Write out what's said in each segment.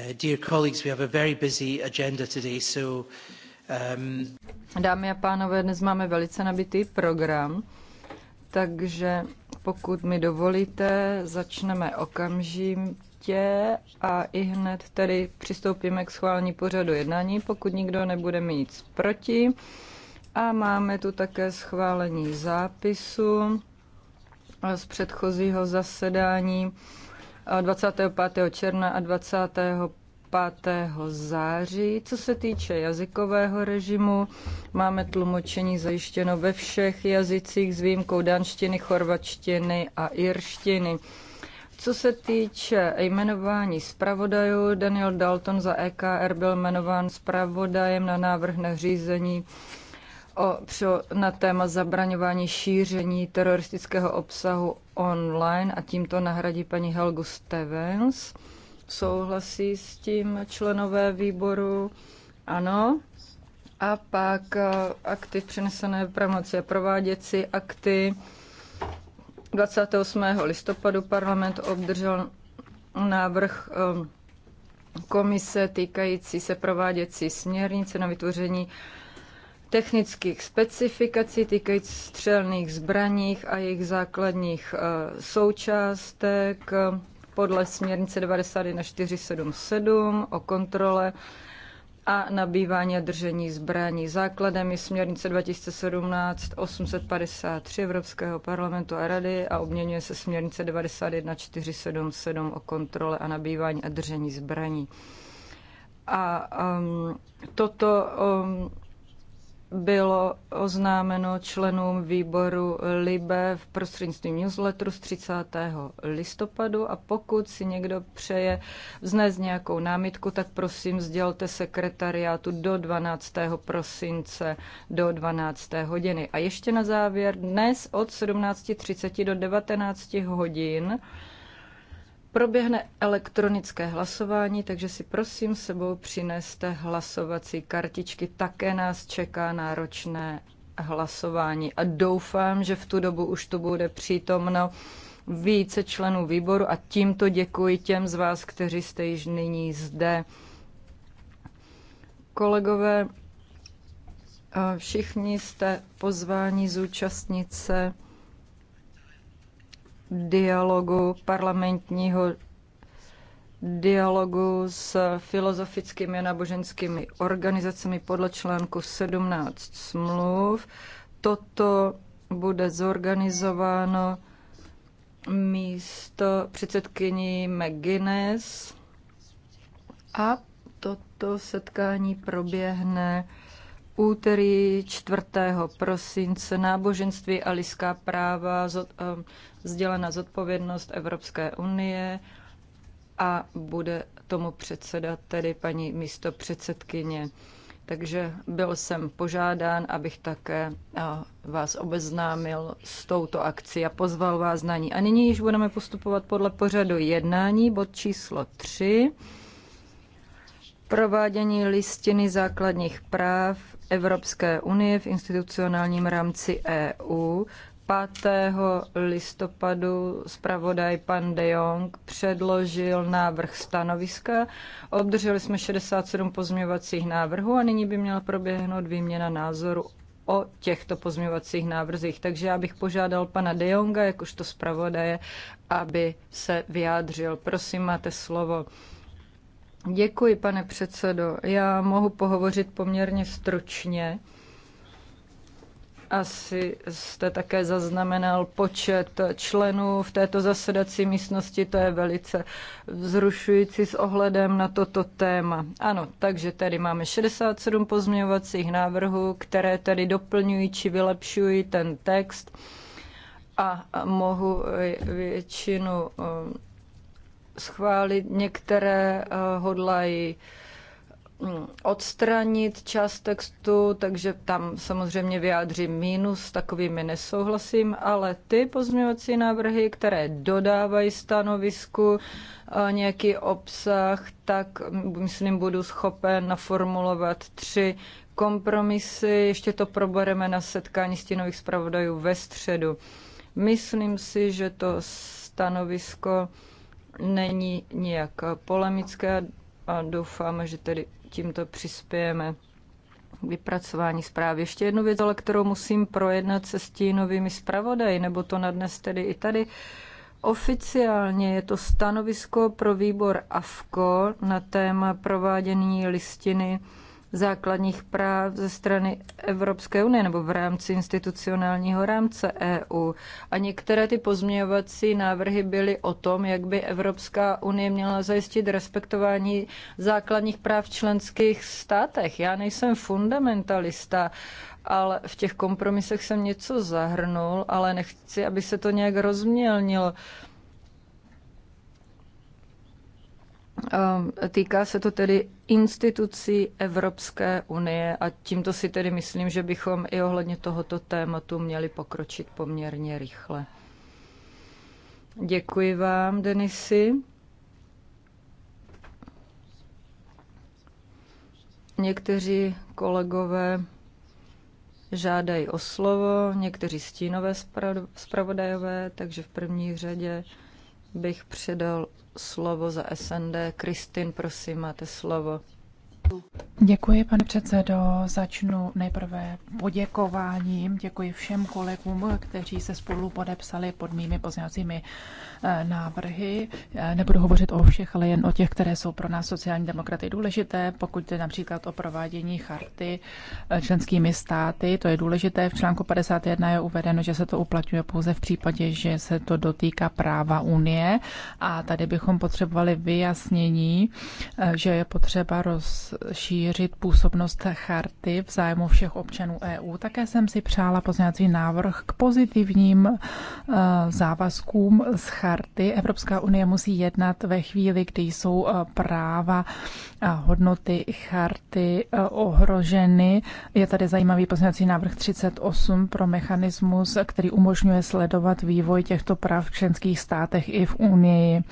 Uh, dear colleagues, we have a very busy agenda today, so um... Dámy a pánové, dnes máme velice nabitý program, takže pokud mi dovolíte, začneme okamžitě a i hned tedy přistoupíme k schválení pořadu jednání, pokud nikdo nebude mít nic proti. A máme tu také schválení zápisu z předchozího zasedání. 25. června a 25. září. Co se týče jazykového režimu, máme tlumočení zajištěno ve všech jazycích s výjimkou danštiny, chorvačtiny a irštiny. Co se týče jmenování zpravodajů, Daniel Dalton za EKR byl jmenován zpravodajem na návrh na řízení o, na téma zabraňování šíření teroristického obsahu online a tímto nahradí paní Helgu Stevens. Souhlasí s tím členové výboru? Ano. A pak eh, akty přenesené pravomoci a prováděcí akty. 28. listopadu parlament obdržel návrh eh, komise týkající se prováděcí směrnice na vytvoření technických specifikací týkající střelných zbraních a jejich základních eh, součástek eh, podle směrnice 91 477 o kontrole a nabývání a držení zbraní. Základem je směrnice 2017-853 Evropského parlamentu a rady a obměňuje se směrnice 91477 o kontrole a nabývání a držení zbraní. A um, toto um, bylo oznámeno členům výboru LIBE v prostřednictvím newsletteru z 30. listopadu a pokud si někdo přeje vznést nějakou námitku, tak prosím sdělte sekretariátu do 12. prosince do 12. hodiny. A ještě na závěr dnes od 17.30 do 19 hodin Proběhne elektronické hlasování, takže si prosím sebou přineste hlasovací kartičky. Také nás čeká náročné hlasování a doufám, že v tu dobu už tu bude přítomno více členů výboru a tímto děkuji těm z vás, kteří jste již nyní zde. Kolegové, eh, všichni jste pozváni zúčastnit se dialogu, parlamentního dialogu s filozofickými a náboženskými organizacemi podle článku 17 smluv. Toto bude zorganizováno místo předsedkyní McGuinness a toto setkání proběhne úterý 4. prosince náboženství a lidská práva, eh, sdělena zodpovědnost Evropské unie a bude tomu předsedat tedy paní místo předsedkyně. Takže byl jsem požádán, abych také eh, vás obeznámil s touto akcí a pozval vás na ní. A nyní již budeme postupovat podle pořadu jednání, bod číslo 3. Provádění listiny základních práv Evropské unie v institucionálním rámci EU. 5. listopadu zpravodaj pan De Jong předložil návrh stanoviska. Obdrželi jsme 67 pozměvacích návrhů a nyní by měla proběhnout výměna názoru o těchto pozměvacích návrzích. Takže já bych požádal pana De Jonga, jakožto zpravodaje, aby se vyjádřil. Prosím, máte slovo. Děkuji, pane předsedo. Já mohu pohovořit poměrně stručně. Asi jste také zaznamenal počet členů v této zasedací místnosti, to je velice vzrušující s ohledem na toto téma. Ano, takže tady máme 67 pozměňovacích návrhů, které tady doplňují či vylepšují ten text a mohu většinu schválit, některé eh, hodlají mm, odstranit část textu, takže tam samozřejmě vyjádřím mínus, s takovými nesouhlasím, ale ty pozměňovací návrhy, které dodávají stanovisku eh, nějaký obsah, tak mm, myslím budu schopen naformulovat tři kompromisy, ještě to probereme na setkání stínových zpravodajů ve středu. Myslím si, že to stanovisko není nijak polemické a doufáme, že tedy tímto přispějeme k vypracování zprávy. Ještě jednu věc, ale kterou musím projednat se stínovými zpravodaji, nebo to na dnes tedy i tady. Oficiálně je to stanovisko pro výbor AFKO na téma provádění listiny základních práv ze strany Evropské unie nebo v rámci institucionálního rámce EU. A některé ty pozměňovací návrhy byly o tom, jak by Evropská unie měla zajistit respektování základních práv v členských státech. Já nejsem fundamentalista, ale v těch kompromisech jsem něco zahrnul, ale nechci, aby se to nějak rozmělnilo. Ehm, týká se to tedy institucí Evropské unie a tímto si tedy myslím, že bychom i ohledně tohoto tématu měli pokročit poměrně rychle. Děkuji vám, Denisy. Někteří kolegové žádají o slovo, někteří stínové spravodajové, takže v první řadě bych předal slovo za SND. Kristin, prosím, máte slovo. Děkuji, pane předsedo. Začnu nejprve poděkováním. Děkuji všem kolegům, kteří se spolu podepsali pod mými pozněvacími eh, návrhy. Eh, nebudu hovořit o všech, ale jen o těch, které jsou pro nás sociální demokraty důležité. Pokud jde například o provádění charty eh, členskými státy, to je důležité. V článku 51 je uvedeno, že se to uplatňuje pouze v případě, že se to dotýká práva Unie. A tady bychom potřebovali vyjasnění, že je potřeba roz rozšířit působnost charty v zájmu všech občanů EU. Také jsem si přála pozněcí návrh k pozitivním eh, závazkům z charty. Evropská unie musí jednat ve chvíli, kdy jsou eh, práva a hodnoty charty eh, ohroženy. Je tady zajímavý pozněcí návrh 38 pro mechanismus, který umožňuje sledovat vývoj těchto práv v členských státech i v Unii,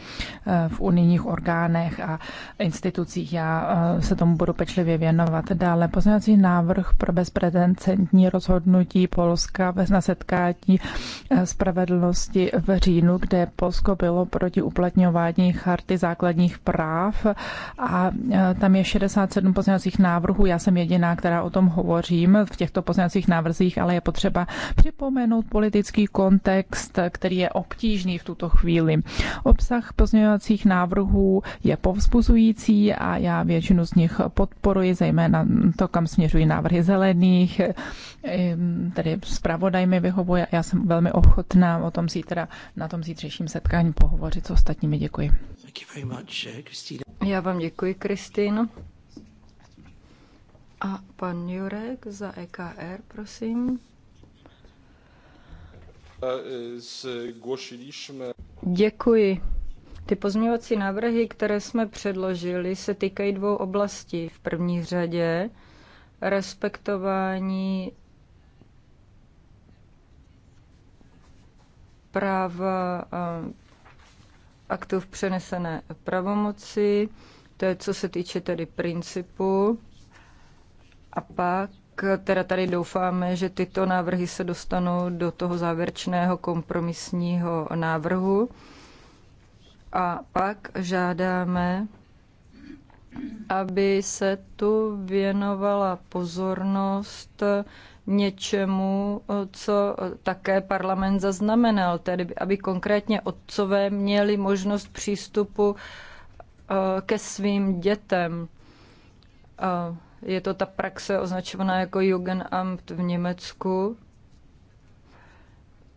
v unijních orgánech a institucích. Já se tomu budu pečlivě věnovat. Dále pozměňovací návrh pro bezprecedentní rozhodnutí Polska na setkání eh, spravedlnosti v říjnu, kde Polsko bylo proti uplatňování charty základních práv a eh, tam je 67 pozměňovacích návrhů. Já jsem jediná, která o tom hovořím v těchto pozměňovacích návrzích, ale je potřeba připomenout politický kontext, který je obtížný v tuto chvíli. Obsah pozměňovacích návrhů je povzbuzující a já většinu z nich podporuji, zejména to, kam směřují návrhy zelených, tedy zpravodaj mi vyhovuje já jsem velmi ochotná o tom zítra, na tom zítřejším setkání pohovořit s ostatními. Děkuji. Uh, já vám děkuji, Kristýno. A pan Jurek za EKR, prosím. E, děkuji. Ty pozměňovací návrhy, které jsme předložili, se týkají dvou oblastí. V první řadě respektování práva aktů v přenesené pravomoci, to je co se týče tedy principu. A pak teda tady doufáme, že tyto návrhy se dostanou do toho závěrečného kompromisního návrhu. A pak žádáme, aby se tu věnovala pozornost něčemu, co také parlament zaznamenal, tedy aby konkrétně otcové měli možnost přístupu eh, ke svým dětem. Eh, je to ta praxe označovaná jako Jugendamt v Německu,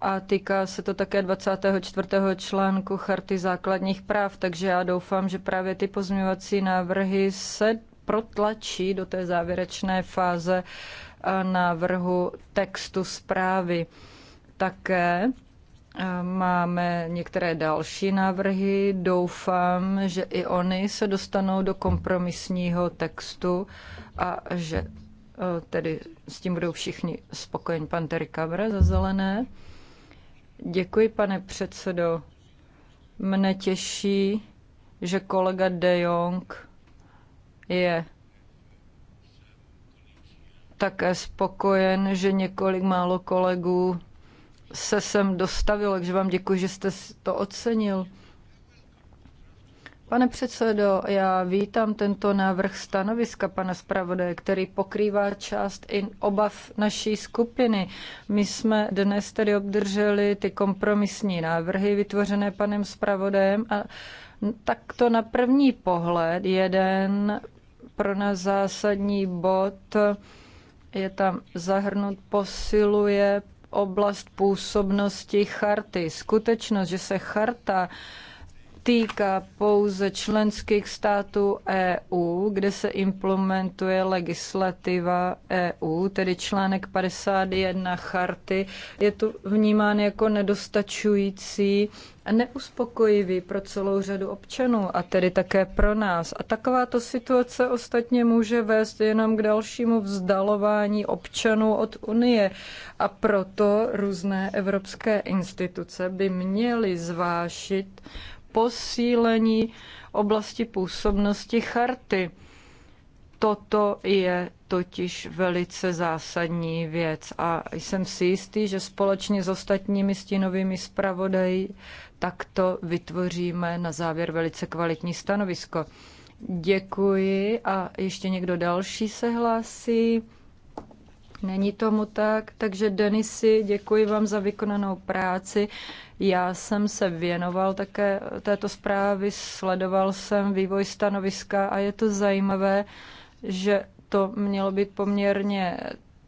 a týká se to také 24. článku Charty základních práv, takže já doufám, že právě ty pozměňovací návrhy se protlačí do té závěrečné fáze eh, návrhu textu zprávy. Také eh, Máme některé další návrhy. Doufám, že i oni se dostanou do kompromisního textu a že eh, tedy s tím budou všichni spokojeni. Pan Terry za zelené. Děkuji, pane předsedo. Mne těší, že kolega De Jong je také spokojen, že několik málo kolegů se sem dostavilo, takže vám děkuji, že jste to ocenil. Pane předsedo, já vítám tento návrh stanoviska pana zpravodaje, který pokrývá část in obav naší skupiny. My jsme dnes tedy obdrželi ty kompromisní návrhy vytvořené panem zpravodajem a takto na první pohled jeden pro nás zásadní bod je tam zahrnut, posiluje oblast působnosti charty. Skutečnost, že se charta týká pouze členských států EU, kde se implementuje legislativa EU, tedy článek 51 charty, je tu vnímán jako nedostačující a neuspokojivý pro celou řadu občanů a tedy také pro nás. A takováto situace ostatně může vést jenom k dalšímu vzdalování občanů od Unie. A proto různé evropské instituce by měly zvážit posílení oblasti působnosti charty. Toto je totiž velice zásadní věc a jsem si jistý, že společně s ostatními stínovými zpravodají takto vytvoříme na závěr velice kvalitní stanovisko. Děkuji a ještě někdo další se hlásí? Není tomu tak, takže Denisy, děkuji vám za vykonanou práci. Já jsem se věnoval také této zprávy, sledoval jsem vývoj stanoviska a je to zajímavé, že to mělo být poměrně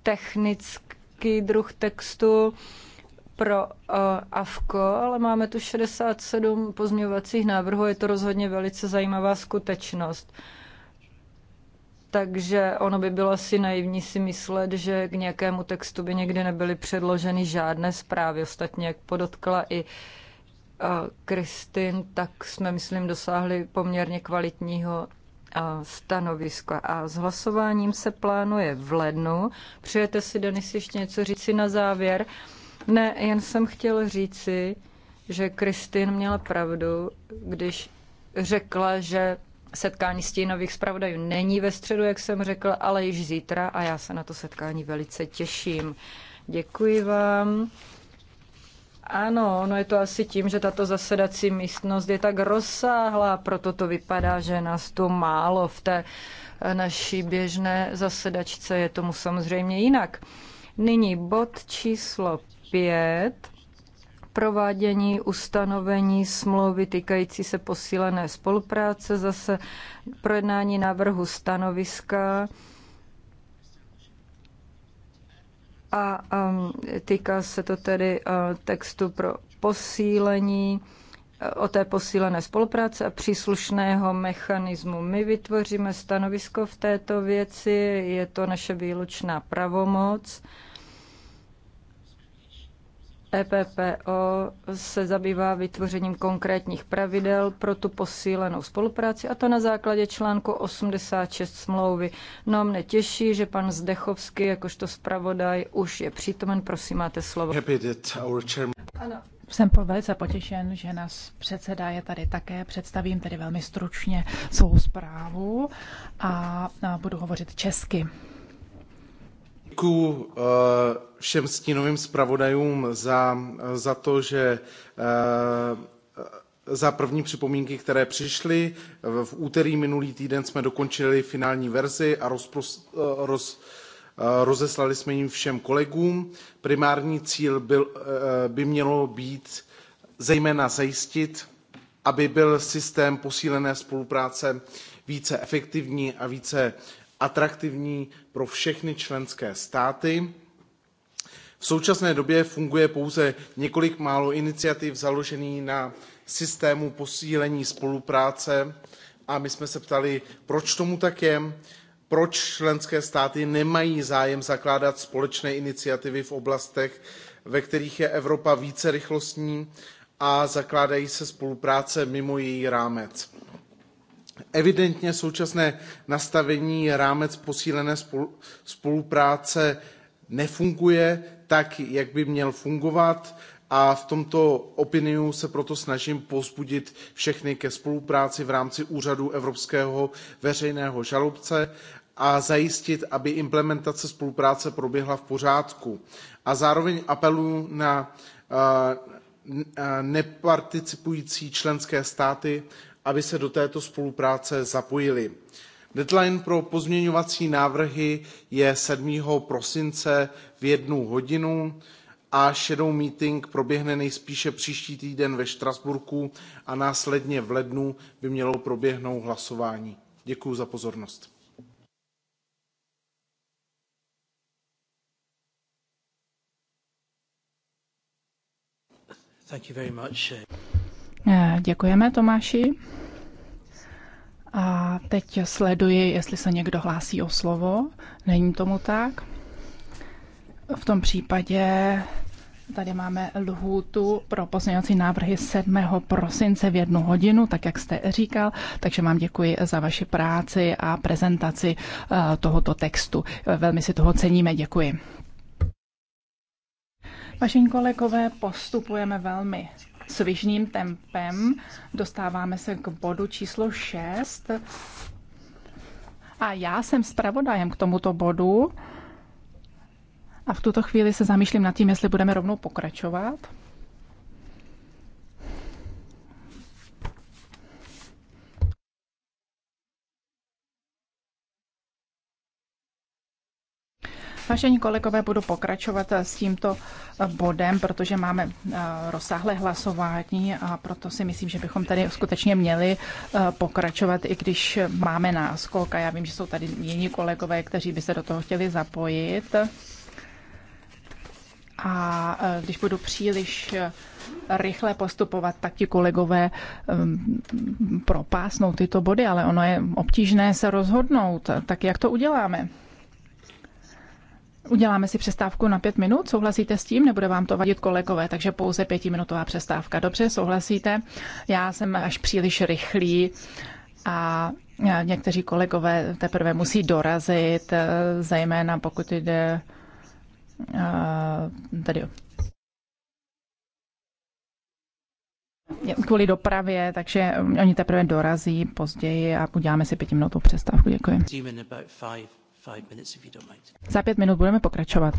technický druh textu pro uh, AFKO, ale máme tu 67 pozměňovacích návrhů, je to rozhodně velice zajímavá skutečnost. Uh, takže ono by bylo asi naivní si myslet, že k nějakému textu by někdy nebyly předloženy žádné zprávy. Ostatně, jak podotkla i eh, Kristin, tak jsme, myslím, dosáhli poměrně kvalitního eh, stanoviska. A s hlasováním se plánuje v lednu. Přejete si, Denis, ještě něco říci na závěr? Ne, jen jsem chtěl říci, že Kristin měla pravdu, když řekla, že Setkání stínových zpravodajů není ve středu, jak jsem řekl, ale již zítra a já se na to setkání velice těším. Děkuji vám. Ano, no je to asi tím, že tato zasedací místnost je tak rozsáhlá, proto to vypadá, že nás tu málo v té eh, naší běžné zasedačce. Je tomu samozřejmě jinak. Nyní bod číslo pět provádění ustanovení smlouvy týkající se posílené spolupráce, zase projednání návrhu stanoviska a um, týká se to tedy uh, textu pro posílení uh, o té posílené spolupráce a příslušného mechanismu. My vytvoříme stanovisko v této věci, je to naše výlučná pravomoc. EPPO se zabývá vytvořením konkrétních pravidel pro tu posílenou spolupráci a to na základě článku 86 smlouvy. No mne těší, že pan Zdechovský, jakožto zpravodaj, už je přítomen. Prosím, máte slovo. Ano. Jsem velice potěšen, že nás předseda je tady také. Představím tedy velmi stručně svou zprávu a budu hovořit česky. Děkuji eh, všem stínovým zpravodajům za, eh, za to, že eh, za první připomínky, které přišly. V úterý minulý týden jsme dokončili finální verzi a rozpros, roz, rozeslali jsme ji všem kolegům. Primární cíl byl, by mělo být zejména zajistit, aby byl systém posílené spolupráce více efektivní a více atraktivní pro všechny členské státy. V současné době funguje pouze několik málo iniciativ založených na systému posílení spolupráce a my jsme se ptali, proč tomu tak je, proč členské státy nemají zájem zakládat společné iniciativy v oblastech, ve kterých je Evropa více rychlostní a zakládají se spolupráce mimo její rámec. Evidentně současné nastavení rámec posílené spolupráce nefunguje tak, jak by měl fungovat a v tomto opiniu se proto snažím povzbudit všechny ke spolupráci v rámci úřadu Evropského veřejného žalobce a zajistit, aby implementace spolupráce proběhla v pořádku. A zároveň apeluji na eh, eh, neparticipující členské státy, aby se do této spolupráce zapojili. Deadline pro pozměňovací návrhy je 7. prosince v jednu hodinu a shadow meeting proběhne nejspíše příští týden ve Štrasburku a následně v lednu by mělo proběhnout hlasování. Děkuji za pozornost. Thank you very much. Uh, Eh, děkujeme, Tomáši. A teď sleduji, jestli se někdo hlásí o slovo. Není tomu tak. V tom případě tady máme lhůtu pro pozměňovací návrhy 7. prosince v jednu hodinu, tak jak jste říkal. Takže vám děkuji za vaši práci a prezentaci eh, tohoto textu. Velmi si toho ceníme, děkuji. Vaši kolegové, postupujeme velmi svižným tempem. Dostáváme se k bodu číslo 6. A já jsem zpravodajem k tomuto bodu. A v tuto chvíli se zamýšlím nad tím, jestli budeme rovnou pokračovat. Vážení kolegové, budu pokračovat eh, s tímto eh, bodem, protože máme eh, rozsáhlé hlasování a proto si myslím, že bychom tady skutečně měli pokračovat, i když máme náskok a já vím, že jsou tady jiní kolegové, kteří by se do toho chtěli zapojit. A když budu příliš rychle postupovat, tak ti kolegové ehm, propásnou tyto body, ale ono je obtížné se rozhodnout. Tak jak to uděláme? Uděláme si přestávku na pět minut, souhlasíte s tím, nebude vám to vadit kolegové, takže pouze pětiminutová přestávka. Dobře, souhlasíte? Já jsem až příliš rychlý a někteří kolegové teprve musí dorazit, e, zejména pokud jde e, tady kvůli dopravě, takže oni teprve dorazí později a uděláme si pětiminutovou přestávku. Děkuji. Za pět minut budeme pokračovat.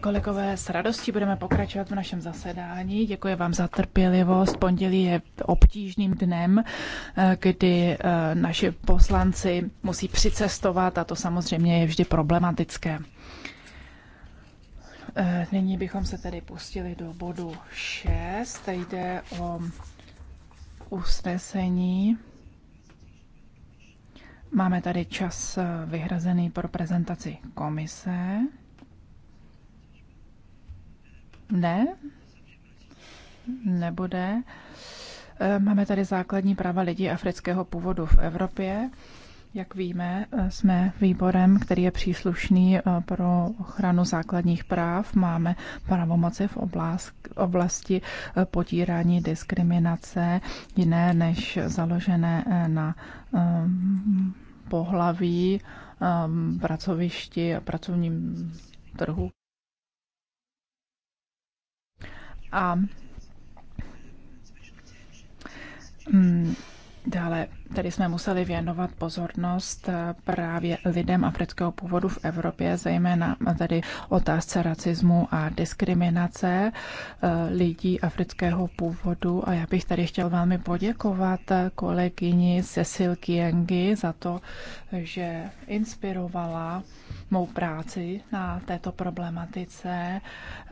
Kolegové, s radostí budeme pokračovat v našem zasedání. Děkuji vám za trpělivost. Pondělí je obtížným dnem, eh, kdy eh, naši poslanci musí přicestovat a to samozřejmě je vždy problematické. Eh, nyní bychom se tedy pustili do bodu 6. Jde o usnesení Máme tady čas eh, vyhrazený pro prezentaci komise. Ne? Nebude. Eh, máme tady základní práva lidí afrického původu v Evropě. Jak víme, eh, jsme výborem, který je příslušný eh, pro ochranu základních práv. Máme pravomoci v oblasti eh, potírání diskriminace jiné než založené na pohlaví, pracovišti a pracovním trhu. A mm, Dále tady jsme museli věnovat pozornost eh, právě lidem afrického původu v Evropě, zejména tady otázce racismu a diskriminace eh, lidí afrického původu. A já bych tady chtěl velmi poděkovat eh, kolegyni Cecil Kiengi za to, že inspirovala mou práci na této problematice.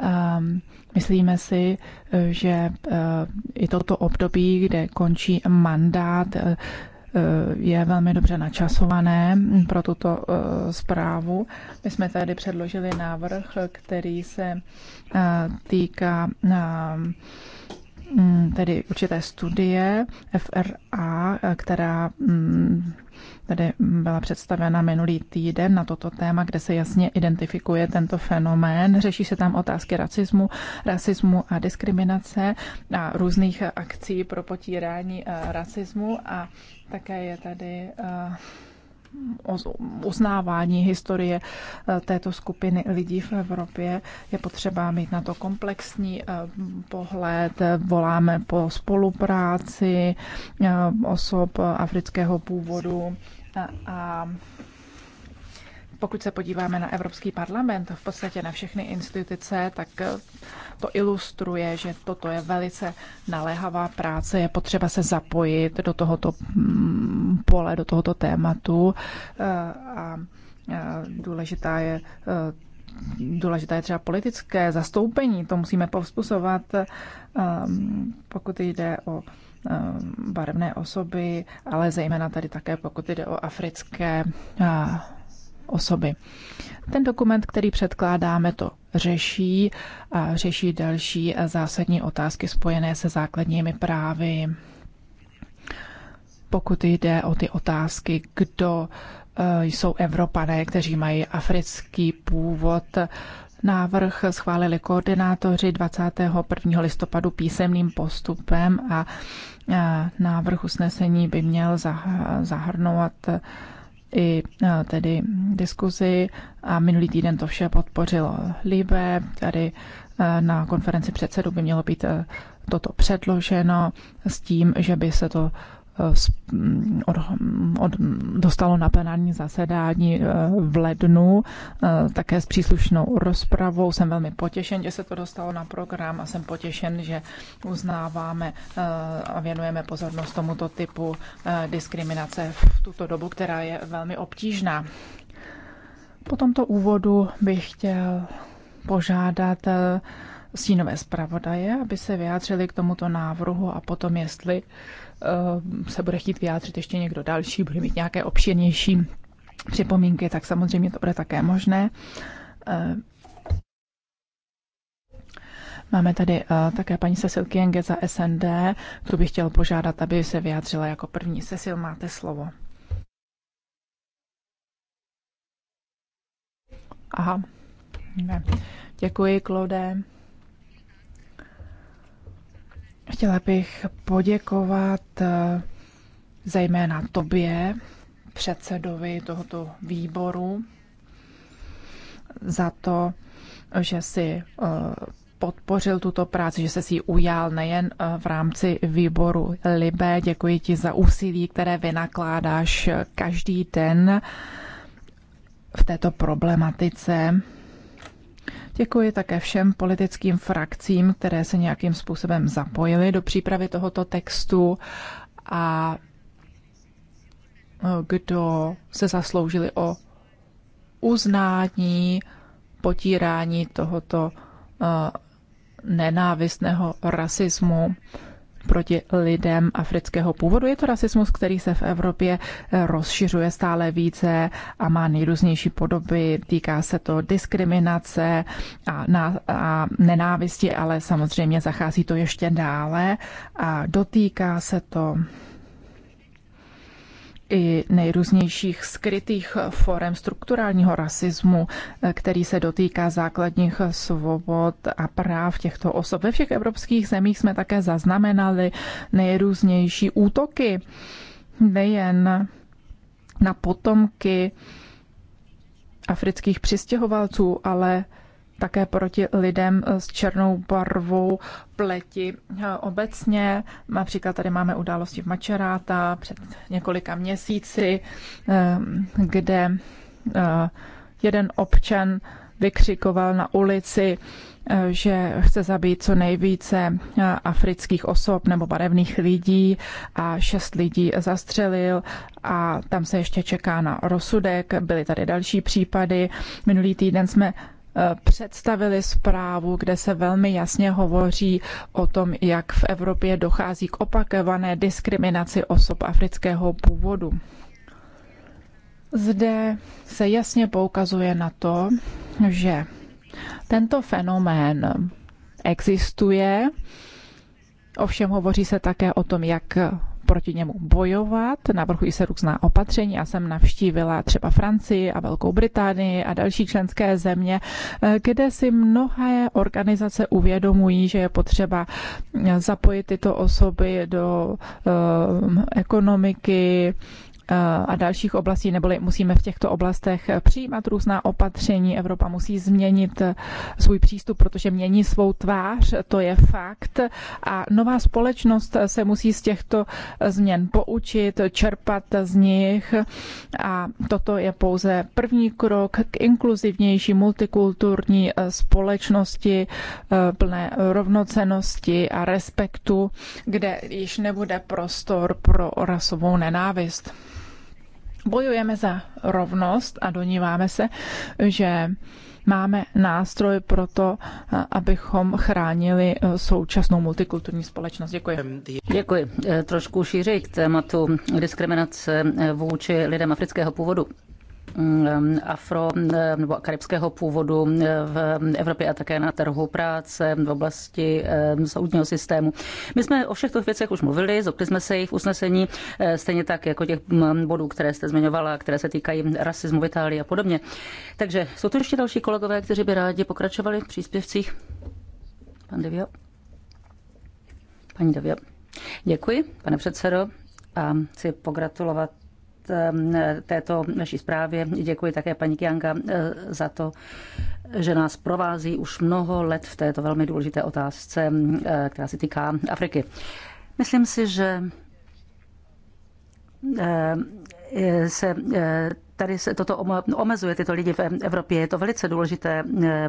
Ehm, myslíme si, eh, že eh, i toto období, kde končí mandát, eh, je velmi dobře načasované pro tuto zprávu. My jsme tady předložili návrh, který se týká ehm, tedy určité studie FRA, která mm, tady byla představena minulý týden na toto téma, kde se jasně identifikuje tento fenomén. Řeší se tam otázky rasismu, rasismu a diskriminace a různých akcí pro potírání eh, rasismu a také je tady eh, uznávání historie eh, této skupiny lidí v Evropě. Je potřeba mít na to komplexní eh, pohled, voláme po spolupráci eh, osob afrického původu a pokud se podíváme na Evropský parlament, v podstatě na všechny instituce, tak to ilustruje, že toto je velice naléhavá práce, je potřeba se zapojit do tohoto mm, pole, do tohoto tématu eh, a eh, důležitá je eh, důležité je třeba politické zastoupení, to musíme povzbuzovat, pokud jde o barevné osoby, ale zejména tady také pokud jde o africké osoby. Ten dokument, který předkládáme, to řeší a řeší další zásadní otázky spojené se základními právy. Pokud jde o ty otázky, kdo eh, jsou Evropané, kteří mají africký původ, Návrh schválili koordinátoři 21. listopadu písemným postupem a eh, návrh usnesení by měl zahrnovat i e, tedy diskuzi a minulý týden to vše podpořilo Libe. Tady e, na konferenci předsedů by mělo být e, toto předloženo s tím, že by se to Eh, mm, od, od, dostalo na plenární zasedání eh, v lednu, eh, také s příslušnou rozpravou. Jsem velmi potěšen, že se to dostalo na program a jsem potěšen, že uznáváme a věnujeme pozornost tomuto typu diskriminace v tuto dobu, která je velmi obtížná. Po tomto úvodu bych chtěl požádat stínové zpravodaje, aby se vyjádřili k tomuto návrhu a potom, jestli Eh, se bude chtít vyjádřit ještě někdo další, bude mít nějaké obšírnější připomínky, tak samozřejmě to bude také možné. Eh, máme tady uh, také paní Cecil Kienge za SND, kterou bych chtěl požádat, aby se vyjádřila jako první. Cecil, máte slovo. Aha, ne. Děkuji, Claude. Chtěla bych poděkovat eh, zejména tobě, předsedovi tohoto výboru, za to, že si eh, podpořil tuto práci, že se si ji ujal nejen eh, v rámci výboru Libe. Děkuji ti za úsilí, které vynakládáš každý den v této problematice Děkuji také všem politickým frakcím, které se nějakým způsobem zapojily do přípravy tohoto textu a e, kdo se zasloužili o uznání potírání tohoto e, nenávistného rasismu proti lidem afrického původu. Je to rasismus, který se v Evropě eh, rozšiřuje stále více a má nejrůznější podoby. Týká se to diskriminace a, na, a nenávisti, ale samozřejmě zachází to ještě dále a dotýká se to i nejrůznějších skrytých forem strukturálního rasismu, který se dotýká základních svobod a práv těchto osob. Ve všech evropských zemích jsme také zaznamenali nejrůznější útoky, nejen na potomky afrických přistěhovalců, ale také proti lidem s černou barvou pleti obecně. Například tady máme události v Mačeráta před několika měsíci, kde eh, jeden občan vykřikoval na ulici, eh, že chce zabít co nejvíce eh, afrických osob nebo barevných lidí a šest lidí zastřelil a tam se ještě čeká na rozsudek. Byly tady další případy. Minulý týden jsme představili zprávu, kde se velmi jasně hovoří o tom, jak v Evropě dochází k opakované diskriminaci osob afrického původu. Zde se jasně poukazuje na to, že tento fenomén existuje, ovšem hovoří se také o tom, jak proti němu bojovat. Navrhují se různá opatření. Já jsem navštívila třeba Francii a Velkou Británii a další členské země, eh, kde si mnohé organizace uvědomují, že je potřeba eh, zapojit tyto osoby do eh, ekonomiky, a dalších oblastí, neboli musíme v těchto oblastech přijímat různá opatření. Evropa musí změnit eh, svůj přístup, protože mění svou tvář, to je fakt. A nová společnost se musí z těchto eh, změn poučit, čerpat z nich. A toto je pouze první krok k inkluzivnější multikulturní eh, společnosti plné rovnocenosti a respektu, kde již nebude prostor pro rasovou nenávist. Bojujeme za rovnost a doníváme se, že máme nástroj pro to, abychom chránili e, současnou multikulturní společnost. Děkuji. Děkuji. E, trošku šířej k tématu diskriminace e, vůči lidem afrického původu. Mm, mm, afro mm, nebo karibského původu v Evropě a také na trhu práce v oblasti soudního systému. My jsme o všech těch věcech už mluvili, zopli jsme se jich v usnesení, eh, stejně tak jako těch bodů, které jste zmiňovala, které se týkají rasismu v Itálii a podobně. Takže jsou tu ještě další kolegové, kteří by rádi pokračovali v příspěvcích? Pan Devio? Paní Devio. Děkuji, pane předsedo, a chci pogratulovat Ehm, této naší zprávě. Děkuji také paní Kianga eh, za to, že nás provází už mnoho let v této velmi důležité otázce, eh, která se týká Afriky. Myslím si, že eh, se tady se toto omezuje tyto lidi v Evropě. Je to velice důležité eh,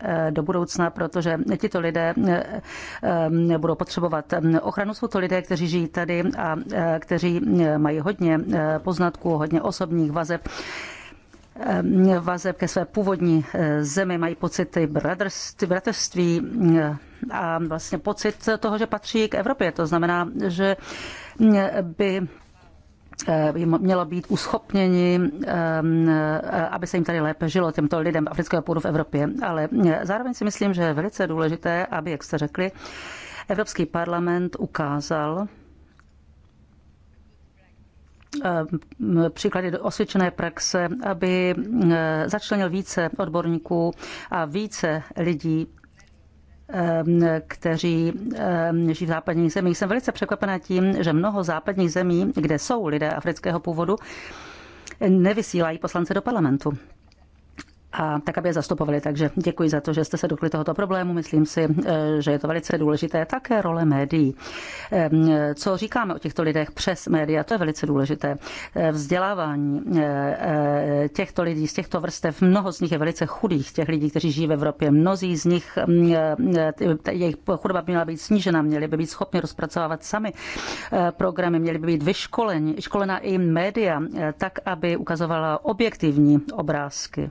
eh, do budoucna, protože tito lidé eh, budou potřebovat ochranu. Jsou to lidé, kteří žijí tady a kteří mají hodně poznatků, hodně osobních vazeb vazeb ke své původní zemi, mají pocity bratrství a vlastně pocit toho, že patří k Evropě. To znamená, že by by eh, mělo být uschopněni, ehm, eh, aby se jim tady lépe žilo těmto lidem afrického půdu v Evropě. Ale eh, zároveň si myslím, že je velice důležité, aby, jak jste řekli, Evropský parlament ukázal, ehm, příklady do osvědčené praxe, aby začlenil více odborníků a více lidí Ehm, kteří ehm, žijí v západních zemích. Jsem velice překvapená tím, že mnoho západních zemí, kde jsou lidé afrického původu, nevysílají poslance do parlamentu a tak, aby je zastupovali. Takže děkuji za to, že jste se dokli tohoto problému. Myslím si, eh, že je to velice důležité. Také role médií. Eh, co říkáme o těchto lidech přes média, to je velice důležité. Eh, vzdělávání těchto lidí z těchto vrstev, mnoho z nich je velice chudých, těch lidí, kteří žijí v Evropě. Mnozí z nich, mm, jejich chudoba by měla být snížena, měli by být schopni rozpracovávat sami programy, měli by být vyškoleni, školená i média, tak, aby ukazovala objektivní obrázky.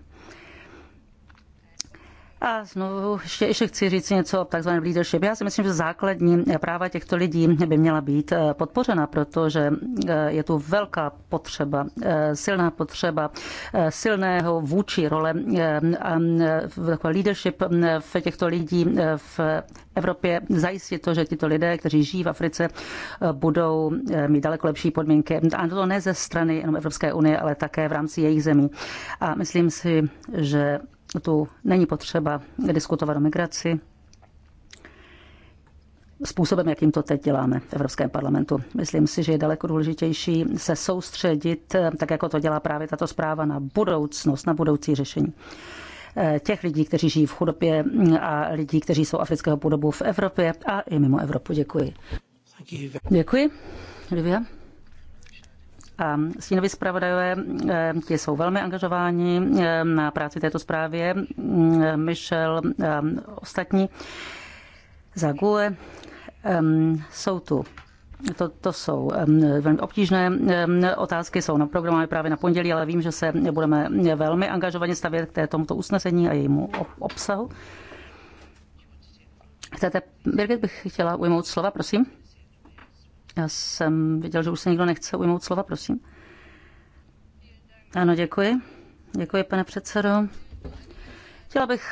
A znovu ještě, ještě chci říct něco o takzvaném leadership. Já si myslím, že základní práva těchto lidí by měla být eh, podpořena, protože eh, je tu velká potřeba, eh, silná potřeba silného vůči role takové leadership v těchto lidí v Evropě zajistit to, že tito lidé, kteří žijí v Africe, budou mít daleko lepší podmínky. A to ne ze strany jenom Evropské unie, ale také v rámci jejich zemí. A myslím si, že tu není potřeba diskutovat o migraci způsobem, jakým to teď děláme v Evropském parlamentu. Myslím si, že je daleko důležitější se soustředit, tak jako to dělá právě tato zpráva, na budoucnost, na budoucí řešení těch lidí, kteří žijí v chudobě a lidí, kteří jsou afrického půdobu v Evropě a i mimo Evropu. Děkuji. Děkuji. Děkuji a stínoví zpravodajové, eh, ti jsou velmi angažováni eh, na práci této zprávě, mm, Michel eh, ostatní za GUE. Jsou tu to, to jsou velmi obtížné otázky, jsou na programu právě na pondělí, ale vím, že se budeme velmi angažovaně stavět k tomuto usnesení a jejímu obsahu. Chcete, Birgit, bych chtěla ujmout slova, prosím. Já jsem viděl, že už se nikdo nechce ujmout slova, prosím. Ano, děkuji. Děkuji, pane předsedo. Chtěla bych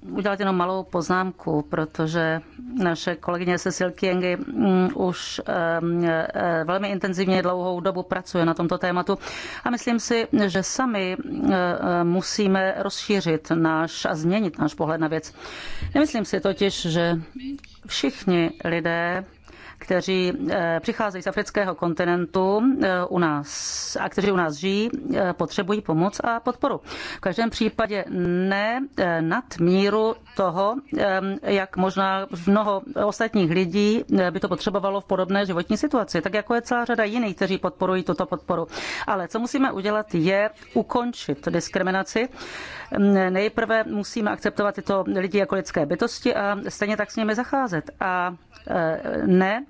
udělat jenom malou poznámku, protože naše kolegyně Cecil Kiengy mm, už e, velmi intenzivně dlouhou dobu pracuje na tomto tématu a myslím si, že sami e, e, musíme rozšířit náš a změnit náš pohled na věc. Nemyslím si totiž, že všichni lidé kteří eh, přicházejí z afrického kontinentu eh, u nás a kteří u nás žijí, eh, potřebují pomoc a podporu. V každém případě ne nad míru toho, jak možná mnoho ostatních lidí by to potřebovalo v podobné životní situaci, tak jako je celá řada jiných, kteří podporují tuto podporu. Ale co musíme udělat, je ukončit diskriminaci Hm, nejprve musíme akceptovat tyto lidi jako lidské bytosti a stejně tak s nimi zacházet. A e, ne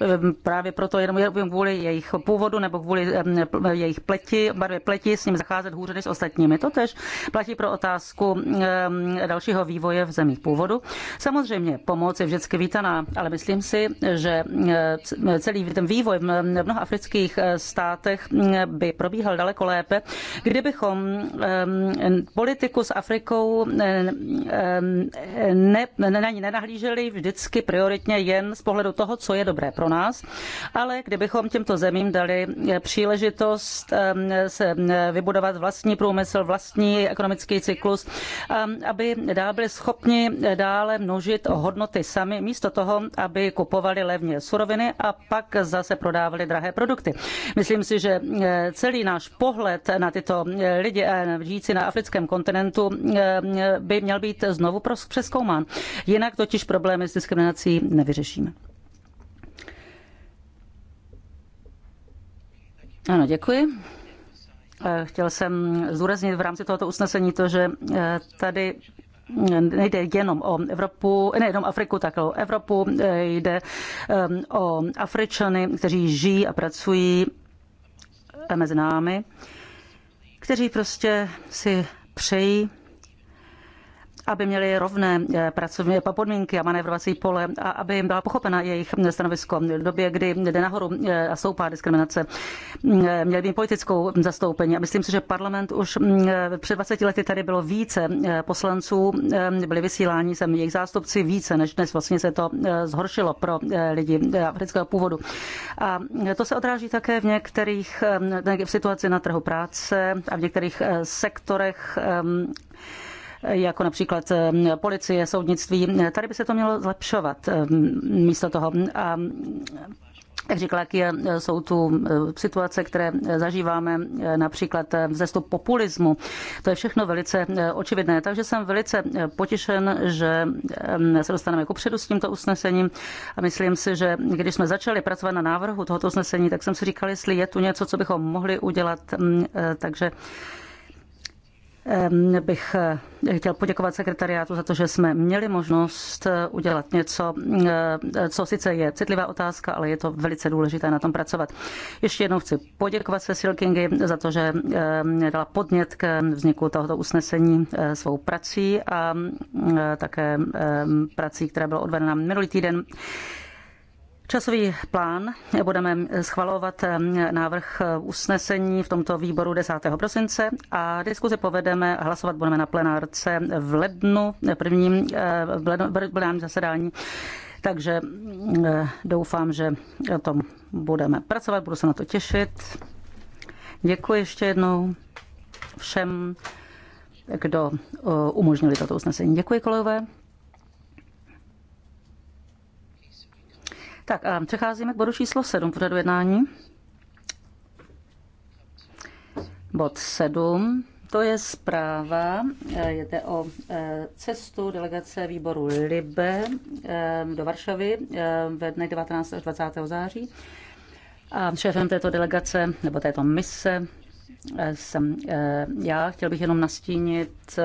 Ehm, právě proto jenom kvůli jejich původu nebo kvůli ehm, jejich pleti, barvě pleti s ním zacházet hůře než s ostatními. To tež platí pro otázku ehm, dalšího vývoje v zemích původu. Samozřejmě pomoc je vždycky vítaná, ale myslím si, že e, e, celý ten vývoj v mnoha afrických e, státech by probíhal daleko lépe, kdybychom politiku s Afrikou ne, ne, nenahlíželi vždycky prioritně jen z pohledu toho, co je dobré pro nás, ale kdybychom těmto zemím dali eh, příležitost ehm, se eh, vybudovat vlastní průmysl, vlastní ekonomický cyklus, ehm, aby dál byli schopni eh, dále množit hodnoty sami, místo toho, aby kupovali levně suroviny a pak zase prodávali drahé produkty. Myslím si, že celý náš pohled na tyto lidi žijící na africkém kontinentu by měl být znovu přeskoumán. Jinak totiž problémy s diskriminací nevyřešíme. Ano, děkuji. Eh, chtěl jsem zúraznit v rámci tohoto usnesení to, že eh, tady eh, nejde jenom o Evropu, nejenom Afriku, tak o Evropu, jde o Afričany, kteří žijí a pracují mezi námi, kteří prostě si přejí aby měli rovné eh, pracovní podmínky a manévrovací pole a aby jim byla pochopena jejich stanovisko v době, kdy jde nahoru eh, a soupá diskriminace. Mm, eh, měli by politickou zastoupení a myslím si, že parlament už mm, před 20 lety tady bylo více poslanců, byli vysíláni sem jejich zástupci více, než dnes vlastně se to zhoršilo pro lidi afrického původu. A to se odráží také v některých v situaci na trhu práce a v některých sektorech jako například eh, policie, soudnictví. Tady by se to mělo zlepšovat eh, místo toho. A jak říkala je, eh, jsou tu situace, které zažíváme, například vzestup populismu. To je všechno velice očividné. Takže jsem velice potěšen, že se dostaneme předu s tímto usnesením a myslím si, že když jsme začali pracovat na návrhu tohoto usnesení, tak jsem si říkal, jestli je tu něco, co bychom mohli udělat. Mm, takže bych eh, chtěl poděkovat sekretariátu za to, že jsme měli možnost eh, udělat něco, eh, co sice je citlivá otázka, ale je to velice důležité na tom pracovat. Ještě jednou chci poděkovat Cecil Silkingy za to, že dala podnět k vzniku tohoto usnesení svou prací a také prací, která byla odvedena minulý týden. Časový plán budeme schvalovat ehm, návrh eh, usnesení v tomto výboru 10. prosince a diskuzi povedeme a hlasovat budeme na plenárce v lednu, eh, prvním eh, v lednu, v lednu zasedání. Takže mm, doufám, že o tom budeme pracovat, budu se na to těšit. Děkuji ještě jednou všem, kdo umožnili toto usnesení. Děkuji, kolegové. Tak a přecházíme k bodu číslo 7 pořadu jednání. Bod 7, to je zpráva, eh, jde o eh, cestu delegace výboru LIBE eh, do Varšavy ve dne 19. až 20. září. A šéfem této delegace nebo této mise jsem já. Chtěl bych jenom nastínit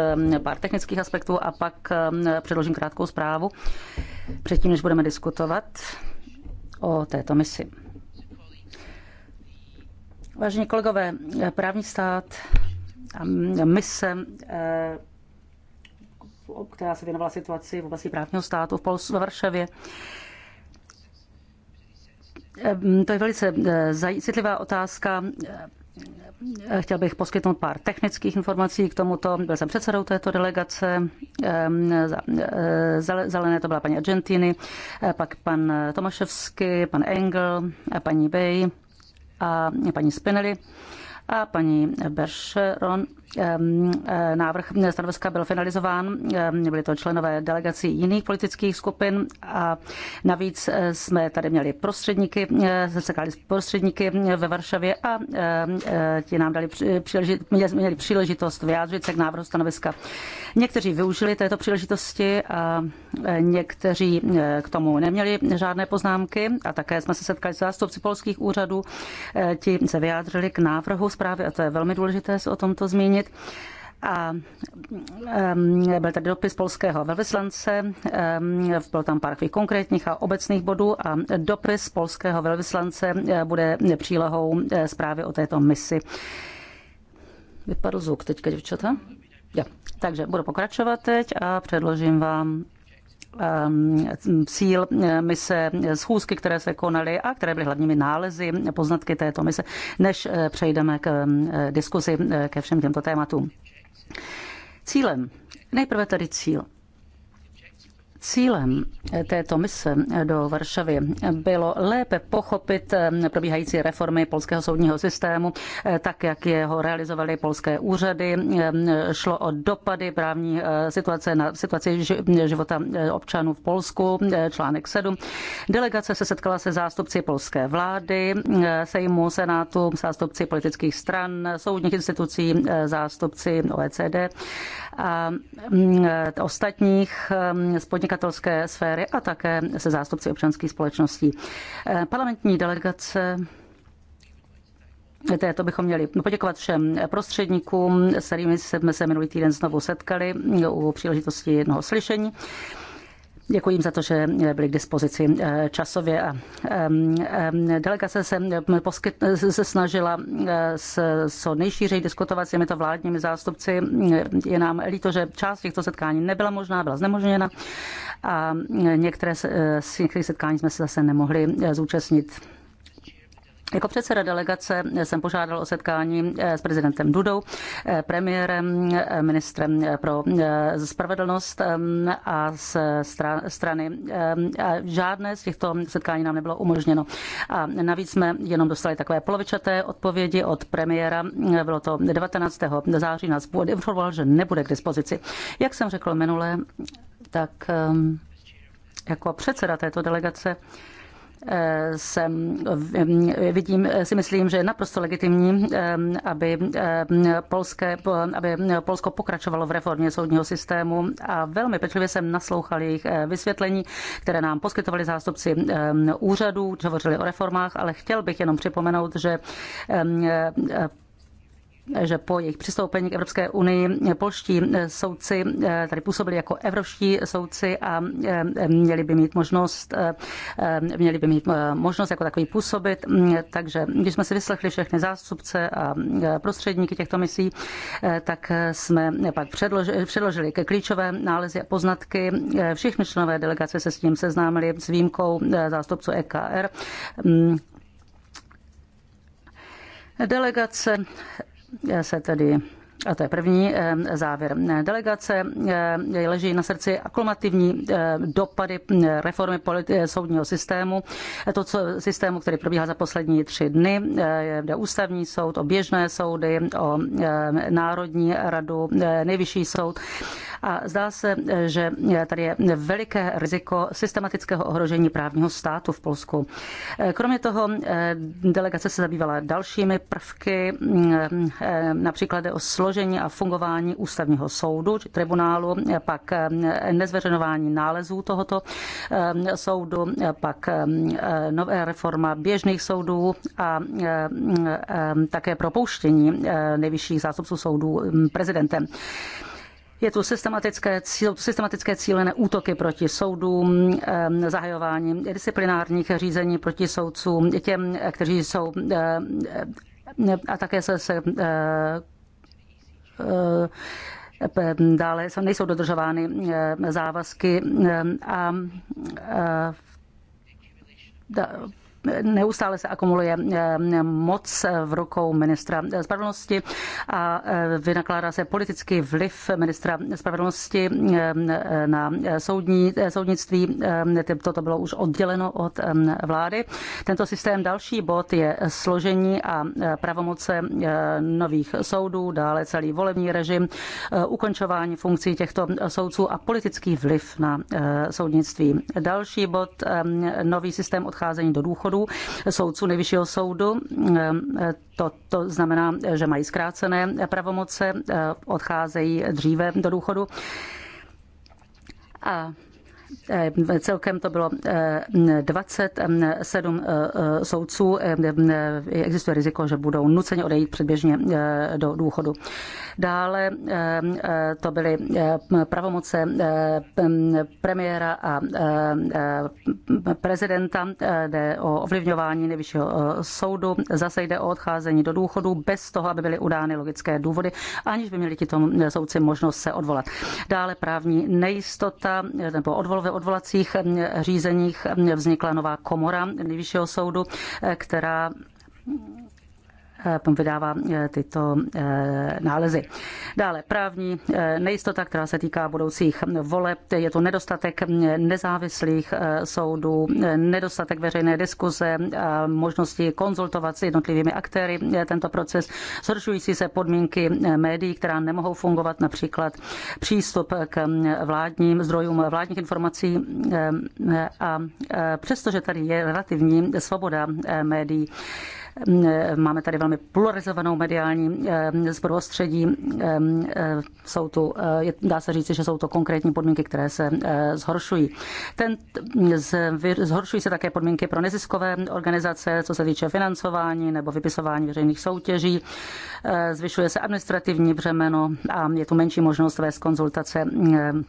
pár technických aspektů a pak předložím krátkou zprávu předtím, než budeme diskutovat o této misi. Vážení kolegové, právní stát a mise eh, která se věnovala situaci v oblasti právního státu v Polsku, ve Varšavě. Eh, to je velice eh, citlivá otázka. Chtěl bych poskytnout pár technických informací k tomuto. Byl jsem předsedou této delegace. Eh, zelené to byla paní Argentiny, eh, pak pan Tomaševsky, pan Engel, eh, paní Bay a paní Spinelli a paní Bercheron Ehm, eh, návrh stanoviska byl finalizován, ehm, byli to členové delegací jiných politických skupin a navíc eh, jsme tady měli prostředníky, eh, setkali prostředníky ve Varšavě a ehm, ti nám dali příležitost, měli příležitost vyjádřit se k návrhu stanoviska. Někteří využili této příležitosti a někteří k tomu neměli žádné poznámky a také jsme se setkali s zástupci polských úřadů. Ti se vyjádřili k návrhu zprávy a to je velmi důležité se o tomto zmínit zmínit. A byl tady dopis polského velvyslance, byl tam pár konkrétních a obecných bodů a dopis polského velvyslance e, bude přílohou e, zprávy o této misi. Vypadl zvuk teďka, děvčata? Jo. Takže budu pokračovat teď a předložím vám Ehm, cíl eh, mise, eh, schůzky, které se konaly a které byly hlavními nálezy, eh, poznatky této mise, než přejdeme k ehm, diskuzi ke všem těmto tématům. Cílem, nejprve tedy cíl. Cílem eh, této mise eh, do Varšavy bylo lépe pochopit eh, probíhající reformy polského soudního systému, tak jak jeho realizovaly polské úřady. Šlo o dopady právní situace na situaci života občanů v Polsku, článek 7. Delegace se setkala se zástupci polské vlády, sejmu, senátu, zástupci politických stran, soudních institucí, zástupci OECD a mm, e, ostatních mm, z podnikatelské sféry a také se zástupci občanských společností. E, parlamentní delegace to bychom měli no, poděkovat všem prostředníkům, s kterými jsme se minulý týden znovu setkali u příležitosti jednoho slyšení. Děkuji jim za to, že byli k dispozici eh, časově. A delegace se, eh, poskyt, se snažila eh, s, co nejšířej diskutovat s těmito vládními zástupci. Je nám líto, že část těchto setkání nebyla možná, byla znemožněna a některé z některých setkání jsme se zase nemohli zúčastnit. Jako předseda delegace jsem požádal o setkání eh, s prezidentem Dudou, eh, premiérem, eh, ministrem pro spravedlnost a z strany. Žádné z těchto setkání nám nebylo umožněno. A navíc jsme jenom dostali takové polovičaté odpovědi od premiéra. Bylo to 19. září nás informoval, že nebude k dispozici. Jak jsem řekl minule, tak ehm, jako předseda této delegace vidím, si myslím, že je naprosto legitimní, aby, Polské, aby Polsko pokračovalo v reformě soudního systému a velmi pečlivě jsem naslouchal jejich eh, vysvětlení, které nám poskytovali zástupci úřadů, hovořili o reformách, ale chtěl bych jenom připomenout, že že po jejich přistoupení k Evropské unii polští soudci eh, tady působili jako evropští soudci a eh, měli by mít možnost, eh, měli by mít možnost jako takový působit. Mm, takže když jsme si vyslechli všechny zástupce a prostředníky těchto misí, tak jsme pak předložili, předložili ke klíčové nálezy a poznatky. Všichni členové delegace se s tím seznámili s výjimkou zástupců EKR. Mm. Delegace já se tady a to je první eh, závěr delegace, eh, leží na srdci aklamativní eh, dopady reformy soudního systému, to co, systému, který probíhá za poslední tři dny, jde ústavní soud, o běžné soudy, o Národní radu, nejvyšší soud. A zdá se, že tady je veliké riziko systematického ohrožení právního státu v Polsku. Kromě toho delegace se zabývala dalšími prvky, mm, například o slo složení a fungování ústavního soudu či tribunálu, pak eh, nezveřejňování nálezů tohoto eh, soudu, eh, pak nové reforma běžných soudů a také propouštění nejvyšších zástupců soudů mm, prezidentem. Je tu systematické, cíl, systematické cílené útoky proti soudům, zahajování disciplinárních řízení proti soudcům, těm, kteří jsou a také se, se dále nejsou dodržovány eh, závazky eh, a eh, neustále se akumuluje eh, moc v rukou ministra spravedlnosti a eh, vynakládá se politický vliv ministra spravedlnosti eh, na soudní, soudnictví. Toto bylo už odděleno od vlády. Tento systém další bod je složení a pravomoce nových soudů, dále celý volební režim, ukončování funkcí těchto soudců a politický vliv na soudnictví. Další bod, nový systém odcházení do důchodu důchodů soudců nejvyššího soudu. To, to znamená, že mají zkrácené pravomoce, odcházejí dříve do důchodu. A eh, Celkem to bylo 27 eh, eh, soudců. Existuje riziko, že budou nuceně odejít předběžně do důchodu. Dále eh, eh, to byly eh, pravomoce premiéra a prezidenta, jde o ovlivňování nejvyššího soudu, zase jde o odcházení do důchodu bez toho, aby byly udány logické důvody, aniž by měli tito soudci možnost se odvolat. Dále právní nejistota nebo odvol ve odvolacích řízeních vznikla nová komora nejvyššího soudu, která Eh, vydává eh, tyto eh, nálezy. Dále právní nejistota, která se týká budoucích voleb, je to nedostatek nezávislých soudů, nedostatek veřejné diskuze, možnosti konzultovat s jednotlivými aktéry tento proces, zhoršující se podmínky médií, která nemohou fungovat, například přístup k vládním zdrojům vládních informací a přestože tady je relativní svoboda médií, Mm, eh, máme tady velmi polarizovanou mediální eh, zprostředí. Eh, jsou tu, dá se říci, že jsou to konkrétní podmínky, které se zhoršují. Ten, mm, zhoršují se také podmínky pro neziskové organizace, co se týče financování nebo vypisování veřejných soutěží. Zvyšuje se administrativní břemeno a je tu menší možnost vést konzultace mm,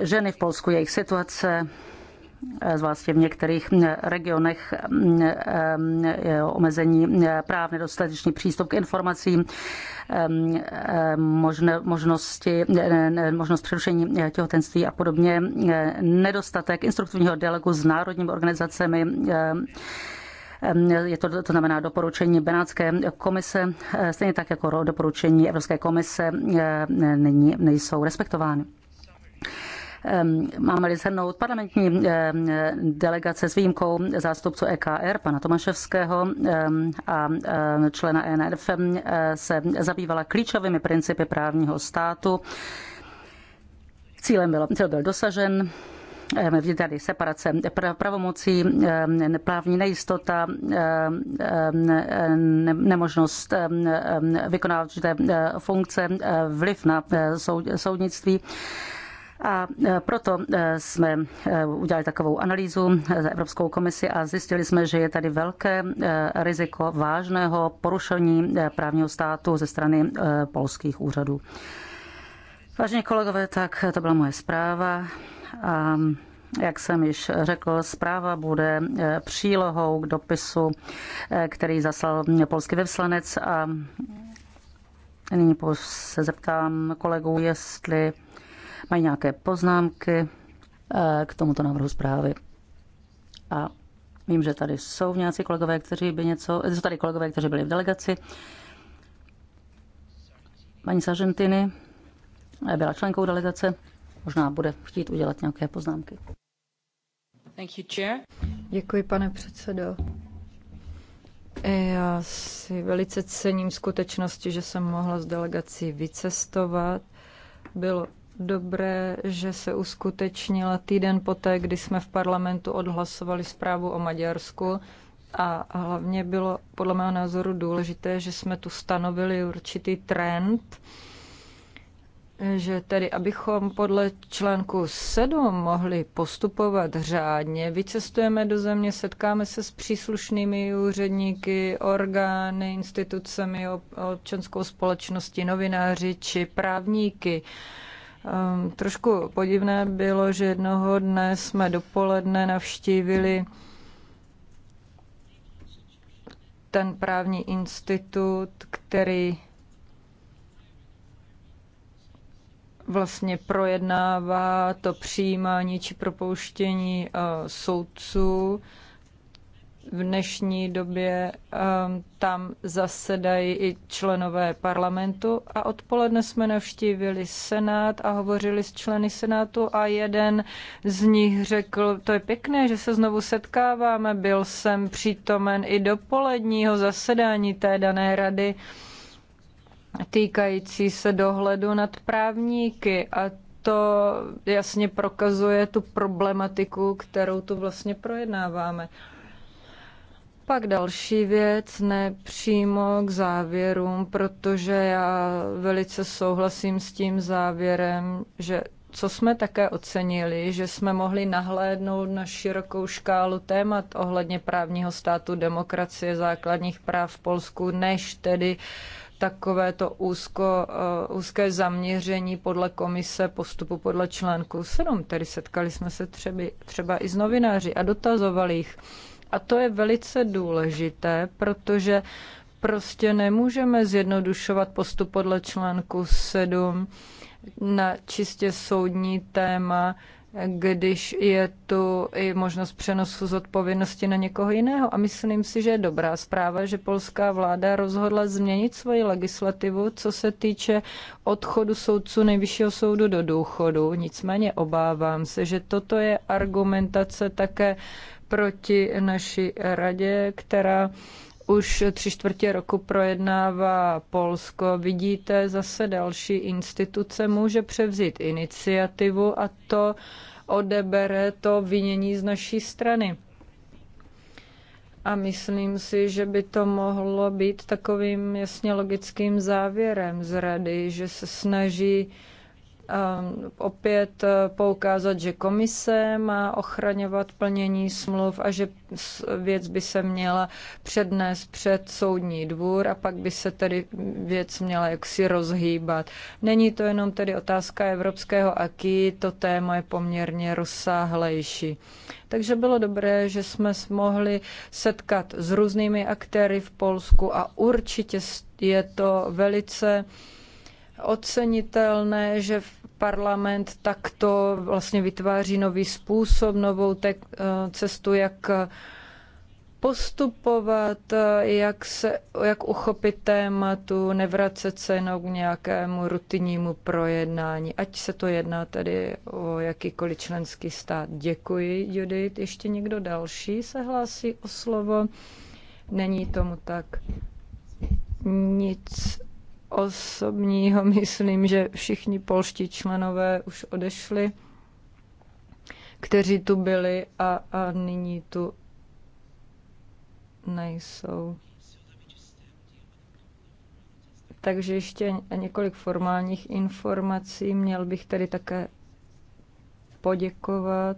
ženy v Polsku, jejich situace, Eh, zvláště v některých mm, regionech mm, eh, omezení mm, práv, nedostatečný přístup k informacím, možnosti, možnost přerušení eh, těhotenství a podobně, nedostatek instruktivního dialogu s národními organizacemi, je to, to znamená doporučení Benátské komise, stejně tak jako doporučení Evropské komise není, nejsou respektovány. Ehm, máme-li shrnout parlamentní ehm, delegace s výjimkou zástupců EKR, pana Tomaševského ehm, a člena ENF, se zabývala klíčovými principy právního státu. Cílem bylo cíl byl dosažen, je tady separace pravomocí, právní nejistota, nemožnost vykonávat určité eh, funkce, eh, vliv na eh, soudnictví. A e, proto e, jsme e, udělali takovou analýzu za Evropskou komisi a zjistili jsme, že je tady velké riziko vážného porušení právního státu ze strany polských úřadů. Vážení kolegové, tak to byla moje zpráva. A jak jsem již řekl, zpráva bude přílohou k dopisu, který zaslal polský vyslanec a nyní se zeptám kolegů, jestli mají nějaké poznámky eh, k tomuto návrhu zprávy. A vím, že tady jsou nějací kolegové, kteří by něco, eh, jsou tady kolegové, kteří byli v delegaci. Paní Sažentiny eh, byla členkou delegace, možná bude chtít udělat nějaké poznámky. Thank you, chair. Děkuji, pane předsedo. Já si velice cením skutečnosti, že jsem mohla s delegací vycestovat. Bylo dobré, že se uskutečnila týden poté, kdy jsme v parlamentu odhlasovali zprávu o Maďarsku. A hlavně bylo podle mého názoru důležité, že jsme tu stanovili určitý trend, že tedy abychom podle článku 7 mohli postupovat řádně, vycestujeme do země, setkáme se s příslušnými úředníky, orgány, institucemi, občanskou společností, novináři či právníky. Ehm, trošku podivné bylo, že jednoho dne jsme dopoledne navštívili ten právní institut, který vlastně projednává to přijímání či propouštění eh, soudců v dnešní době um, tam zasedají i členové parlamentu a odpoledne jsme navštívili Senát a hovořili s členy Senátu a jeden z nich řekl, to je pěkné, že se znovu setkáváme, byl jsem přítomen i dopoledního zasedání té dané rady týkající se dohledu nad právníky a to jasně prokazuje tu problematiku, kterou tu vlastně projednáváme. Pak další věc, ne přímo k závěrům, protože já velice souhlasím s tím závěrem, že co jsme také ocenili, že jsme mohli nahlédnout na širokou škálu témat ohledně právního státu, demokracie, základních práv v Polsku, než tedy to úzko, uh, úzké zaměření podle komise postupu podle článku 7. Tedy setkali jsme se třeby, třeba i s novináři a dotazovali jich, a to je velice důležité, protože prostě nemůžeme zjednodušovat postup podle článku 7 na čistě soudní téma, když je tu i možnost přenosu zodpovědnosti na někoho jiného. A myslím si, že je dobrá zpráva, že polská vláda rozhodla změnit svoji legislativu, co se týče odchodu soudců nejvyššího soudu do důchodu. Nicméně obávám se, že toto je argumentace také proti naší radě, která už tři čtvrtě roku projednává Polsko. Vidíte, zase další instituce může převzít iniciativu a to odebere to vinění z naší strany. A myslím si, že by to mohlo být takovým jasně logickým závěrem z rady, že se snaží Ehm, opět eh, poukázat, že komise má ochraňovat plnění smluv a že věc by se měla přednést před soudní dvůr a pak by se tedy věc měla jaksi rozhýbat. Není to jenom tedy otázka evropského aký, to téma je poměrně rozsáhlejší. Takže bylo dobré, že jsme mohli setkat s různými aktéry v Polsku a určitě je to velice uh, ocenitelné, že parlament takto vlastně vytváří nový způsob, novou cestu, jak postupovat, jak, se, jak uchopit tématu, nevracet se jenom k nějakému rutinnímu projednání, ať se to jedná tedy o jakýkoliv členský stát. Děkuji, Judith. Ještě někdo další se hlásí o slovo? Není tomu tak. Nic osobního myslím, že všichni polští členové už odešli, kteří tu byli a, a nyní tu nejsou. Takže ještě několik formálních informací. Měl bych tedy také poděkovat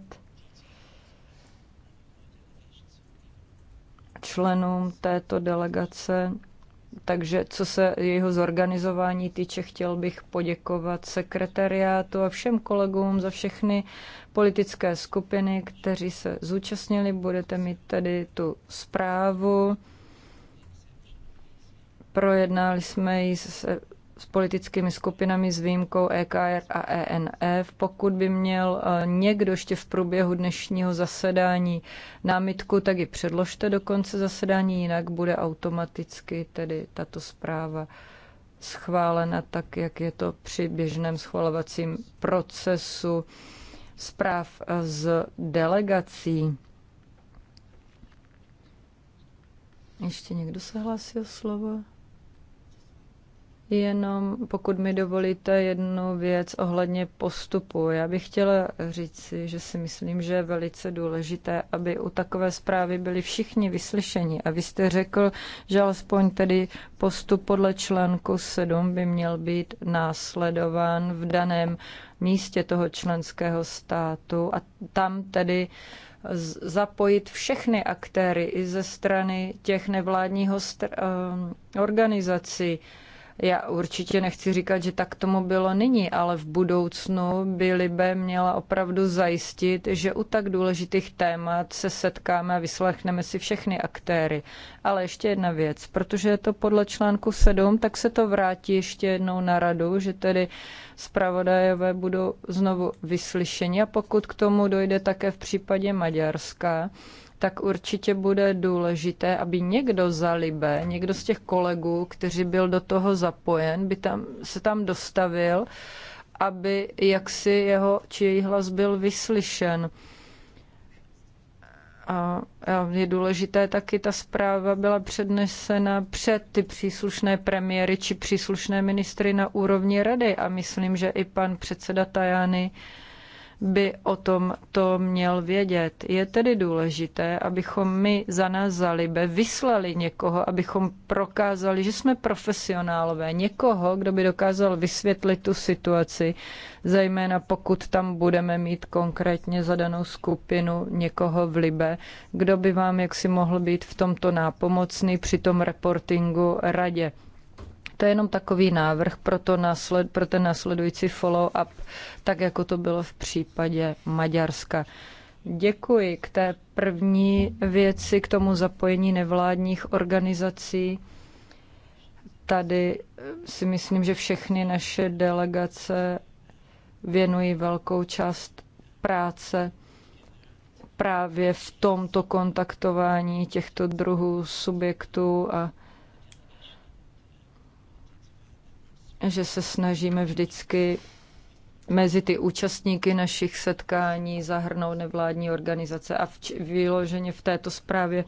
členům této delegace takže co se jeho zorganizování týče, chtěl bych poděkovat sekretariátu a všem kolegům za všechny politické skupiny, kteří se zúčastnili. Budete mít tedy tu zprávu. Projednali jsme ji se s politickými skupinami s výjimkou EKR a ENF, pokud by měl e, někdo ještě v průběhu dnešního zasedání námitku, tak ji předložte do konce zasedání, jinak bude automaticky tedy tato zpráva schválena tak, jak je to při běžném schvalovacím procesu zpráv e, z delegací. Ještě někdo se hlásí o slovo? Jenom pokud mi dovolíte jednu věc ohledně postupu. Já bych chtěla říci, že si myslím, že je velice důležité, aby u takové zprávy byli všichni vyslyšeni. A vy jste řekl, že alespoň tedy postup podle článku 7 by měl být následován v daném místě toho členského státu a tam tedy zapojit všechny aktéry i ze strany těch nevládních eh, organizací, já určitě nechci říkat, že tak tomu bylo nyní, ale v budoucnu by Libe měla opravdu zajistit, že u tak důležitých témat se setkáme a vyslechneme si všechny aktéry. Ale ještě jedna věc, protože je to podle článku 7, tak se to vrátí ještě jednou na radu, že tedy zpravodajové budou znovu vyslyšeni a pokud k tomu dojde také v případě Maďarska, tak určitě bude důležité, aby někdo za Libe, někdo z těch kolegů, kteří byl do toho zapojen, by tam, se tam dostavil, aby jaksi jeho či její hlas byl vyslyšen. A je důležité taky, ta zpráva byla přednesena před ty příslušné premiéry či příslušné ministry na úrovni rady a myslím, že i pan předseda Tajany by o tom to měl vědět. Je tedy důležité, abychom my za nás za libe vyslali někoho, abychom prokázali, že jsme profesionálové, někoho, kdo by dokázal vysvětlit tu situaci, zejména pokud tam budeme mít konkrétně zadanou skupinu někoho v libe, kdo by vám jaksi mohl být v tomto nápomocný při tom reportingu radě. To je jenom takový návrh pro, to nasled, pro ten následující follow-up, tak jako to bylo v případě Maďarska. Děkuji k té první věci, k tomu zapojení nevládních organizací. Tady eh, si myslím, že všechny naše delegace věnují velkou část práce právě v tomto kontaktování těchto druhů subjektů a že se snažíme vždycky mezi ty účastníky našich setkání zahrnout nevládní organizace a vč- vyloženě v této zprávě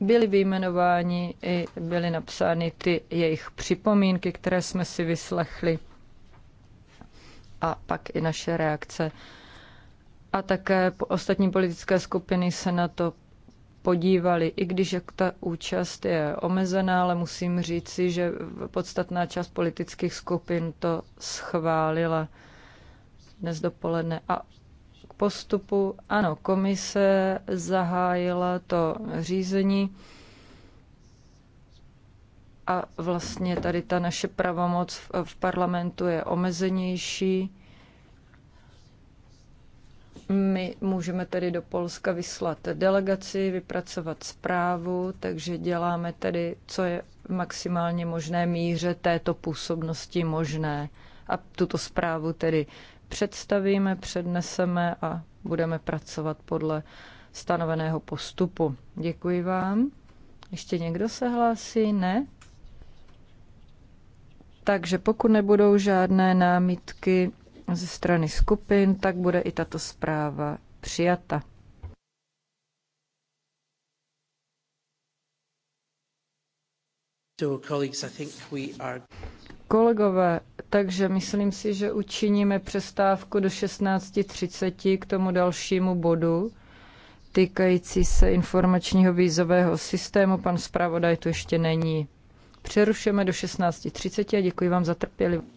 byly vyjmenováni i byly napsány ty jejich připomínky, které jsme si vyslechli a pak i naše reakce. A také ostatní politické skupiny se na to podívali, i když jak ta účast je omezená, ale musím říci, že podstatná část politických skupin to schválila dnes dopoledne. A k postupu, ano, komise zahájila to řízení a vlastně tady ta naše pravomoc v parlamentu je omezenější my můžeme tedy do Polska vyslat delegaci, vypracovat zprávu, takže děláme tedy, co je v maximálně možné míře této působnosti možné. A tuto zprávu tedy představíme, předneseme a budeme pracovat podle stanoveného postupu. Děkuji vám. Ještě někdo se hlásí? Ne? Takže pokud nebudou žádné námitky, ze strany skupin, tak bude i tato zpráva přijata. Kolegové, takže myslím si, že učiníme přestávku do 16.30 k tomu dalšímu bodu týkající se informačního vízového systému. Pan zpravodaj tu ještě není. Přerušujeme do 16.30 a děkuji vám za trpělivost.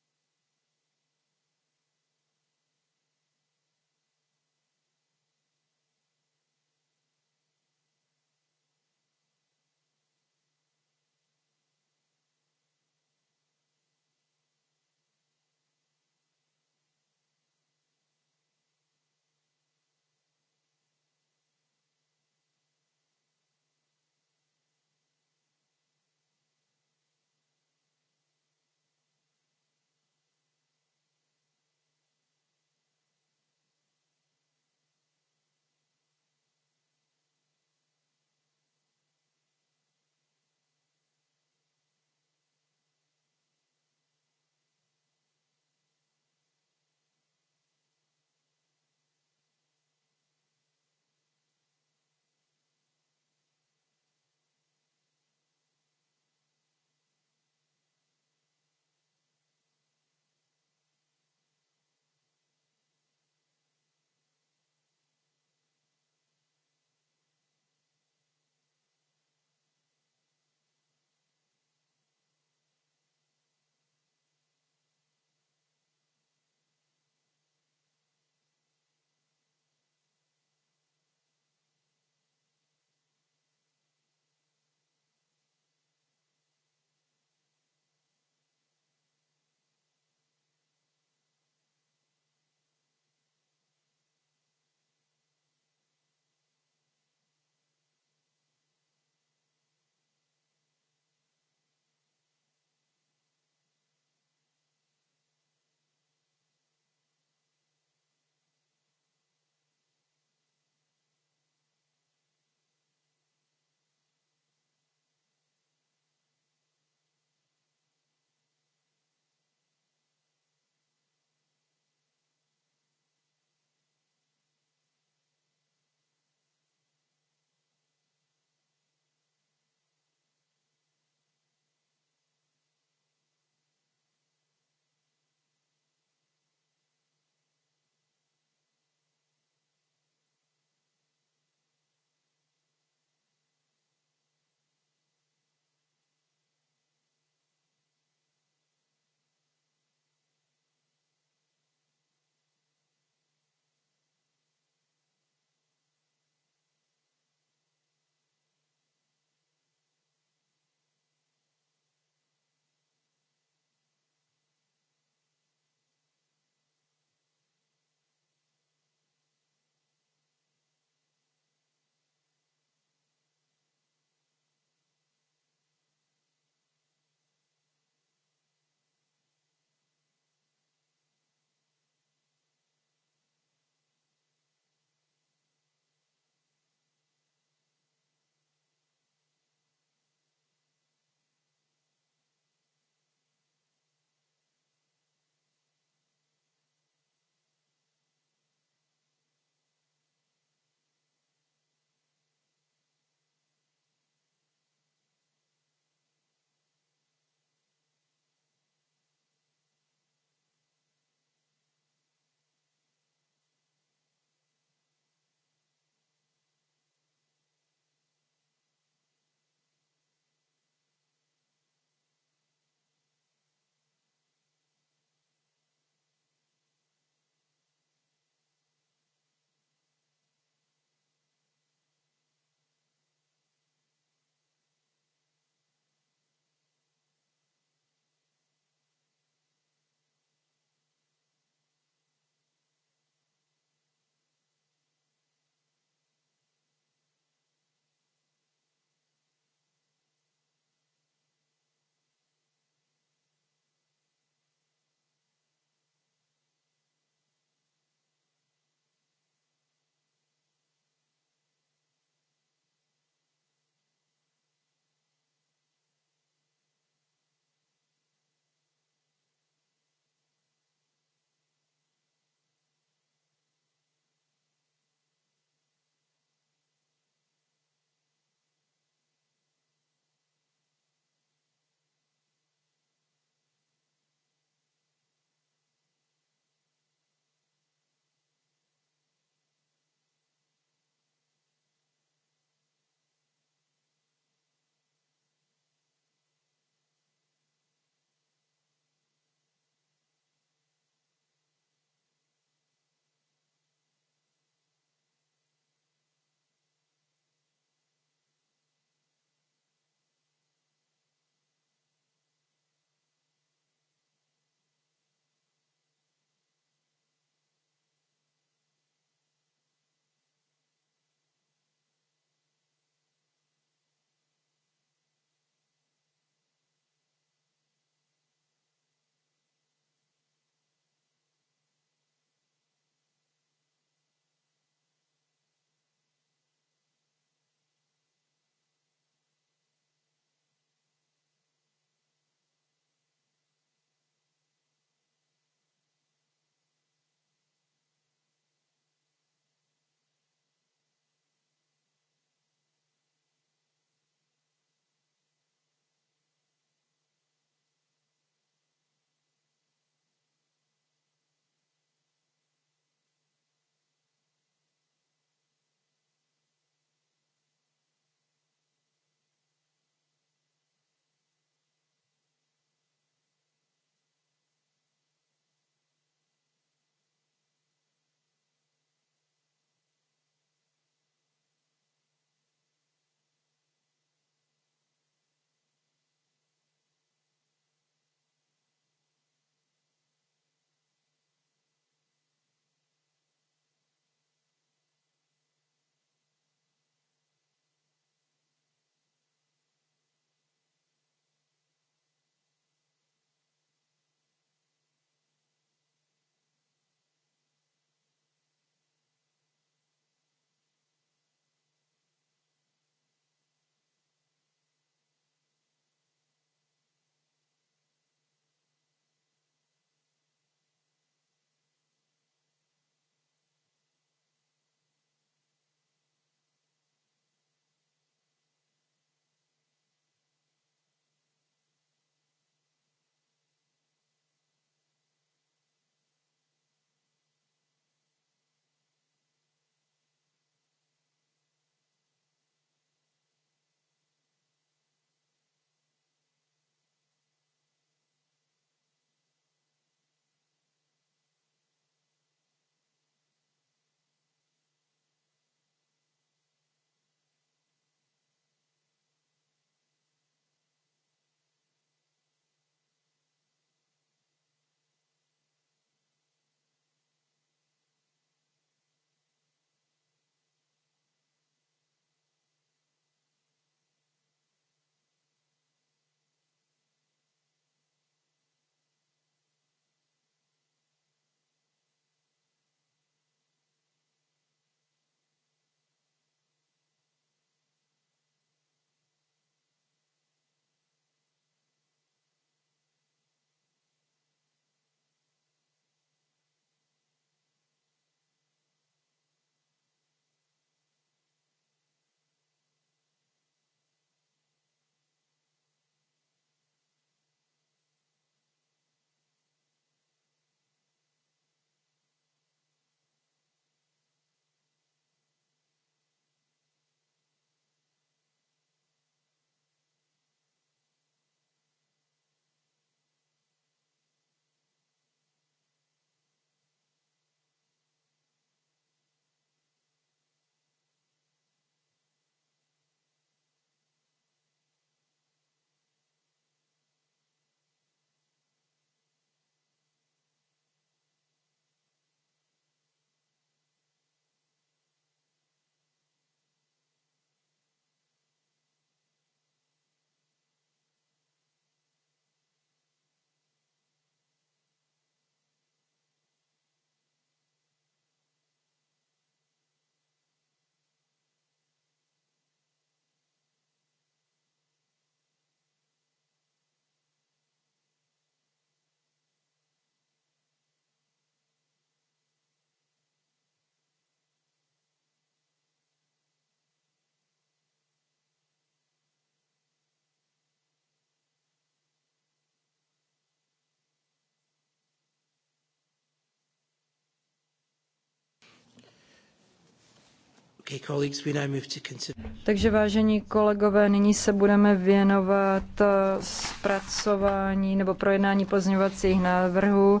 Takže vážení kolegové, nyní se budeme věnovat eh, zpracování nebo projednání pozměňovacích návrhů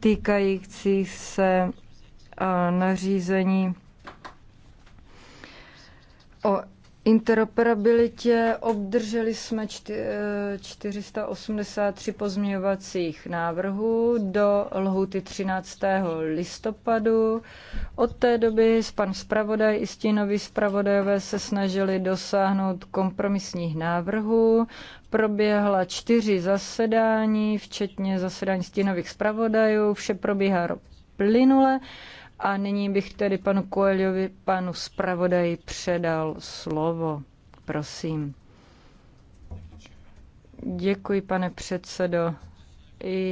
týkajících se eh, nařízení o interoperabilitě obdrželi jsme 483 eh, pozměňovacích návrhů do lhuty 13. listopadu. Od té doby pan zpravodaj i stínoví zpravodajové se snažili dosáhnout kompromisních návrhů. Proběhla čtyři zasedání, včetně zasedání stínových zpravodajů. Vše probíhá plynule. A nyní bych tedy panu Koeliovi, panu zpravodaji, předal slovo. Prosím. Děkuji, pane předsedo.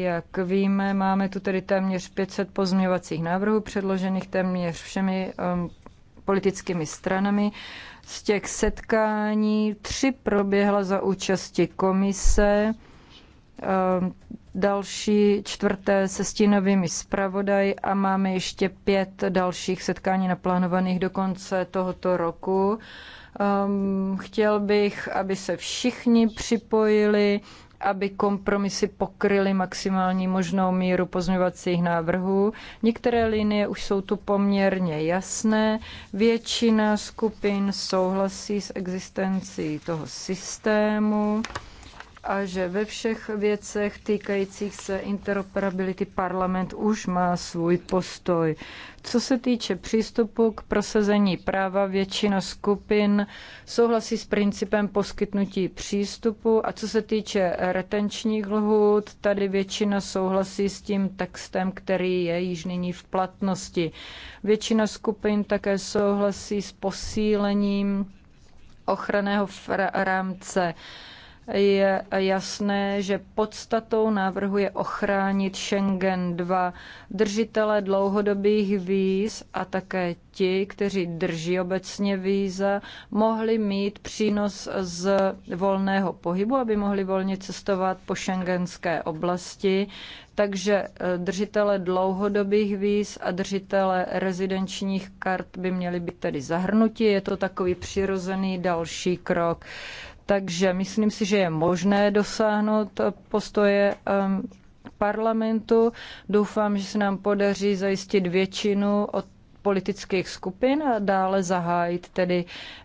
Jak víme, máme tu tedy téměř 500 pozměvacích návrhů, předložených téměř všemi um, politickými stranami. Z těch setkání tři proběhla za účasti komise Ehm, další čtvrté se stínovými zpravodaj a máme ještě pět dalších setkání naplánovaných do konce tohoto roku. Ehm, chtěl bych, aby se všichni připojili, aby kompromisy pokryly maximální možnou míru pozměvacích návrhů. Některé linie už jsou tu poměrně jasné. Většina skupin souhlasí s existencí toho systému a že ve všech věcech týkajících se interoperability parlament už má svůj postoj. Co se týče přístupu k prosazení práva, většina skupin souhlasí s principem poskytnutí přístupu a co se týče retenčních lhůt, tady většina souhlasí s tím textem, který je již nyní v platnosti. Většina skupin také souhlasí s posílením ochranného rámce je jasné, že podstatou návrhu je ochránit Schengen 2 držitele dlouhodobých víz a také ti, kteří drží obecně víza, mohli mít přínos z volného pohybu, aby mohli volně cestovat po šengenské oblasti. Takže eh, držitele dlouhodobých víz a držitele rezidenčních kart by měli být tedy zahrnuti. Je to takový přirozený další krok. Takže myslím si, že je možné dosáhnout postoje ehm, parlamentu. Doufám, že se nám podaří zajistit většinu od politických skupin a dále zahájit tedy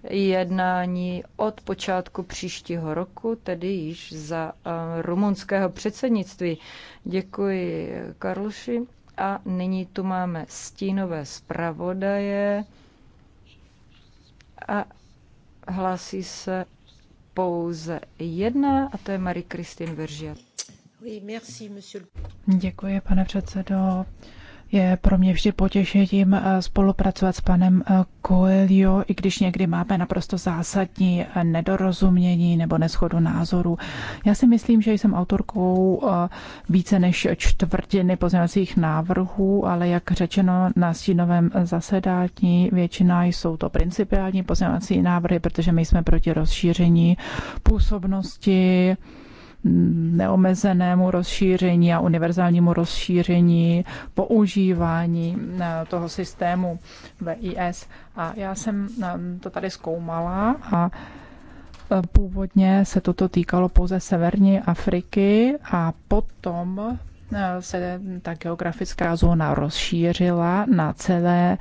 jednání od počátku příštího roku, tedy již za ehm, rumunského předsednictví. Děkuji Karluši. A nyní tu máme stínové zpravodaje a hlásí se pouze jedna, a to je Marie-Christine Veržiat. Děkuji, pane předsedo. Je pro mě vždy potěšením eh, spolupracovat s panem eh, Coelho, i když někdy máme naprosto zásadní eh, nedorozumění nebo neschodu názoru. Já si myslím, že jsem autorkou více než čtvrtiny pozměňovacích návrhů, ale jak řečeno na stínovém zasedání, většina jsou to principiální pozměňovací návrhy, protože my jsme proti rozšíření působnosti neomezenému rozšíření a univerzálnímu rozšíření používání eh, toho systému VIS. A já jsem eh, to tady zkoumala a eh, původně se toto týkalo pouze severní Afriky a potom Eh, se ta geografická zóna rozšířila na celé,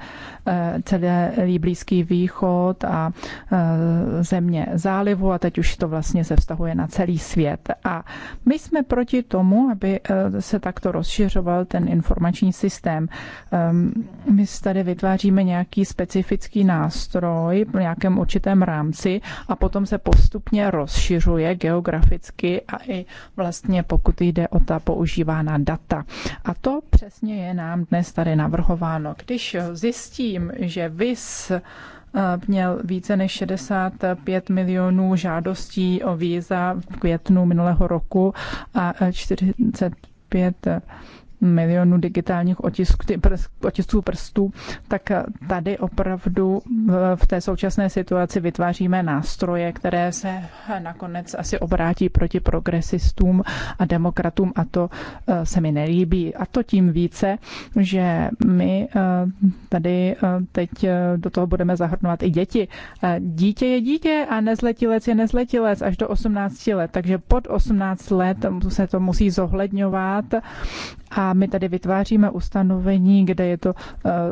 eh, celý Blízký východ a eh, země zálivu a teď už to vlastně se vztahuje na celý svět. A my jsme proti tomu, aby se takto rozšiřoval ten informační systém. Ehm, my tady vytváříme nějaký specifický nástroj v nějakém určitém rámci a potom se postupně rozšiřuje geograficky a i vlastně pokud jde o ta používána data. A to přesně je nám dnes tady navrhováno. Když zjistím, že VIS eh, měl více než 65 milionů žádostí o víza v květnu minulého roku a 45 eh, milionů digitálních otisků, otisků prstů, tak tady opravdu v té současné situaci vytváříme nástroje, které se nakonec asi obrátí proti progresistům a demokratům a to eh, se mi nelíbí. A to tím více, že my eh, tady eh, teď do toho budeme zahrnovat i děti. Dítě je dítě a nezletilec je nezletilec až do 18 let, takže pod 18 let se to musí zohledňovat a my tady vytváříme ustanovení, kde je to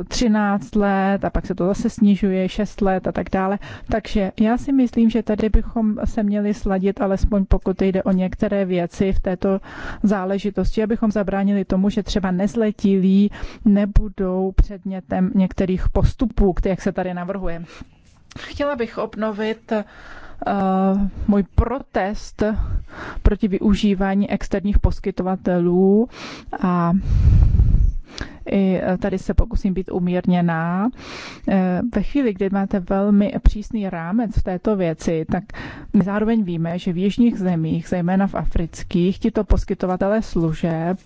13 eh, let a pak se to zase snižuje 6 let a tak dále. Takže já si myslím, že tady bychom se měli sladit, alespoň pokud jde o některé věci v této záležitosti, abychom zabránili tomu, že třeba nezletilí nebudou předmětem některých postupů, které se tady navrhuje. Chtěla bych obnovit Eh, můj protest proti využívání externích poskytovatelů a i eh, tady se pokusím být umírněná. Eh, ve chvíli, kdy máte velmi přísný rámec v této věci, tak my zároveň víme, že v jižních zemích, zejména v afrických, tito poskytovatelé služeb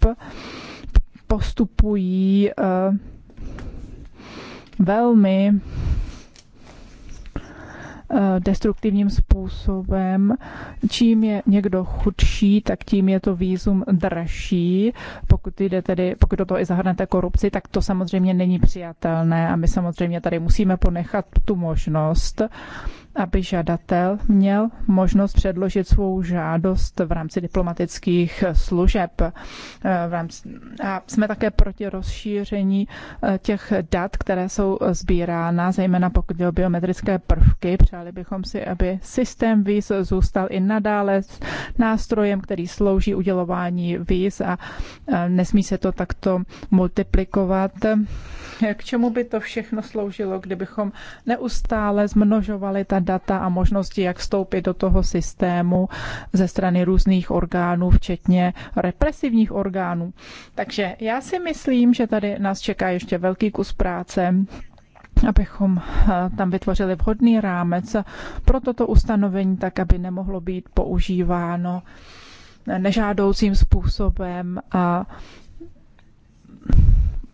postupují velmi Eh, destruktivním způsobem. Čím je někdo chudší, tak tím je to výzum dražší. Pokud, jde tedy, pokud do toho i zahrnete korupci, tak to samozřejmě není přijatelné a my samozřejmě tady musíme ponechat tu možnost, aby žadatel měl možnost předložit svou žádost v rámci diplomatických služeb. Eh, a jsme také proti rozšíření eh, těch dat, které jsou sbírána, zejména pokud jde o biometrické prvky. Přáli bychom si, aby systém víz zůstal i nadále nástrojem, který slouží udělování víz a eh, nesmí se to takto multiplikovat k čemu by to všechno sloužilo, kdybychom neustále zmnožovali ta data a možnosti, jak vstoupit do toho systému ze strany různých orgánů, včetně represivních orgánů. Takže já si myslím, že tady nás čeká ještě velký kus práce abychom eh, tam vytvořili vhodný rámec pro toto ustanovení, tak aby nemohlo být používáno nežádoucím způsobem a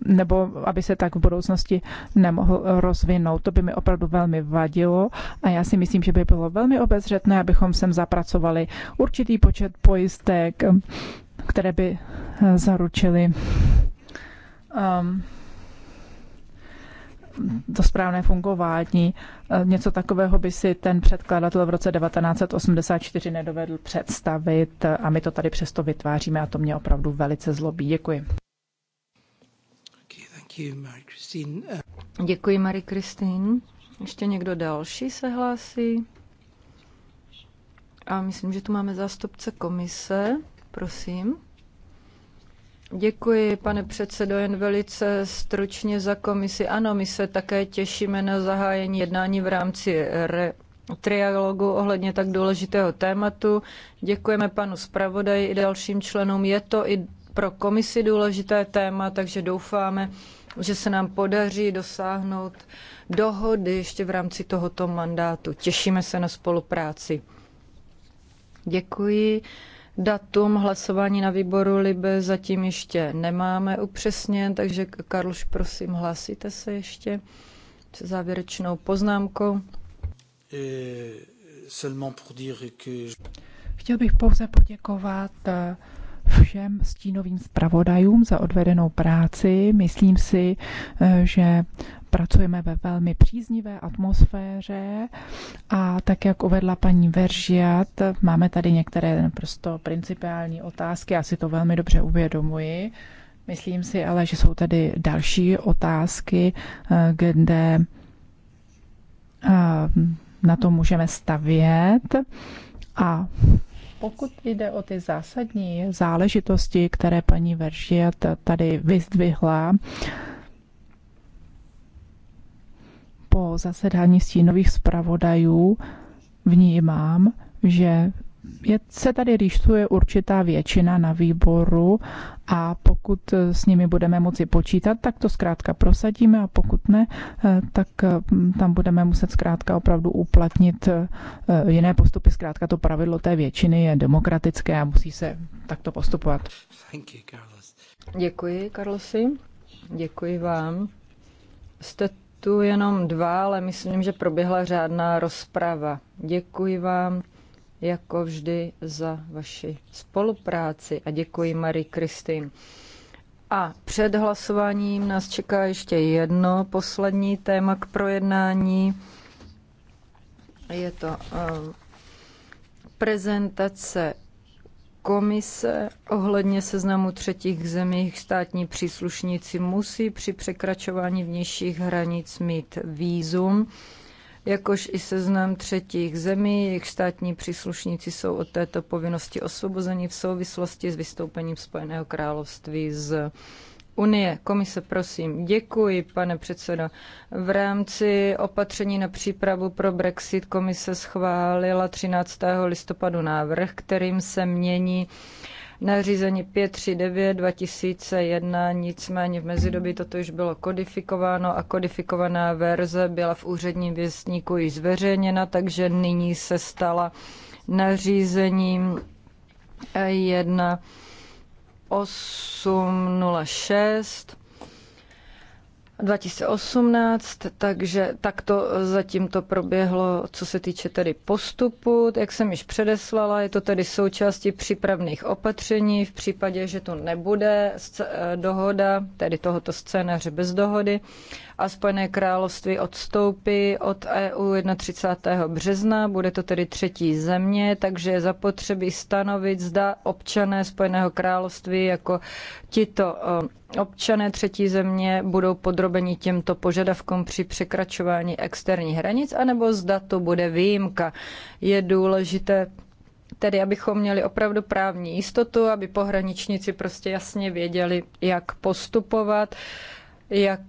nebo aby se tak v budoucnosti nemohl rozvinout. To by mi opravdu velmi vadilo a já si myslím, že by bylo velmi obezřetné, abychom sem zapracovali určitý počet pojistek, které by eh, zaručily um, to správné fungování. Eh, něco takového by si ten předkladatel v roce 1984 nedovedl představit eh, a my to tady přesto vytváříme a to mě opravdu velice zlobí. Děkuji. Děkuji, Marie Kristýn. Ještě někdo další se hlásí? A myslím, že tu máme zástupce komise. Prosím. Děkuji, pane předsedo, jen velice stručně za komisi. Ano, my se také těšíme na zahájení jednání v rámci re- trialogu ohledně tak důležitého tématu. Děkujeme panu zpravodaji i dalším členům. Je to i pro komisi důležité téma, takže doufáme, že se nám podaří dosáhnout dohody ještě v rámci tohoto mandátu. Těšíme se na spolupráci. Děkuji. Datum hlasování na výboru Libe zatím ještě nemáme upřesněn, takže Karlš, prosím, hlásíte se ještě se závěrečnou poznámkou. Eh, Chtěl bych pouze poděkovat eh, všem stínovým zpravodajům za odvedenou práci. Myslím si, eh, že pracujeme ve velmi příznivé atmosféře a tak, jak uvedla paní Veržiat, máme tady některé naprosto principiální otázky, já si to velmi dobře uvědomuji. Myslím si ale, že jsou tady další otázky, eh, kde eh, na to můžeme stavět a pokud jde o ty zásadní záležitosti, které paní Veržiat tady vyzdvihla, po zasedání stínových zpravodajů vnímám, že je, se tady rýsuje určitá většina na výboru a pokud eh, s nimi budeme moci počítat, tak to zkrátka prosadíme a pokud ne, eh, tak eh, tam budeme muset zkrátka opravdu uplatnit jiné postupy. Zkrátka to pravidlo té většiny je demokratické a musí se takto postupovat. Děkuji, Karlosi. Děkuji vám. Jste tu jenom dva, ale myslím, že proběhla řádná rozprava. Děkuji vám jako vždy za vaši spolupráci a děkuji Marie Kristin. A před hlasováním nás čeká ještě jedno poslední téma k projednání. Je to eh, prezentace komise ohledně seznamu třetích zemí státní příslušníci musí při překračování vnějších hranic mít výzum jakož i seznam třetích zemí, jejich státní příslušníci jsou od této povinnosti osvobozeni v souvislosti s vystoupením Spojeného království z Unie. Komise, prosím. Děkuji, pane předsedo. V rámci opatření na přípravu pro Brexit komise schválila 13. listopadu návrh, kterým se mění nařízení 539 2001, nicméně v mezidobí toto již bylo kodifikováno a kodifikovaná verze byla v úředním věstníku již zveřejněna, takže nyní se stala nařízením 1806 2018, takže takto zatím to proběhlo, co se týče tedy postupu. Jak jsem již předeslala, je to tedy součástí přípravných opatření v případě, že to nebude eh, dohoda, tedy tohoto scénáře bez dohody a Spojené království odstoupí od EU 31. března. Bude to tedy třetí země, takže je zapotřebí stanovit, zda občané Spojeného království jako tito občané třetí země budou podrobeni těmto požadavkům při překračování externích hranic, anebo zda to bude výjimka. Je důležité tedy abychom měli opravdu právní jistotu, aby pohraničníci prostě jasně věděli, jak postupovat, jak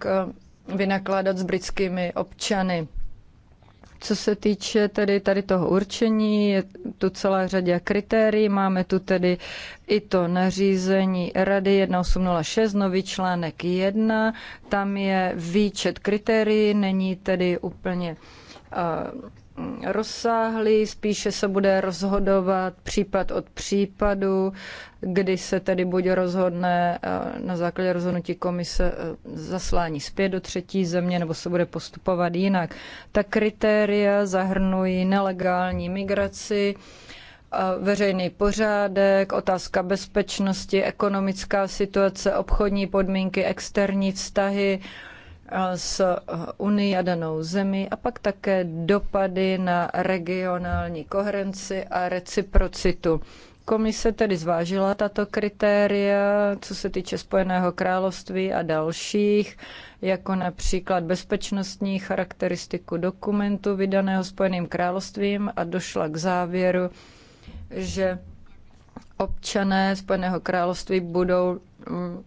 vynakládat s britskými občany. Co se týče tedy tady toho určení, je tu celá řada kritérií. Máme tu tedy i to nařízení Rady 1806, nový článek 1. Tam je výčet kritérií, není tedy úplně uh, rozsáhlý, spíše se bude rozhodovat případ od případu, kdy se tedy buď rozhodne eh, na základě rozhodnutí komise eh, zaslání zpět do třetí země, nebo se bude postupovat jinak. Ta kritéria zahrnují nelegální migraci, eh, veřejný pořádek, otázka bezpečnosti, ekonomická situace, obchodní podmínky, externí vztahy, s eh, Unii a danou zemi a pak také dopady na regionální koherenci a reciprocitu. Komise tedy zvážila tato kritéria, co se týče Spojeného království a dalších, jako například bezpečnostní charakteristiku dokumentu vydaného Spojeným královstvím a došla k závěru, že občané Spojeného království budou mm,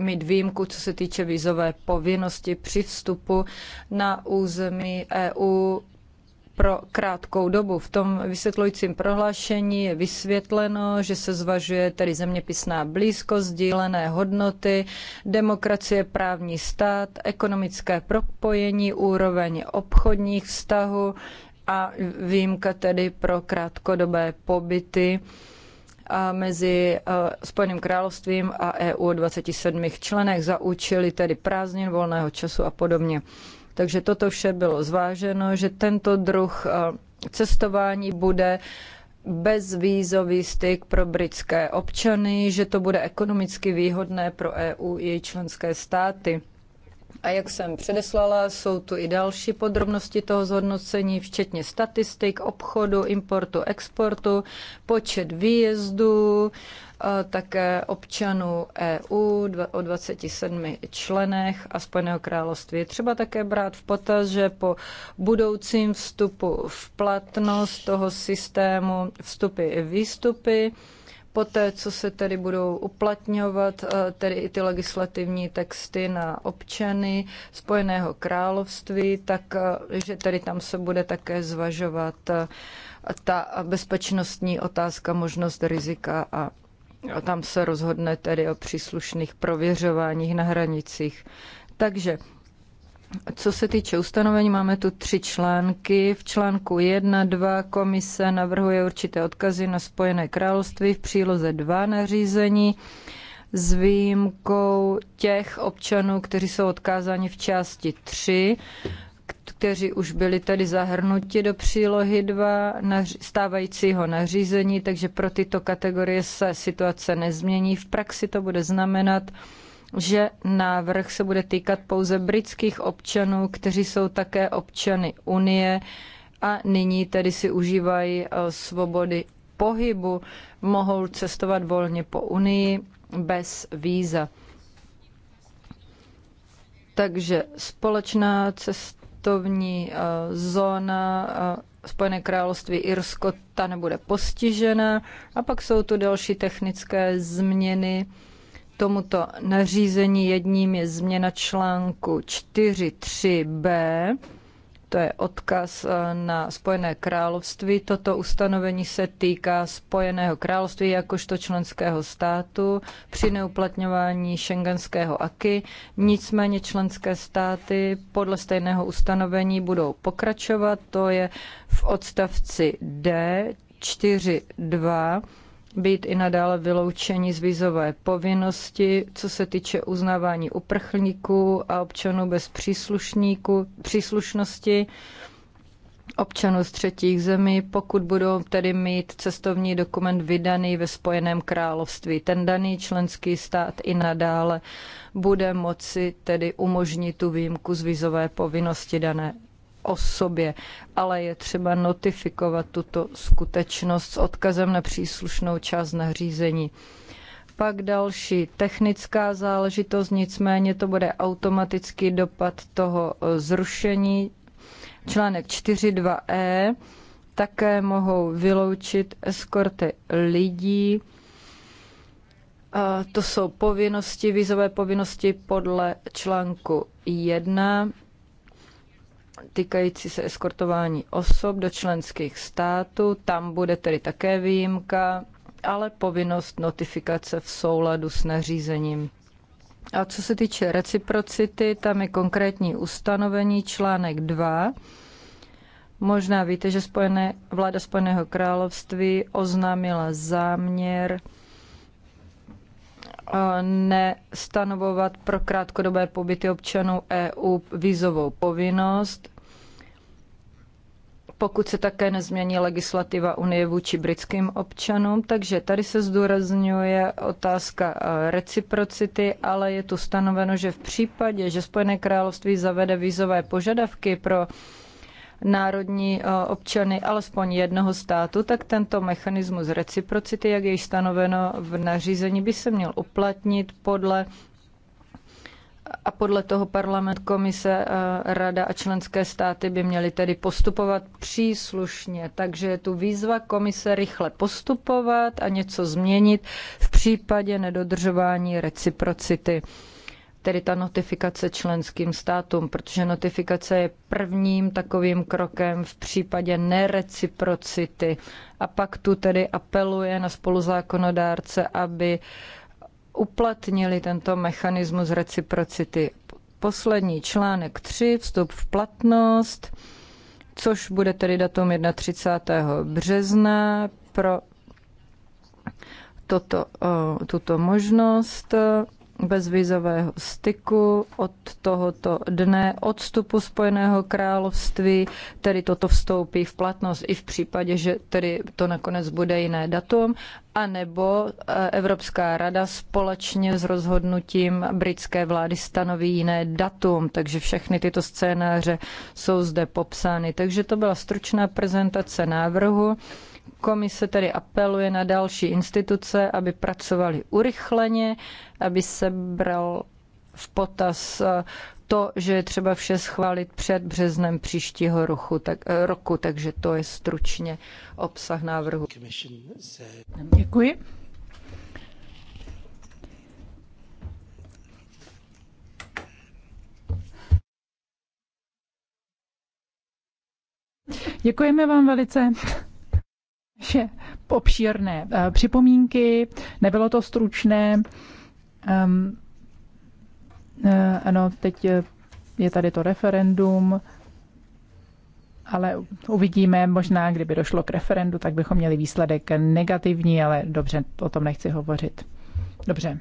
mít výjimku, co se týče vízové povinnosti při vstupu na území EU pro krátkou dobu. V tom vysvětlujícím prohlášení je vysvětleno, že se zvažuje tedy zeměpisná blízkost, sdílené hodnoty, demokracie, právní stát, ekonomické propojení, úroveň obchodních vztahů a výjimka tedy pro krátkodobé pobyty mezi e, Spojeným královstvím a EU 27 členech za účely tedy prázdnin, volného času a podobně. Takže toto vše bylo zváženo, že tento druh e, cestování bude bezvýzový styk pro britské občany, že to bude ekonomicky výhodné pro EU i její členské státy. A jak jsem předeslala, jsou tu i další podrobnosti toho zhodnocení, včetně statistik, obchodu, importu, exportu, počet výjezdů, také občanů EU o 27 členech a Spojeného království. Je třeba také brát v potaz, že po budoucím vstupu v platnost toho systému vstupy i výstupy, Poté, co se tedy budou uplatňovat eh, tedy i ty legislativní texty na občany Spojeného království, tak eh, že tedy tam se bude také zvažovat eh, ta bezpečnostní otázka, možnost rizika a tam se rozhodne tedy o příslušných prověřováních na hranicích. Takže co se týče ustanovení, máme tu tři články. V článku 1, 2 komise navrhuje určité odkazy na Spojené království v příloze 2 nařízení s výjimkou těch občanů, kteří jsou odkázáni v části 3, kteří už byli tady zahrnuti do přílohy 2 stávajícího nařízení, takže pro tyto kategorie se situace nezmění. V praxi to bude znamenat, že návrh se bude týkat pouze britských občanů, kteří jsou také občany Unie a nyní tedy si užívají eh, svobody pohybu, mohou cestovat volně po Unii bez víza. Takže společná cestovní eh, zóna eh, Spojené království Irsko, ta nebude postižena. A pak jsou tu další technické změny tomuto nařízení. Jedním je změna článku 4.3b, to je odkaz eh, na Spojené království. Toto ustanovení se týká Spojeného království jakožto členského státu při neuplatňování šengenského aky. Nicméně členské státy podle stejného ustanovení budou pokračovat. To je v odstavci D 4.2 být i nadále vyloučeni z vízové povinnosti, co se týče uznávání uprchlíků a občanů bez příslušníku, příslušnosti občanů z třetích zemí, pokud budou tedy mít cestovní dokument vydaný ve Spojeném království. Ten daný členský stát i nadále bude moci tedy umožnit tu výjimku z vízové povinnosti dané osobě, ale je třeba notifikovat tuto skutečnost s odkazem na příslušnou část nařízení. Pak další technická záležitost, nicméně to bude automatický dopad toho e, zrušení. Článek 4.2e také mohou vyloučit eskorty lidí, to jsou povinnosti, vízové povinnosti podle článku 1 týkající se eskortování osob do členských států. Tam bude tedy také výjimka, ale povinnost notifikace v souladu s nařízením. A co se týče reciprocity, tam je konkrétní ustanovení článek 2. Možná víte, že spojené, vláda Spojeného království oznámila záměr eh, nestanovovat pro krátkodobé pobyty občanů EU vízovou povinnost pokud se také nezmění legislativa Unie vůči britským občanům. Takže tady se zdůrazňuje otázka eh, reciprocity, ale je tu stanoveno, že v případě, že Spojené království zavede vízové požadavky pro národní eh, občany alespoň jednoho státu, tak tento mechanismus reciprocity, jak je již stanoveno v nařízení, by se měl uplatnit podle a podle toho parlament, komise, eh, rada a členské státy by měly tedy postupovat příslušně. Takže je tu výzva komise rychle postupovat a něco změnit v případě nedodržování reciprocity tedy ta notifikace členským státům, protože notifikace je prvním takovým krokem v případě nereciprocity. A pak tu tedy apeluje na spoluzákonodárce, aby uplatnili tento mechanismus reciprocity. Poslední článek 3, vstup v platnost, což bude tedy datum 31. března pro toto, tuto možnost bezvizového styku od tohoto dne odstupu Spojeného království, tedy toto vstoupí v platnost i v případě, že tedy to nakonec bude jiné datum, anebo eh, Evropská rada společně s rozhodnutím britské vlády stanoví jiné datum, takže všechny tyto scénáře jsou zde popsány. Takže to byla stručná prezentace návrhu. Komise tedy apeluje na další instituce, aby pracovali urychleně, aby se bral v potaz eh, to, že je třeba vše schválit před březnem příštího roku, tak, eh, roku takže to je stručně obsah návrhu. Děkuji. Děkujeme vám velice že obšírné eh, připomínky, nebylo to stručné. Um, ano, teď eh, je tady to referendum, ale uvidíme, možná kdyby došlo k referendu, tak bychom měli výsledek negativní, ale dobře, o tom nechci hovořit. Dobře.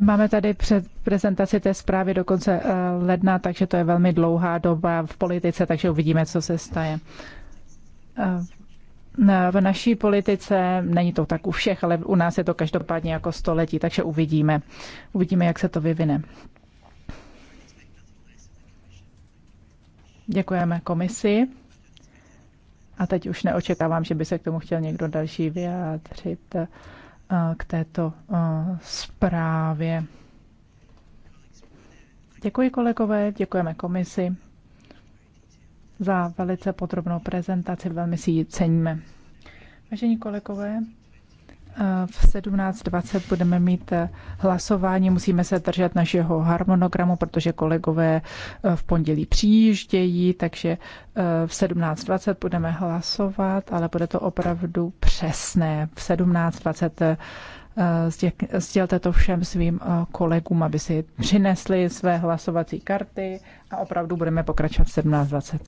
Máme tady před prezentaci té zprávy do konce eh, ledna, takže to je velmi dlouhá doba v politice, takže uvidíme, co se staje. Eh, eh, v naší politice není to tak u všech, ale u nás je to každopádně jako století, takže uvidíme, uvidíme, jak se to vyvine. Děkujeme komisi. A teď už neočekávám, že by se k tomu chtěl někdo další vyjádřit. Eh, k této eh, zprávě. Děkuji kolegové, děkujeme komisi za velice podrobnou prezentaci, velmi si ji ceníme. Vážení kolegové, v 17.20 budeme mít eh, hlasování. Musíme se držet našeho harmonogramu, protože kolegové eh, v pondělí přijíždějí, takže eh, v 17.20 budeme hlasovat, ale bude to opravdu přesné. V 17.20 sdělte to všem svým kolegům, aby si přinesli své hlasovací karty a opravdu budeme pokračovat v 17.20.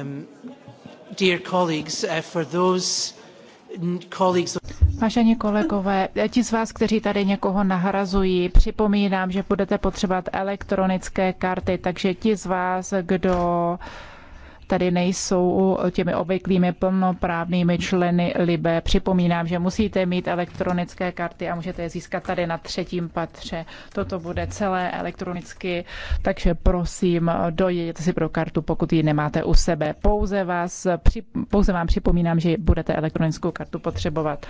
Um, uh, Vážení kolegové, ti z vás, kteří tady někoho nahrazují, připomínám, že budete potřebovat elektronické karty, takže ti z vás, kdo tady nejsou těmi obvyklými plnoprávnými členy Libe. Připomínám, že musíte mít elektronické karty a můžete je získat tady na třetím patře. Toto bude celé elektronicky, takže prosím, dojděte si pro kartu, pokud ji nemáte u sebe. Pouze, vás, pouze vám připomínám, že budete elektronickou kartu potřebovat.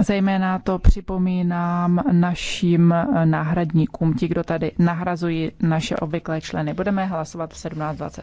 Zejména to připomínám našim náhradníkům, ti, kdo tady nahrazují naše obvyklé členy. Budeme hlasovat v 17.20.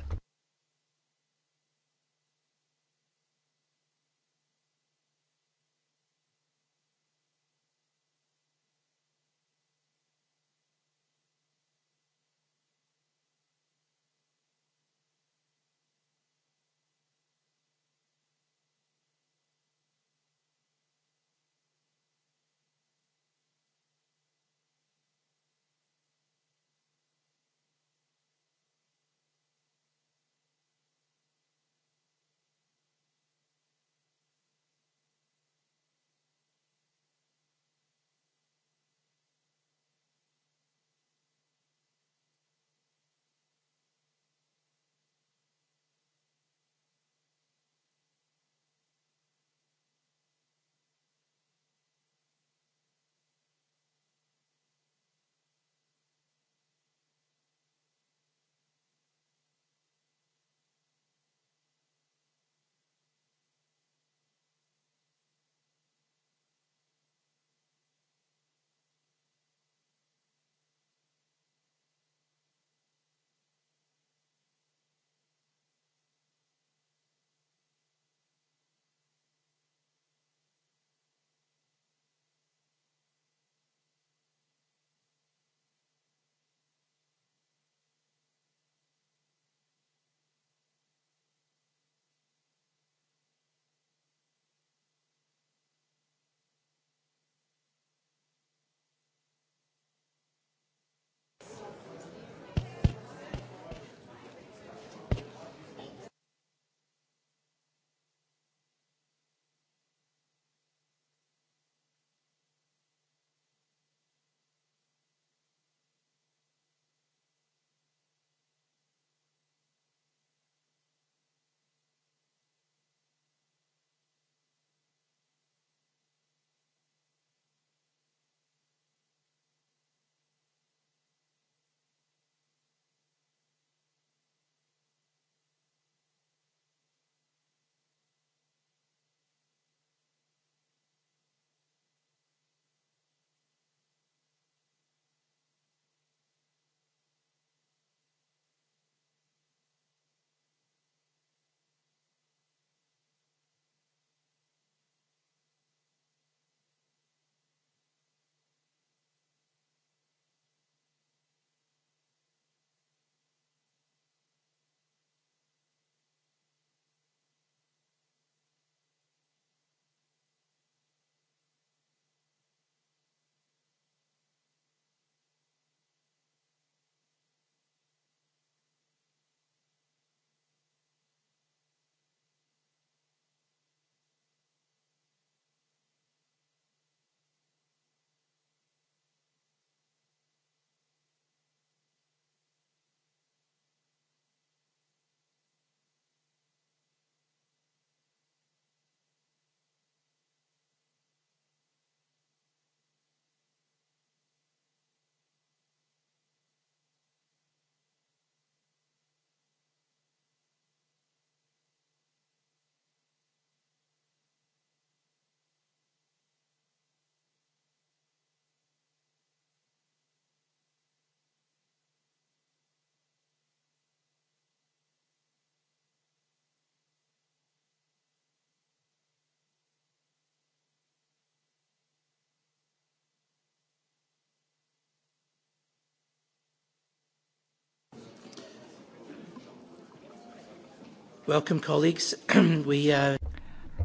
Welcome, colleagues. We, uh...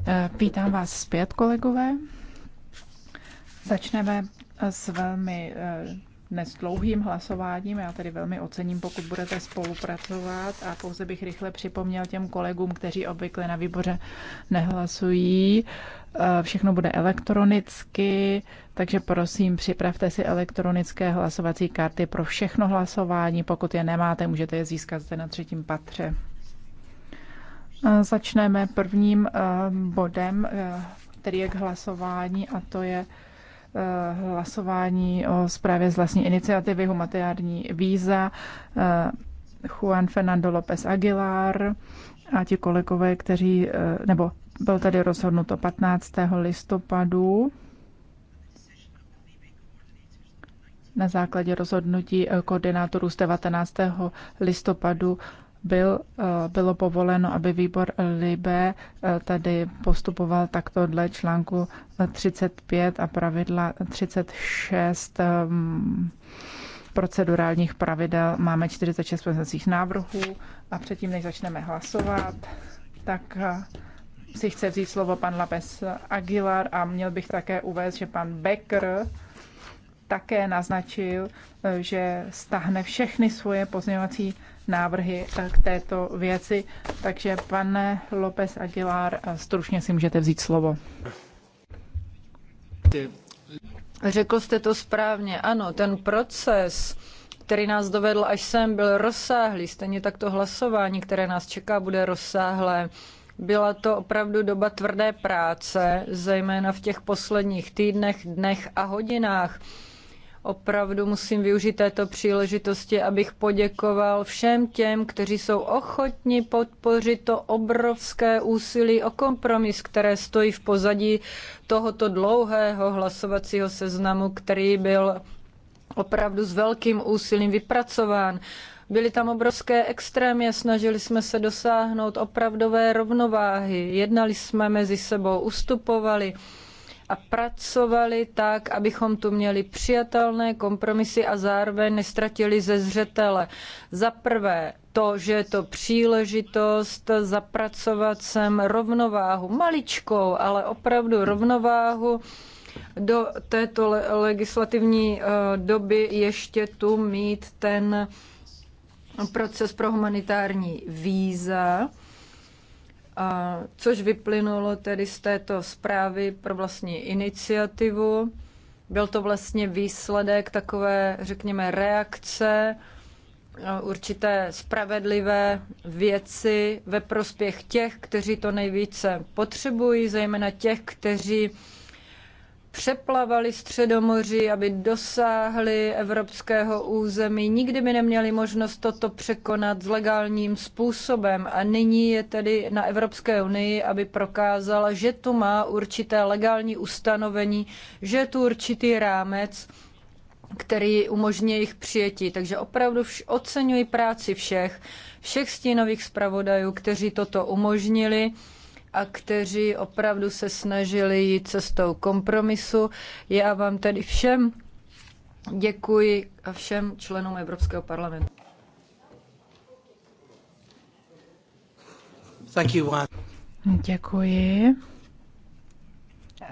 Eh, vítám vás zpět, kolegové. Začneme eh, s velmi eh, dnes dlouhým hlasováním. Já tedy velmi ocením, pokud budete spolupracovat a pouze bych rychle připomněl těm kolegům, kteří obvykle na výboře nehlasují. Všechno bude elektronicky, takže prosím, připravte si elektronické hlasovací karty pro všechno hlasování. Pokud je nemáte, můžete je získat zde na třetím patře. Začneme prvním eh, bodem, eh, který je k hlasování, a to je eh, hlasování o zprávě z vlastní iniciativy humanitární víza Juan Fernando López Aguilar a ti kolegové, kteří, nebo byl tady rozhodnuto 15. listopadu na základě rozhodnutí koordinátorů z 19. listopadu byl, eh, bylo povoleno, aby výbor LIBE eh, tady postupoval takto dle článku 35 a pravidla 36 ehm, procedurálních pravidel. Máme 46 pozměňovacích návrhů a předtím, než začneme hlasovat, tak eh, si chce vzít slovo pan Lapes Aguilar a měl bych také uvést, že pan Becker také naznačil, že stahne všechny svoje pozměňovací návrhy eh, k této věci. Takže pane López Aguilar, eh, stručně si můžete vzít slovo. Řekl jste to správně. Ano, ten proces, který nás dovedl až sem, byl rozsáhlý. Stejně tak to hlasování, které nás čeká, bude rozsáhlé. Byla to opravdu doba tvrdé práce, zejména v těch posledních týdnech, dnech a hodinách. Opravdu musím využít této příležitosti, abych poděkoval všem těm, kteří jsou ochotni podpořit to obrovské úsilí o kompromis, které stojí v pozadí tohoto dlouhého hlasovacího seznamu, který byl opravdu s velkým úsilím vypracován. Byly tam obrovské extrémy a snažili jsme se dosáhnout opravdové rovnováhy. Jednali jsme mezi sebou, ustupovali a pracovali tak, abychom tu měli přijatelné kompromisy a zároveň nestratili ze zřetele. Za prvé, to, že je to příležitost zapracovat sem rovnováhu, maličkou, ale opravdu rovnováhu do této legislativní eh, doby ještě tu mít ten proces pro humanitární víza což vyplynulo tedy z této zprávy pro vlastní iniciativu. Byl to vlastně výsledek takové, řekněme, reakce určité spravedlivé věci ve prospěch těch, kteří to nejvíce potřebují, zejména těch, kteří přeplavali středomoři, aby dosáhli evropského území. Nikdy by neměli možnost toto překonat s legálním způsobem. A nyní je tedy na Evropské unii, aby prokázala, že tu má určité legální ustanovení, že je tu určitý rámec, který umožní jejich přijetí. Takže opravdu vš- oceňuji práci všech, všech stínových zpravodajů, kteří toto umožnili a kteří opravdu se snažili jít cestou kompromisu. Já vám tedy všem děkuji a všem členům Evropského parlamentu. Thank you, Juan. Děkuji.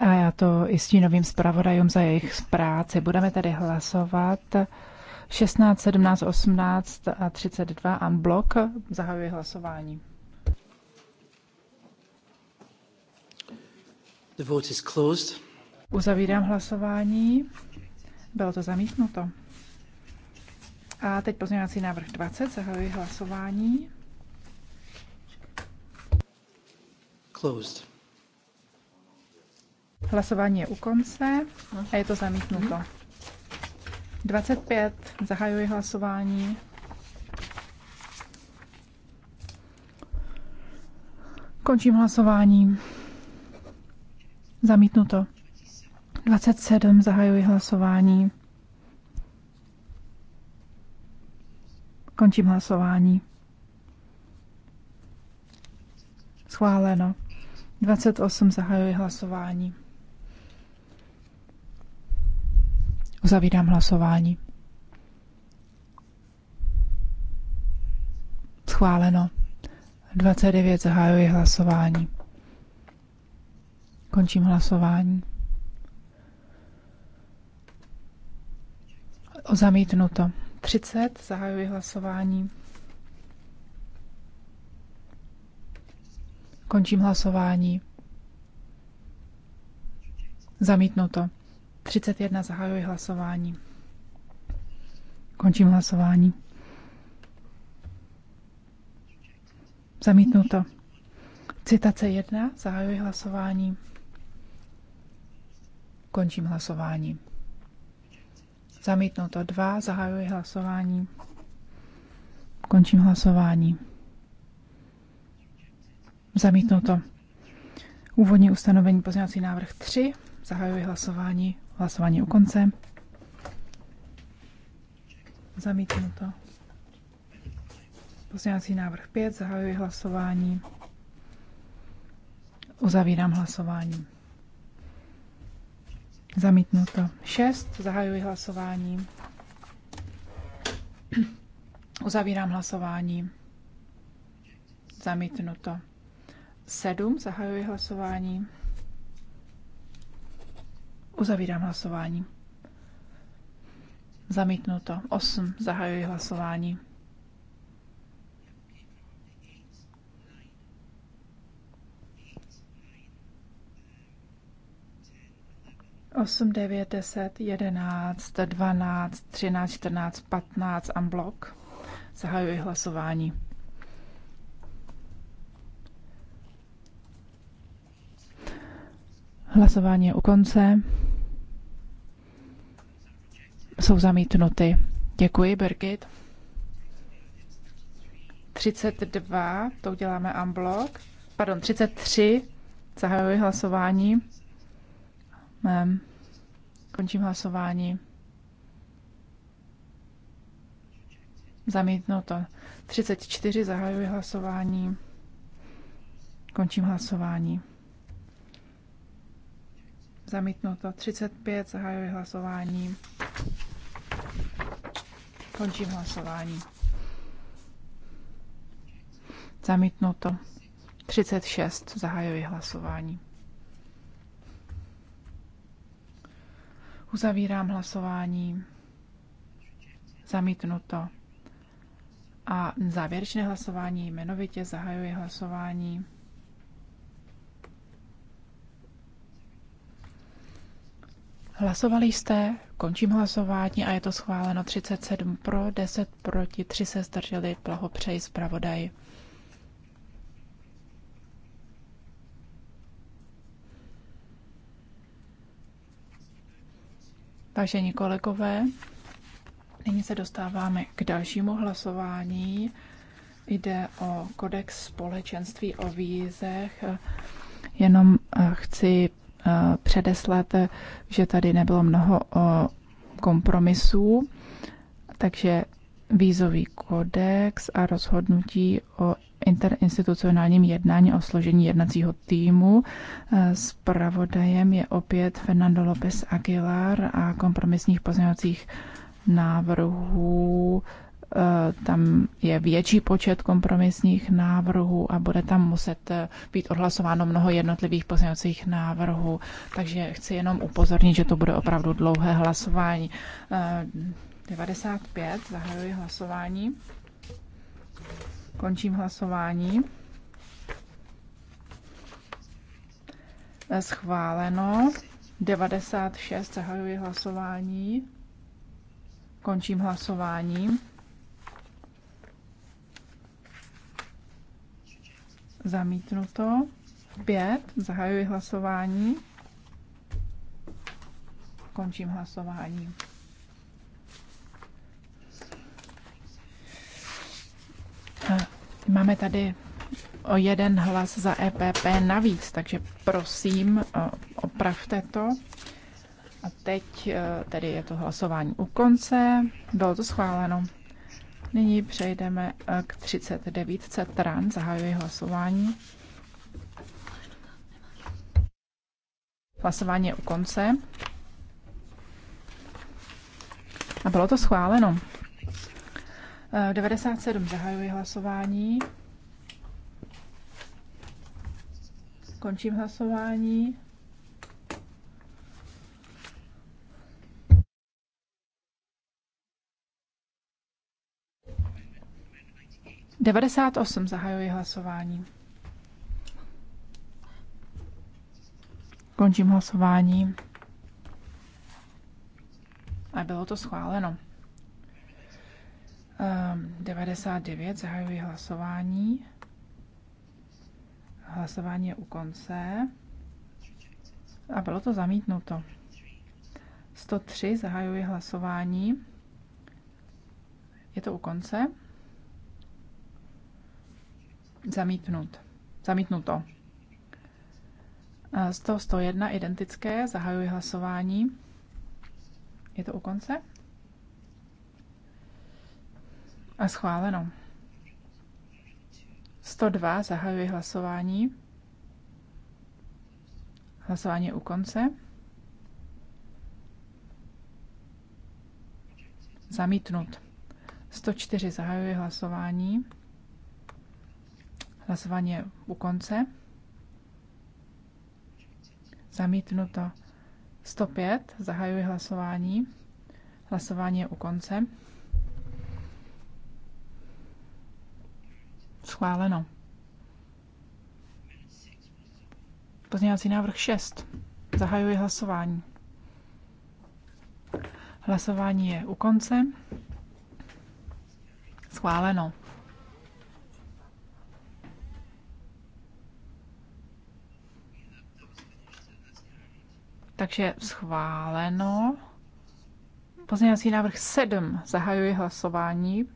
A já to i novým zpravodajům za jejich práci. Budeme tedy hlasovat 16, 17, 18 a 32 blok zahajuje hlasování. The vote is closed. Uzavírám hlasování. Bylo to zamítnuto. A teď pozměňovací návrh 20. Zahajuji hlasování. Closed. Hlasování je u konce a je to zamítnuto. 25. Zahajuji hlasování. Končím hlasování. Zamítnuto. 27. Zahajuji hlasování. Končím hlasování. Schváleno. 28. Zahajuji hlasování. Uzavírám hlasování. Schváleno. 29. Zahajuji hlasování. Končím hlasování. Zamítnuto. 30. Zahajuji hlasování. Končím hlasování. Zamítnuto. 31. Zahajuji hlasování. Končím hlasování. Zamítnuto. Citace 1. Zahajuji hlasování. Končím hlasování. Zamítnuto 2. Zahajuji hlasování. Končím hlasování. Zamítnuto. Úvodní ustanovení pozměňovací návrh 3. Zahajuji hlasování. Hlasování u konce. Zamítnuto. Pozměňovací návrh 5. Zahajuji hlasování. Uzavírám hlasování. Zamítnuto. 6. Zahajuji hlasování. Uzavírám hlasování. Zamítnuto. 7. Zahajuji hlasování. Uzavírám hlasování. Zamítnuto. 8. Zahajuji hlasování. 8, 9, 10, 11, 12, 13, 14, 15 a blok. Zahajuji hlasování. Hlasování je u konce. Jsou zamítnuty. Děkuji, Birgit. 32, to uděláme unblock. Pardon, 33, zahajuji hlasování. Mám. Končím hlasování. Zamítnuto. 34 zahajuji hlasování. Končím hlasování. Zamítnuto. 35 zahajuji hlasování. Končím hlasování. Zamítnuto. 36 zahajuji hlasování. Uzavírám hlasování. Zamítnuto. A závěrečné hlasování jmenovitě zahajuji hlasování. Hlasovali jste, končím hlasování a je to schváleno 37 pro, 10 proti, 3 se zdrželi. Blahopřeji zpravodaj. Vážení kolegové, nyní se dostáváme k dalšímu hlasování. Jde o kodex společenství o výzech. Jenom eh, chci eh, předeslat, že tady nebylo mnoho eh, kompromisů, takže vízový kodex a rozhodnutí o interinstitucionálním jednání o složení jednacího týmu. Eh, pravodajem je opět Fernando López Aguilar a kompromisních pozměňovacích návrhů. Eh, tam je větší počet kompromisních návrhů a bude tam muset eh, být odhlasováno mnoho jednotlivých pozměňovacích návrhů. Takže chci jenom upozornit, že to bude opravdu dlouhé hlasování. 95, zahajuji hlasování. Končím hlasování. Schváleno. 96. Zahajuji hlasování. Končím hlasování. Zamítnuto. 5. Zahajuji hlasování. Končím hlasování. Eh, máme tady o jeden hlas za EPP navíc, takže prosím, eh, opravte to. A teď eh, tedy je to hlasování u konce. Bylo to schváleno. Nyní přejdeme k 39. tran. Zahajuji hlasování. Hlasování je u konce. A bylo to schváleno. 97 zahajuji hlasování. Končím hlasování. Devadesát osm zahajuji hlasování. Končím hlasování. A bylo to schváleno. 99, ehm, zahajuji hlasování. Hlasování je u konce. A bylo to zamítnuto. 103, zahajuji hlasování. Je to u konce. Zamítnut. Zamítnuto. 100, ehm, 101, identické, zahajuji hlasování. Je to u konce. A schváleno. 102. Zahajuji hlasování. Hlasování je u konce. Zamítnut. 104. Zahajuji hlasování. Hlasování je u konce. Zamítnuto. 105. Zahajuji hlasování. Hlasování je u konce. Schváleno. Pozměňovací návrh 6. Zahajuji hlasování. Hlasování je u konce. Schváleno. Takže schváleno. Pozměňovací návrh 7. Zahajuji hlasování.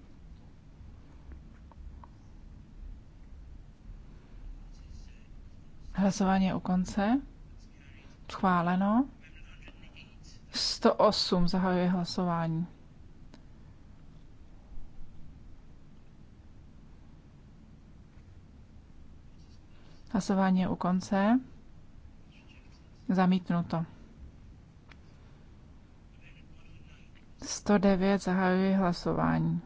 Hlasování je u konce. Schváleno. 108 zahajuje hlasování. Hlasování je u konce. Zamítnuto. 109 zahajuje hlasování.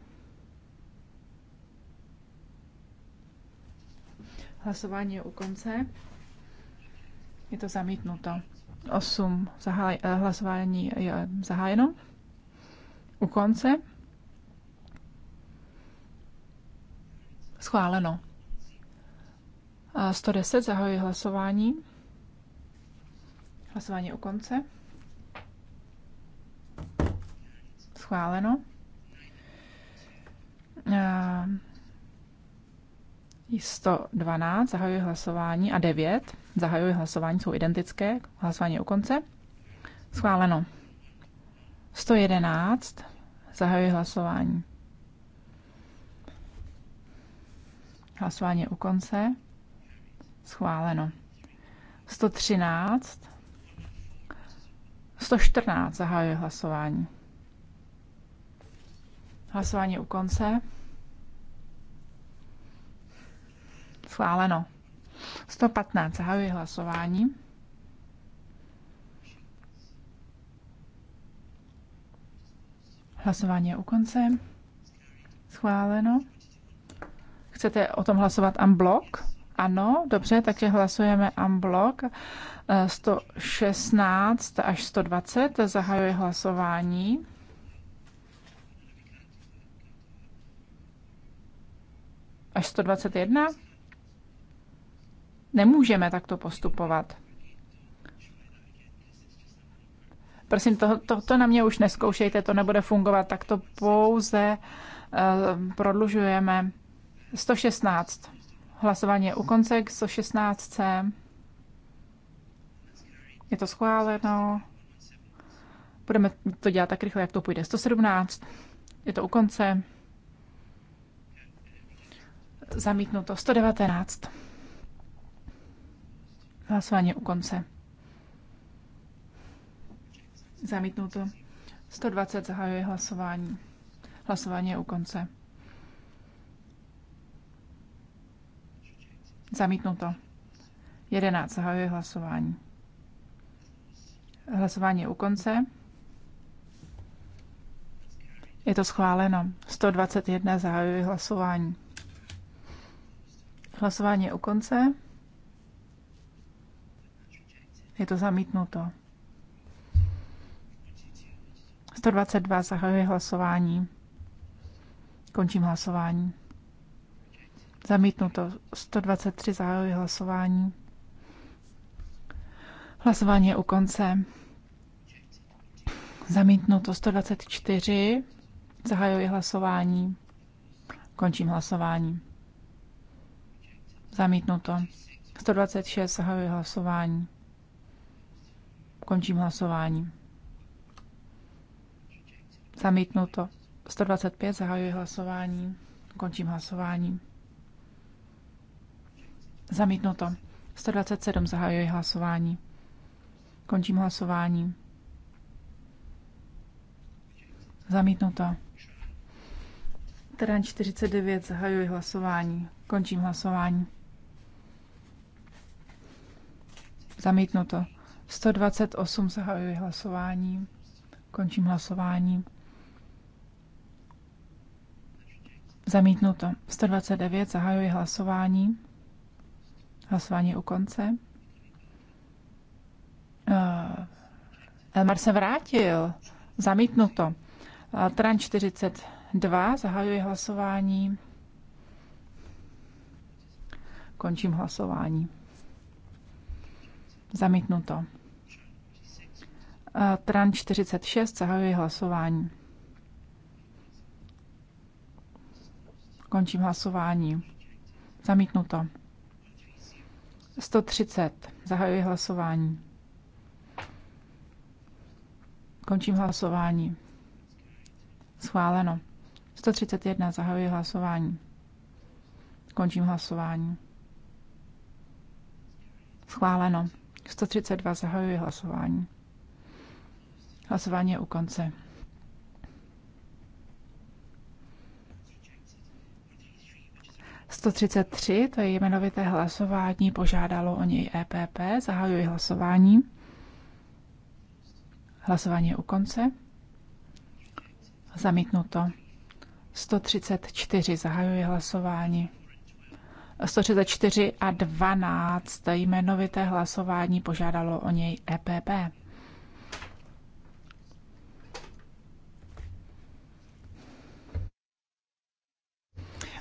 Hlasování je u konce. Je to zamítnuto. 8. Zahaj, eh, hlasování je zahájeno. U konce. Schváleno. A 110. zahajuje hlasování. Hlasování u konce. Schváleno. A 112. zahajuje hlasování. A 9. Zahajuji hlasování, jsou identické. Hlasování u konce. Schváleno. 111. Zahajuji hlasování. Hlasování je u konce. Schváleno. 113. 114. Zahajuji hlasování. Hlasování je u konce. Schváleno. 115. Zahajuji hlasování. Hlasování je u konce. Schváleno. Chcete o tom hlasovat unblock? Ano, dobře, takže hlasujeme unblock. 116 až 120 Zahajuji hlasování. Až 121? Nemůžeme takto postupovat. Prosím, to, to, to na mě už neskoušejte, to nebude fungovat, tak to pouze uh, prodlužujeme. 116. Hlasování je u konce k 116. Je to schváleno. Budeme to dělat tak rychle, jak to půjde. 117. Je to u konce. Zamítnuto. 119. Hlasování u konce. Zamítnuto. 120 zahajuje hlasování. Hlasování je u konce. Zamítnuto. 11 zahajuje hlasování. Hlasování je u konce. Je to schváleno. 121 zahajuje hlasování. Hlasování je u konce. Je to zamítnuto. 122. zahajuje hlasování. Končím hlasování. Zamítnuto. 123. zahajuje hlasování. Hlasování je u konce. Zamítnuto 124. zahajuje hlasování. Končím hlasování. Zamítnuto. 126. zahajuje hlasování. Končím hlasování. to. 125, zahajuji hlasování. Končím hlasování. to. 127, zahajuji hlasování. Končím hlasování. Zamítnuto. to. 49, zahajuji hlasování. Končím hlasování. to. 128 zahajuji hlasování. Končím hlasování. Zamítnuto. 129 zahajuji hlasování. Hlasování u konce. Uh, Elmar se vrátil. Zamítnuto. Eh, Tran 42 zahajuji hlasování. Končím hlasování. Zamítnuto. Tran 46, zahajuji hlasování. Končím hlasování. Zamítnuto. 130. Zahajuji hlasování. Končím hlasování. Schváleno. 131. Zahajuji hlasování. Končím hlasování. Schváleno. 132. Zahajuji hlasování. Hlasování je u konce. to je jmenovité hlasování, požádalo o něj EPP. Zahajuji hlasování. Hlasování je u konce. Zamítnuto. 134 zahajuji hlasování. 134 a 12 jmenovité hlasování požádalo o něj EPP.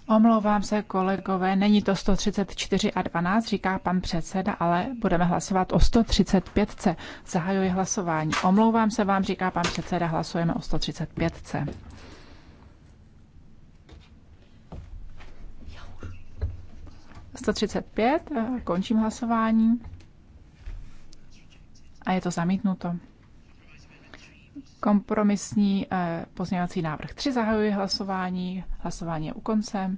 Omlouvám se, kolegové, není to 134 a 12, říká pan předseda, ale budeme hlasovat o 135. Zahajuji hlasování. Omlouvám se vám, říká pan předseda, hlasujeme o 135. pět končím hlasování a je to zamítnuto. Kompromisní eh, pozměňovací návrh 3. Zahajuji hlasování. Hlasování je u konce.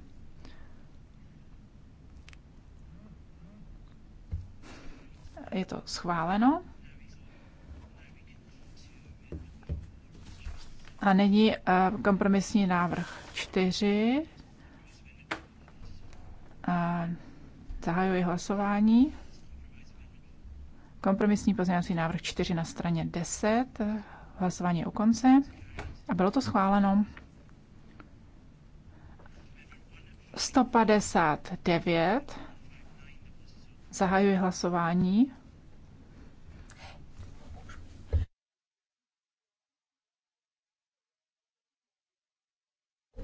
Je to schváleno. A nyní eh, kompromisní návrh 4. Eh, zahajuji hlasování. Kompromisní pozměňovací návrh 4 na straně 10. Hlasování je u konce. A bylo to schváleno. 159. Zahajuji hlasování.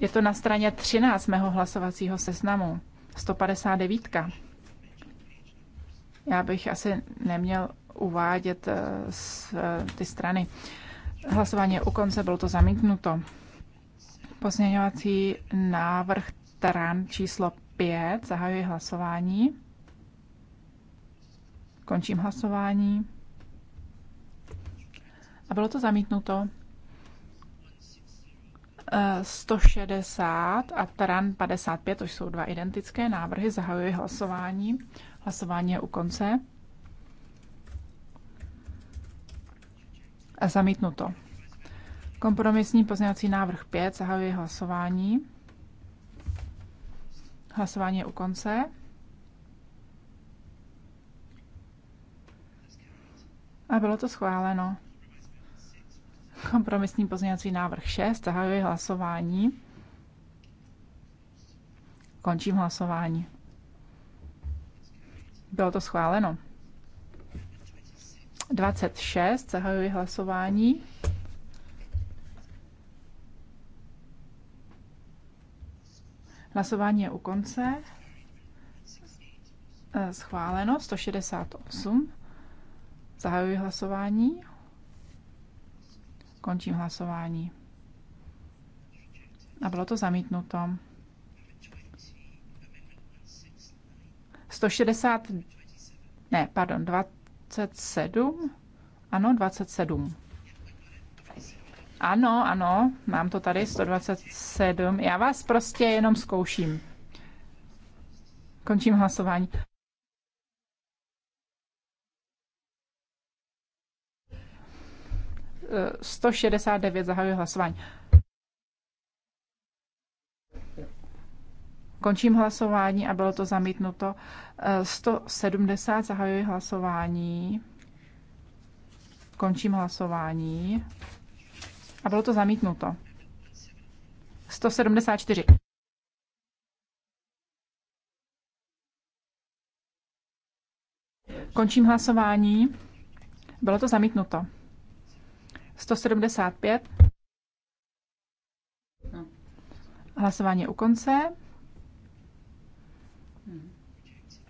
Je to na straně 13 mého hlasovacího seznamu. 159. Já bych asi neměl uvádět z eh, eh, ty strany. Hlasování je u konce, bylo to zamítnuto. Pozměňovací návrh tran číslo 5. Zahajuji hlasování. Končím hlasování. A bylo to zamítnuto. 160 eh, a TRAN 55, to jsou dva identické návrhy. Zahajuji hlasování. Hlasování je u konce. Zamítnuto. Kompromisní pozměňovací návrh 5. zahajuje hlasování. Hlasování je u konce. A bylo to schváleno. Kompromisní pozměňovací návrh 6. zahajuje hlasování. Končím hlasování. Bylo to schváleno. 26, zahajuji hlasování. Hlasování je u konce. Eh, schváleno 168. Zahajuji hlasování. Končím hlasování. A bylo to zamítnuto. 160, ne, pardon, 20. 27? Ano, 27. Ano, ano, mám to tady, 127. Já vás prostě jenom zkouším. Končím hlasování. Uh, 169 zahajuje hlasování. Končím hlasování a bylo to zamítnuto. 170 eh, zahajuji hlasování. Končím hlasování. A bylo to zamítnuto. 174. Končím hlasování. Bylo to zamítnuto. 175. Hlasování je u konce.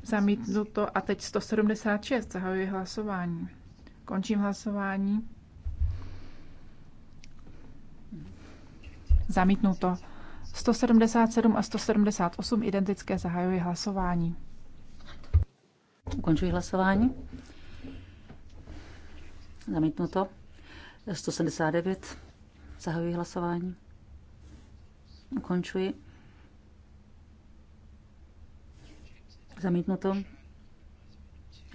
Zamítnuto a teď 176. Zahajuji hlasování. Končím hlasování. Zamítnuto. 177 a 178 identické zahajuji hlasování. Ukončuji hlasování. Zamítnuto. 179. Zahajuji hlasování. Ukončuji. Zamítnuto.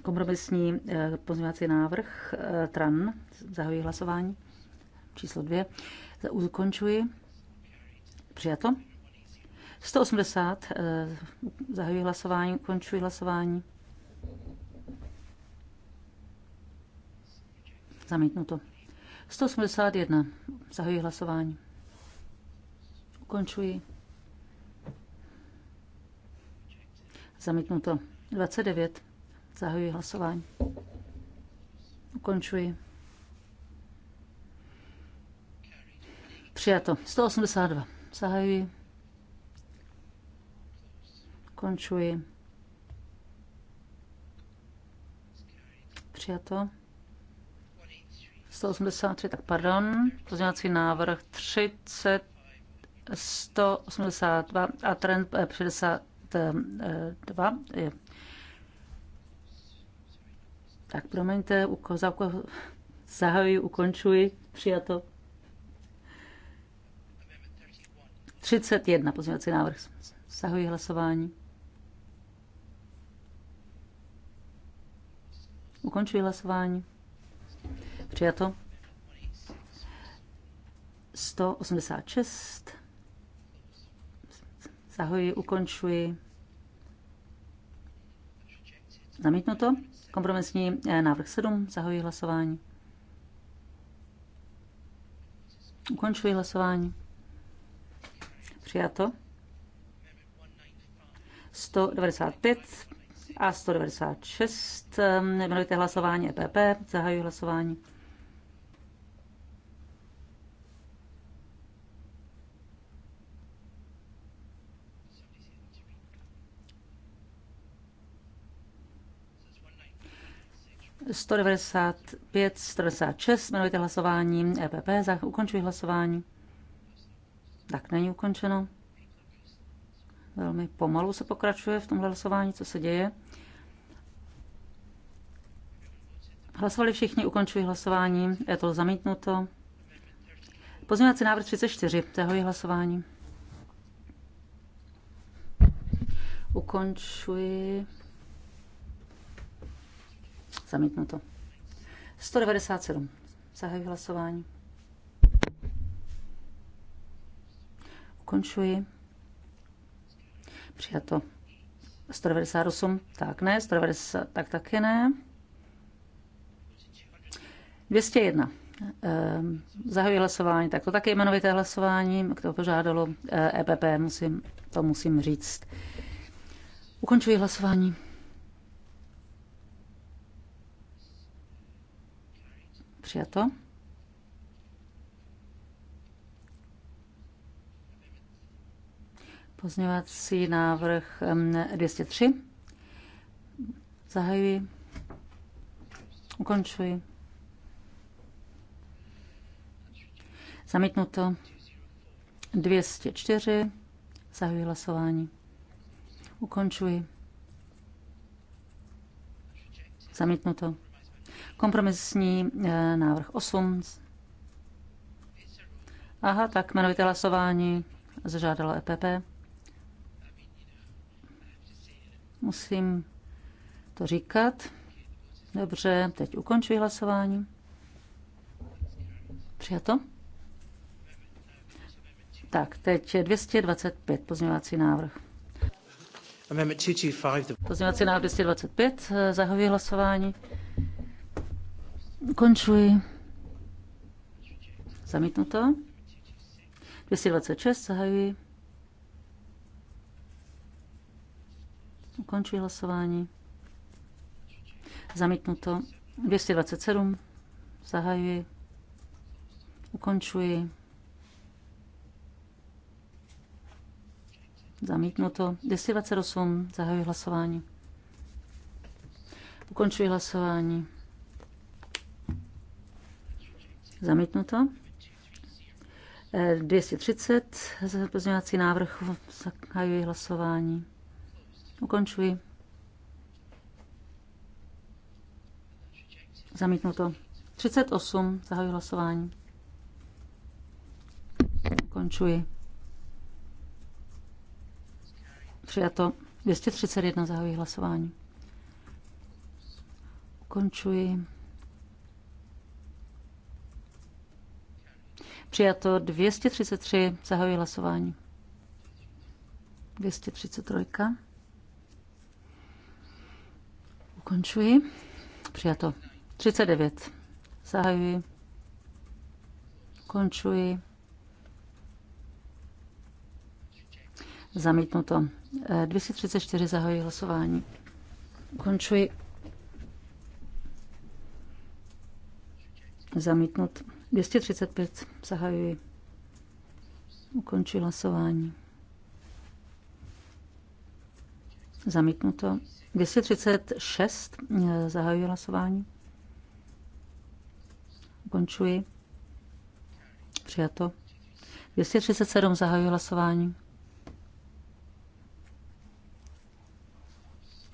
Kompromisní eh, pozměňovací návrh eh, TRAN. Zahajuji hlasování. Číslo dvě. Ukončuji. Přijato. 180. Eh, zahajuji hlasování. Ukončuji hlasování. Zamítnuto. 181. Zahajuji hlasování. Ukončuji. Zamítnuto. 29. Zahajuji hlasování. Ukončuji. Přijato. 182. Zahajuji. Končuji. Přijato. 183, tak pardon. Pozměňovací návrh 30, 182 a trend 60. Eh, 52. Eh, tak promiňte, uko, za, zahajuji, ukončuji, přijato. 31 pozměňovací návrh. Zahajuji hlasování. Ukončuji hlasování. Přijato. 186 zahojuji, ukončuji. Zamítnuto. Kompromisní eh, návrh 7. Zahojuji hlasování. Ukončuji hlasování. Přijato. 195 a 196. Ehm, jmenujte hlasování EPP. Zahajuji hlasování. 195, 196, jmenujte hlasování, EPP, za, ukončuji hlasování. Tak není ukončeno. Velmi pomalu se pokračuje v tomhle hlasování, co se děje. Hlasovali všichni, ukončuji hlasování, je to zamítnuto. Pozměňovací návrh 34, zahoji hlasování. Ukončuji Zamítnuto. 197. Zahajuji hlasování. Ukončuji. Přijato. 198. Tak ne. 190. Tak taky ne. 201. Ehm, zahajuji hlasování, tak to také jmenovité hlasování, k to požádalo EPP, eh, e musím, to musím říct. Ukončuji hlasování. Přijato. Pozměňovací návrh 203. Zahajuji. Ukončuji. Zamítnuto. 204. Zahajuji hlasování. Ukončuji. Zamítnuto. Kompromisní eh, návrh 8. Aha, tak jmenovité hlasování zažádalo EPP. Musím to říkat. Dobře, teď ukončuji hlasování. Přijato? Tak, teď 225 pozměňovací návrh. Pozměňovací návrh 225, eh, zahajuji hlasování. Končuji. Zamítnuto. 226 zahajuji. Končuji hlasování. Zamítnuto. 227 zahajuji. Ukončuji. Zamítnuto. 228 zahajuji hlasování. Ukončuji hlasování. Zamítnuto. 230 eh, pozměňovací návrh. Zakajuji hlasování. Ukončuji. Zamítnuto. 38. Zahajuji hlasování. Končuji. Přijato. 231. Zahajuji hlasování. Ukončuji. Přijato 233. Zahajuji hlasování. 233. Ukončuji. Přijato 39. Zahajuji. Končuji. Zamítnuto. 234 zahajuji hlasování. Zamítnu to. 235 zahajuji. Ukončuji hlasování. Zamítnuto. 236 zahajuji hlasování. Ukončuji. Přijato. 237 zahajuji hlasování.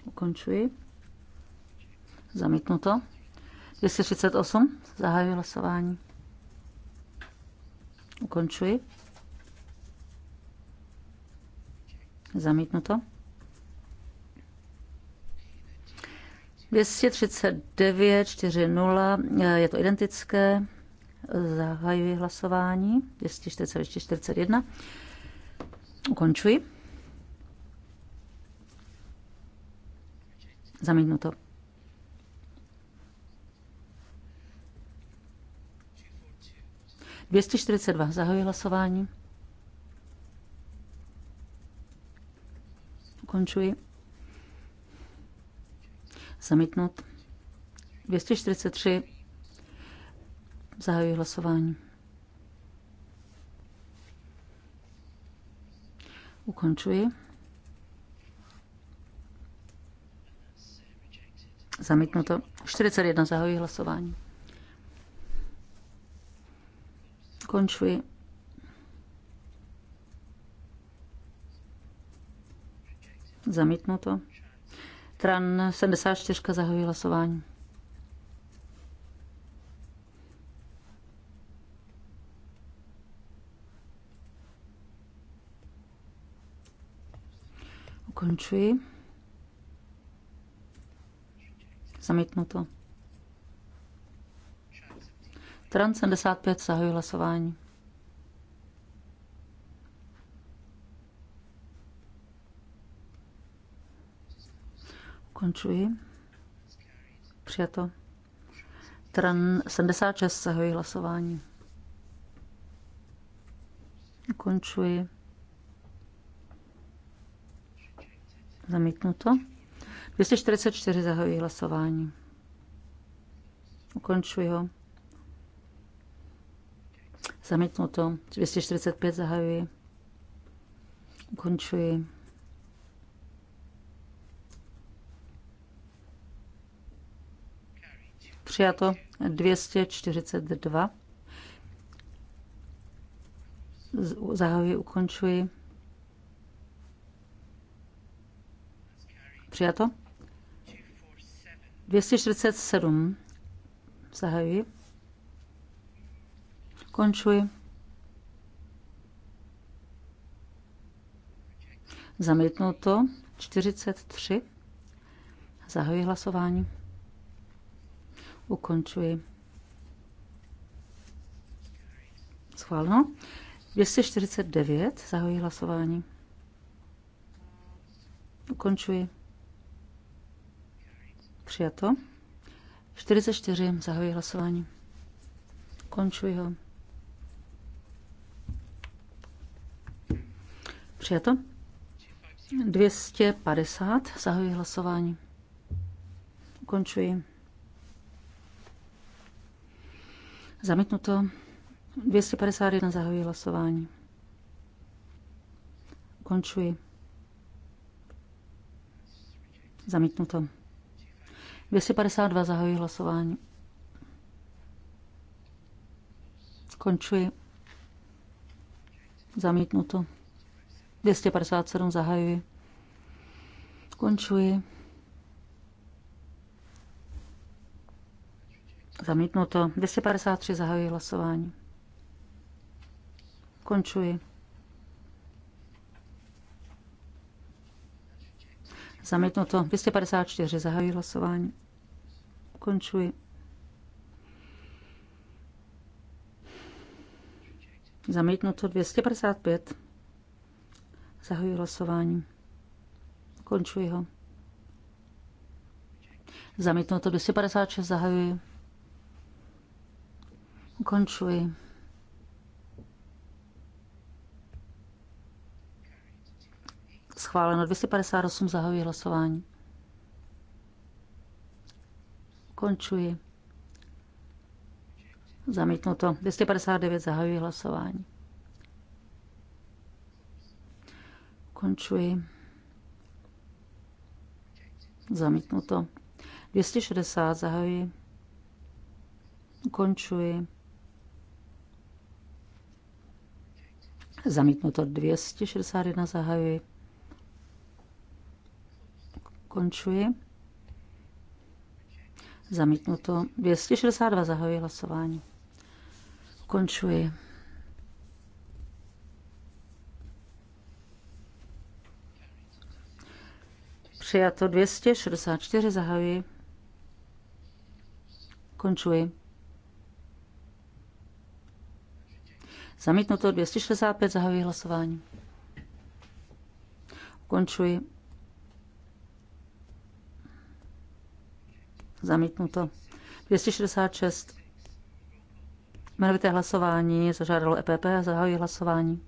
Ukončuji. Zamítnuto. 238 zahajuji hlasování. Ukončuji. Zamítnu to. 239 4, 0, je to identické. Zahajuji hlasování. 240, 41. Ukončuji. Zamítnu to. 242. Zahajuji hlasování. Ukončuji. Zamítnout. 243. Zahajuji hlasování. Ukončuji. Zamítnuto. 41. Zahajuji hlasování. Ukončuji. to. Tran 74 zahajuje hlasování. Ukončuji. to. Stran 75 zahajuji hlasování. Ukončuji. Přijato. Tran 76 zahajuji hlasování. Ukončuji. Zamítnuto. 244 zahajuji hlasování. Ukončuji ho. Zamítnuto. 245 zahajuji. Ukončuji. Přijato 242. Zahajuji, ukončuji. Přijato. 247. Zahajuji. Končuji. Zamítnuto 43. Zahajuji hlasování. Ukončuji. Schválno. 249. Zahajuji hlasování. Ukončuji. Přijato. 44. Zahajuji hlasování. Končuji ho. Přijato. 250. Zahajuji hlasování. Ukončuji. Zamítnuto. 251. Zahajuji hlasování. Ukončuji. Zamítnuto. 252. Zahajuji hlasování. Končuji. Zamítnuto. 257 zahajuji. Končuji. Zamítnuto. 253 zahajuji hlasování. Končuji. Zamítnuto. 254 zahajuji hlasování. Končuji. Zamítnuto 255. Zahajuji hlasování. Končuji ho. Zamítnu to 256 zahajuji. Končuji. Schváleno 258 zahajuji hlasování. Končuji. Zamítnuto 259 zahajuji hlasování. Ukončuji. Zamítnu to. 260 zahajuji. Ukončuji. Zamítnu to. 261 zahajuji. Končuji. Zamítnu to. 262 zahajuji hlasování. Končuji. Přijato 264, zahajuji. Končuji. Zamítnuto 265, zahajuji hlasování. Končuji. Zamítnuto. 266. Jmenovité hlasování zažádalo EPP, zahajuji hlasování.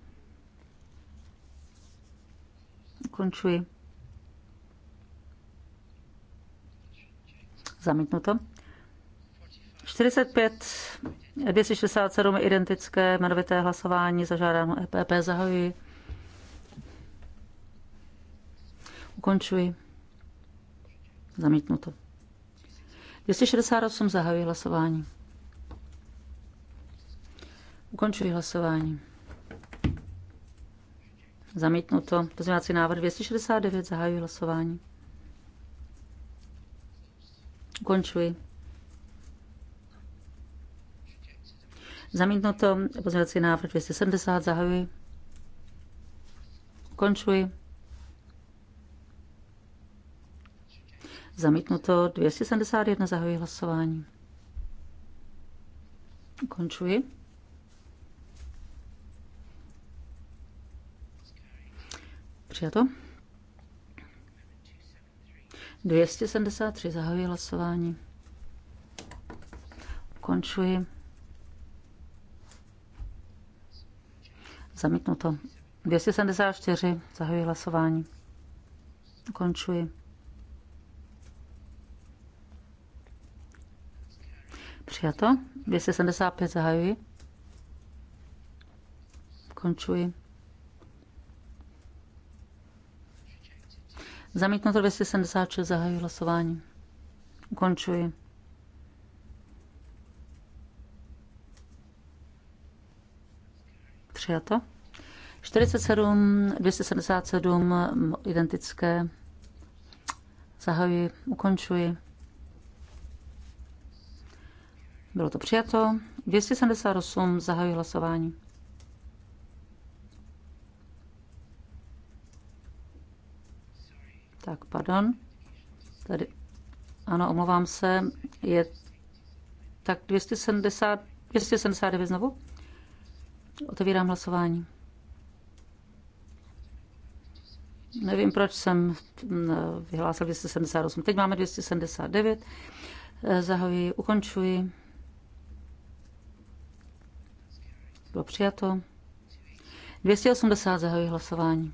Končuji. Zamítnuto. 45, 267 identické, jmenovité hlasování, zažádám EPP, zahajuji. Ukončuji. Zamítnuto. 268 zahajuji hlasování. Ukončuji hlasování. Zamítnuto. Pozměňovací návrh 269 zahajuji hlasování. Ukončuji. Zamítnuto pozměňovací návrh 270. Zahajuji. Ukončuji. Zamítnuto 271. Zahajuji hlasování. Ukončuji. Přijato. 273 zahajuji hlasování. Končuji. Zamítnuto. 274 zahajuji hlasování. Končuji. 275 zahajuji. Končuji. Zamítnuto 276, zahajuji hlasování. Ukončuji. Přijato. 47, 277, identické. Zahajuji, ukončuji. Bylo to přijato. 278, zahajuji hlasování. Tak, pardon. Tady. Ano, omlouvám se. Je tak 270, 279 znovu. Otevírám hlasování. Nevím, proč jsem mm, vyhlásil 278. Teď máme 279. Eh, zahoji, ukončuji. Bylo přijato. 280 zahoji hlasování.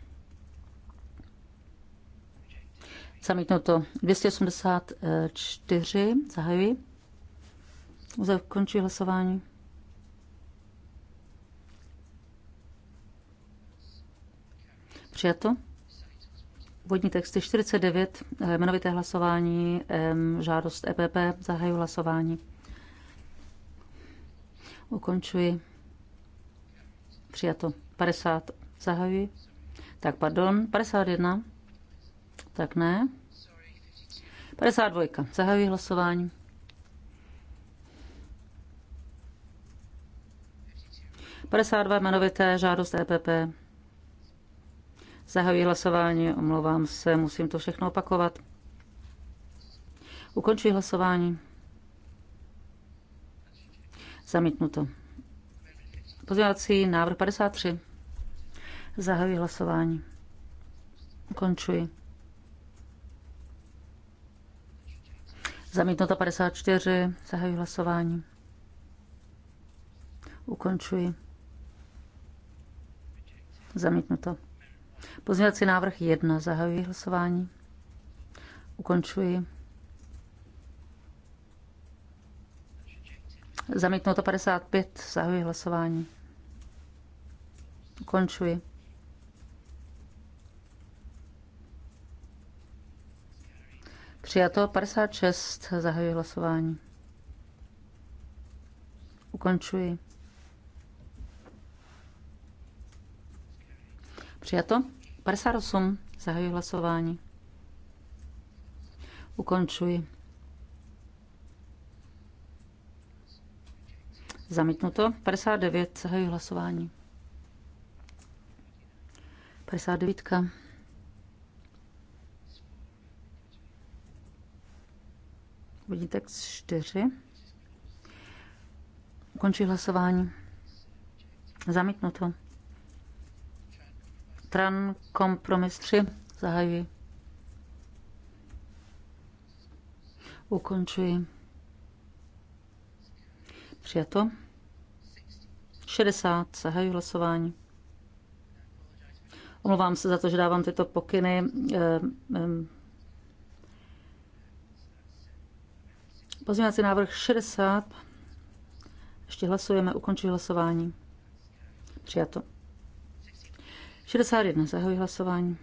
Zamítnuto 284. Zahajuji. Zakončí hlasování. Přijato. Vodní texty 49, eh, jmenovité hlasování, žádost EPP, zahajuji hlasování. Ukončuji. Přijato. 50. Zahajuji. Tak, pardon. 51. Tak ne. 52. Zahajuji hlasování. 52. jmenovité žádost EPP. Zahajuji hlasování, omlouvám se, musím to všechno opakovat. Ukončuji hlasování. Zamítnuto. Pozměňovací návrh 53. Zahajuji hlasování. Ukončuji. Zamítnuto 54. Zahajuji hlasování. Ukončuji. Zamítnuto. Pozměňovací návrh 1. Zahajuji hlasování. Ukončuji. Zamítnuto 55. Zahajuji hlasování. Ukončuji. Přijato 56. Zahajuji hlasování. Ukončuji. Přijato 58. Zahajuji hlasování. Ukončuji. Zamítnuto. 59. Zahajuji hlasování. 59. Vidíte text 4. Končí hlasování. Zamítnuto. Tran kompromis 3. Zahajuji. Ukončuji. Přijato. 60. Zahajuji hlasování. Omlouvám se za to, že dávám tyto pokyny. Eh, eh, Pozměňovací návrh 60. Ještě hlasujeme, ukončuji hlasování. Přijato. 61. Zahajuji hlasování.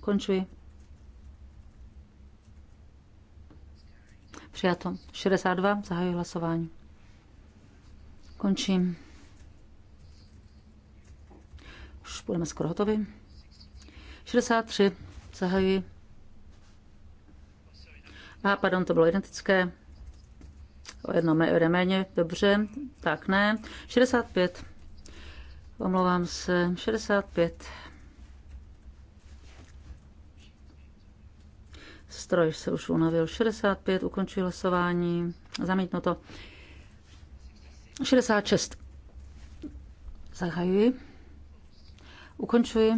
Končuji. Přijato. 62. Zahajuji hlasování. Končím. Už budeme skoro hotovi. 63. Zahajuji a pardon, to bylo identické. O jedno méně, dobře, tak ne. 65. Omlouvám se, 65. Stroj se už unavil. 65, ukončí hlasování. Zamítnu to. 66. Zahajuji. Ukončuji.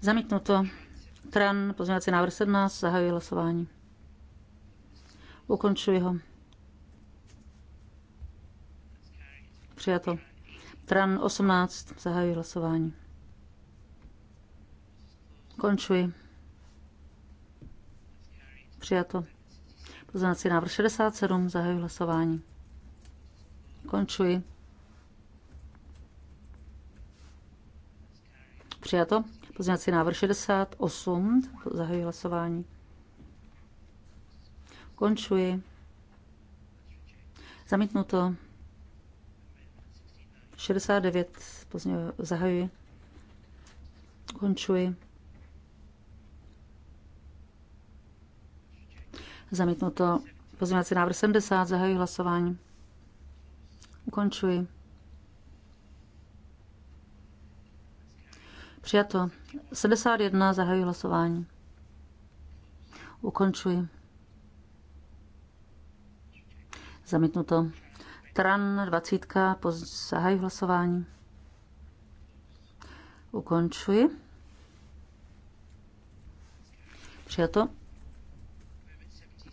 Zamítnu to. Tran, pozměňovací návrh 17, zahajuji hlasování. Ukončuji ho. Přijato. Tran 18, zahajuji hlasování. Končuji. Přijato. Pozměňovací návrh 67, zahajuji hlasování. Končuji. Přijato. Pozměňovací návrh 68. Zahajuji hlasování. Končuji. Zamítnuto. 69. Pozdě zahajuji. Končuji. Zamítnuto. Pozměňovací návrh 70. Zahajuji hlasování. Končuji. Přijato. 71. Zahajuji hlasování. Ukončuji. Zamítnuto. Tran 20. Zahajuji hlasování. Ukončuji. Přijato.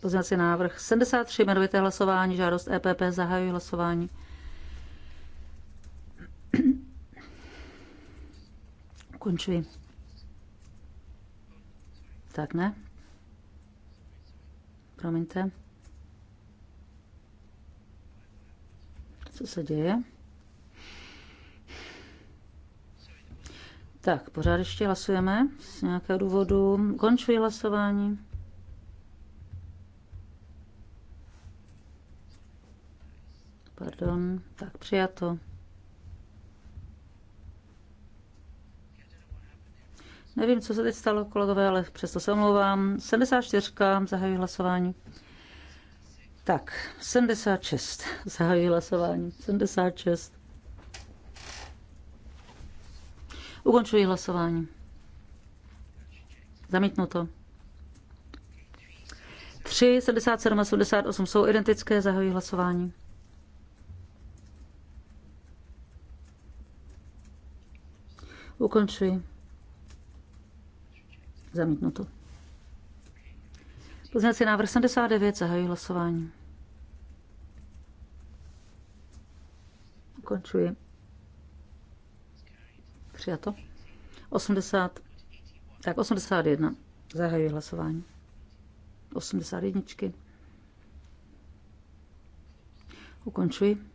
Pozvací návrh 73, jmenovité hlasování, žádost EPP, zahajuji hlasování. Ukončuji. Tak ne? Promiňte. Co se děje? Tak, pořád ještě hlasujeme z nějakého důvodu. Končuji hlasování. Pardon, tak přijato. Nevím, co se teď stalo, kolegové, ale přesto se omlouvám. 74. Zahajuji hlasování. Tak, 76. Zahajuji hlasování. 76. Ukončuji hlasování. Zamítnuto. 3, 77 a 78 jsou identické. Zahajuji hlasování. Ukončuji. Zamítnuto. Pozměňovací návrh 79, zahajuji hlasování. Ukončuji. Přijato. 80, tak 81, zahajuji hlasování. 81. Ukončuji.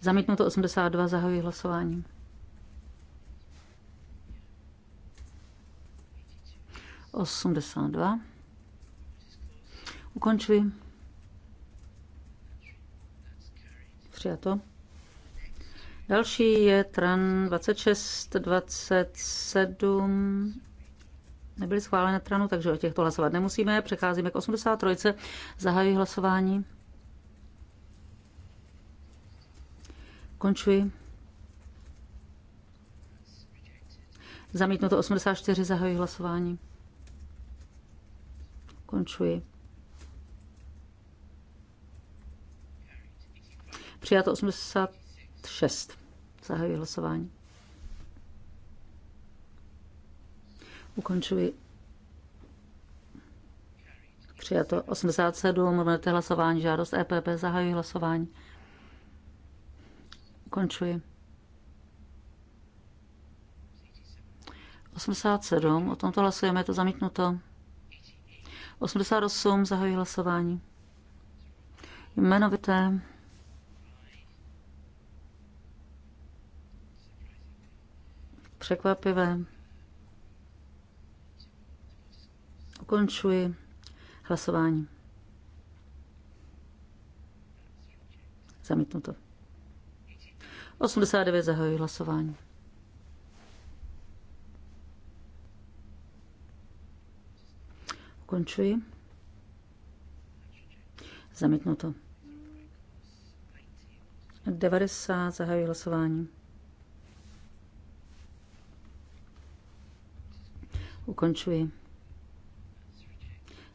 Zamítnuto 82, zahajuji hlasování. 82. Ukončuji. Přijato. Další je TRAN 26, 27. Nebyly schváleny TRANu, takže o těchto hlasovat nemusíme. Přecházíme k 83. Zahajuji hlasování. Končuji. Zamítnuto 84. Zahajuji hlasování. Končuji. Přijato 86. Zahajuji hlasování. Ukončuji. Přijato 87. Mluvnete hlasování. Žádost EPP. Zahajuji hlasování. Ukončuji. 87. O tomto hlasujeme. Je to zamítnuto. 88 zahojí hlasování. Jmenovité. Překvapivé. Ukončuji hlasování. Zamítnuto. 89 zahajuji hlasování. Ukončuji. Zamítnuto. 90 zahajuji hlasování. Ukončuji.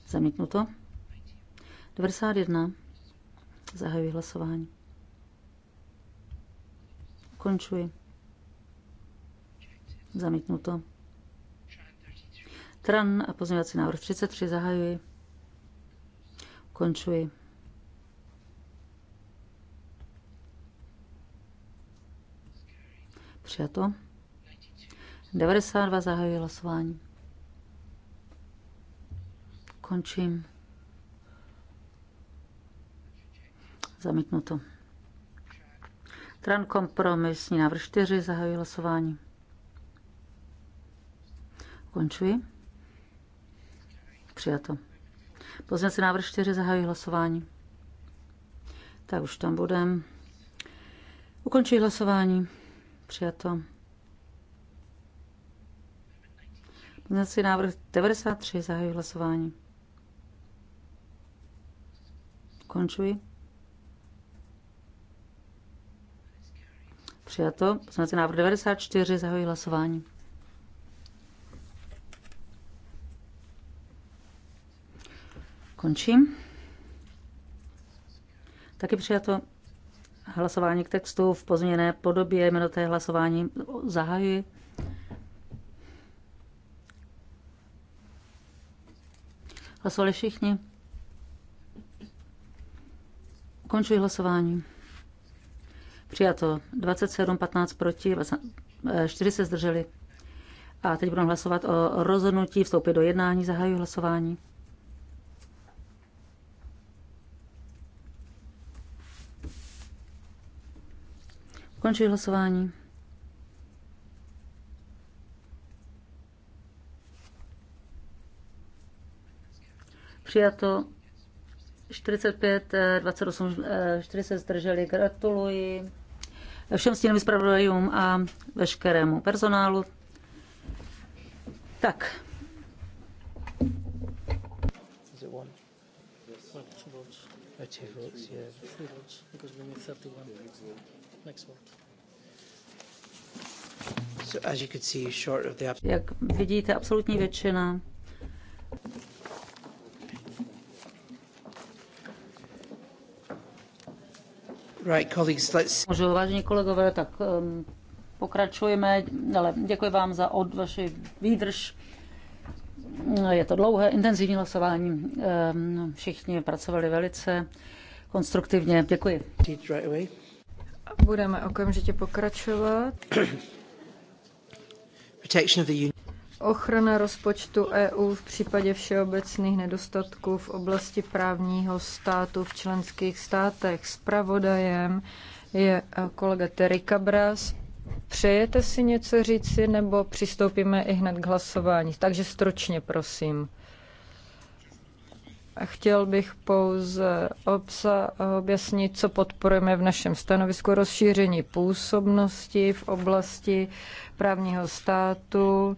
Zamítnuto. 91 zahajuji hlasování. Ukončuji. Zamítnuto. Tran a pozměňovací návrh 33 zahajuji. Končuji. Přijato. 92 zahajuji hlasování. Končím. Zamítnuto. Tran kompromisní návrh 4 zahajuji hlasování. Končuji. Přijato. Pozměňovací návrh 4 zahajuji hlasování. Tak už tam budem. Ukončuji hlasování. Přijato. Pozměňovací návrh 93 zahajuji hlasování. Ukončuji. Přijato. Pozměňovací návrh 94 zahajuji hlasování. Končím. Taky přijato hlasování k textu v pozměněné podobě té hlasování zahajuji. Hlasovali všichni? Končuji hlasování. Přijato 27, 15 proti, 4 eh, se zdrželi. A teď budeme hlasovat o rozhodnutí vstoupit do jednání. Zahajuji hlasování. Končí hlasování. Přijato 45, 28, 40 zdrželi. Gratuluji všem stínovým zpravodajům a veškerému personálu. Tak. Two votes, yeah. Three votes, because we need 31. Jak vidíte, absolutní většina. Right, colleagues, let's... Můžu, vážení kolegové, tak um, pokračujeme, ale děkuji vám za od vaši výdrž. Je to dlouhé, intenzivní hlasování. Um, všichni pracovali velice konstruktivně. Děkuji. Budeme okamžitě pokračovat. Ochrana rozpočtu EU v případě všeobecných nedostatků v oblasti právního státu v členských státech. Spravodajem je eh, kolega Terry Cabras. Přejete si něco říci nebo přistoupíme i hned k hlasování? Takže stročně, prosím. Chtěl bych pouze obsa objasnit, co podporujeme v našem stanovisku rozšíření působnosti v oblasti právního státu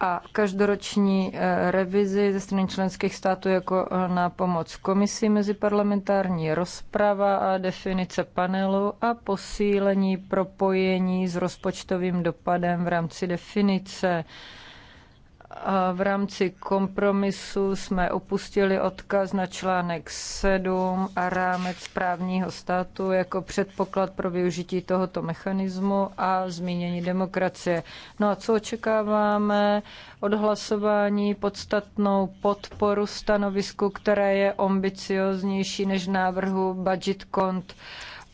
a každoroční eh, revizi ze strany členských států jako eh, na pomoc komisí meziparlamentární rozprava a definice panelu a posílení propojení s rozpočtovým dopadem v rámci definice a v rámci kompromisu jsme opustili odkaz na článek 7 a rámec právního státu jako předpoklad pro využití tohoto mechanismu a zmínění demokracie. No a co očekáváme od hlasování? Podstatnou podporu stanovisku, které je ambicioznější než návrhu budget cont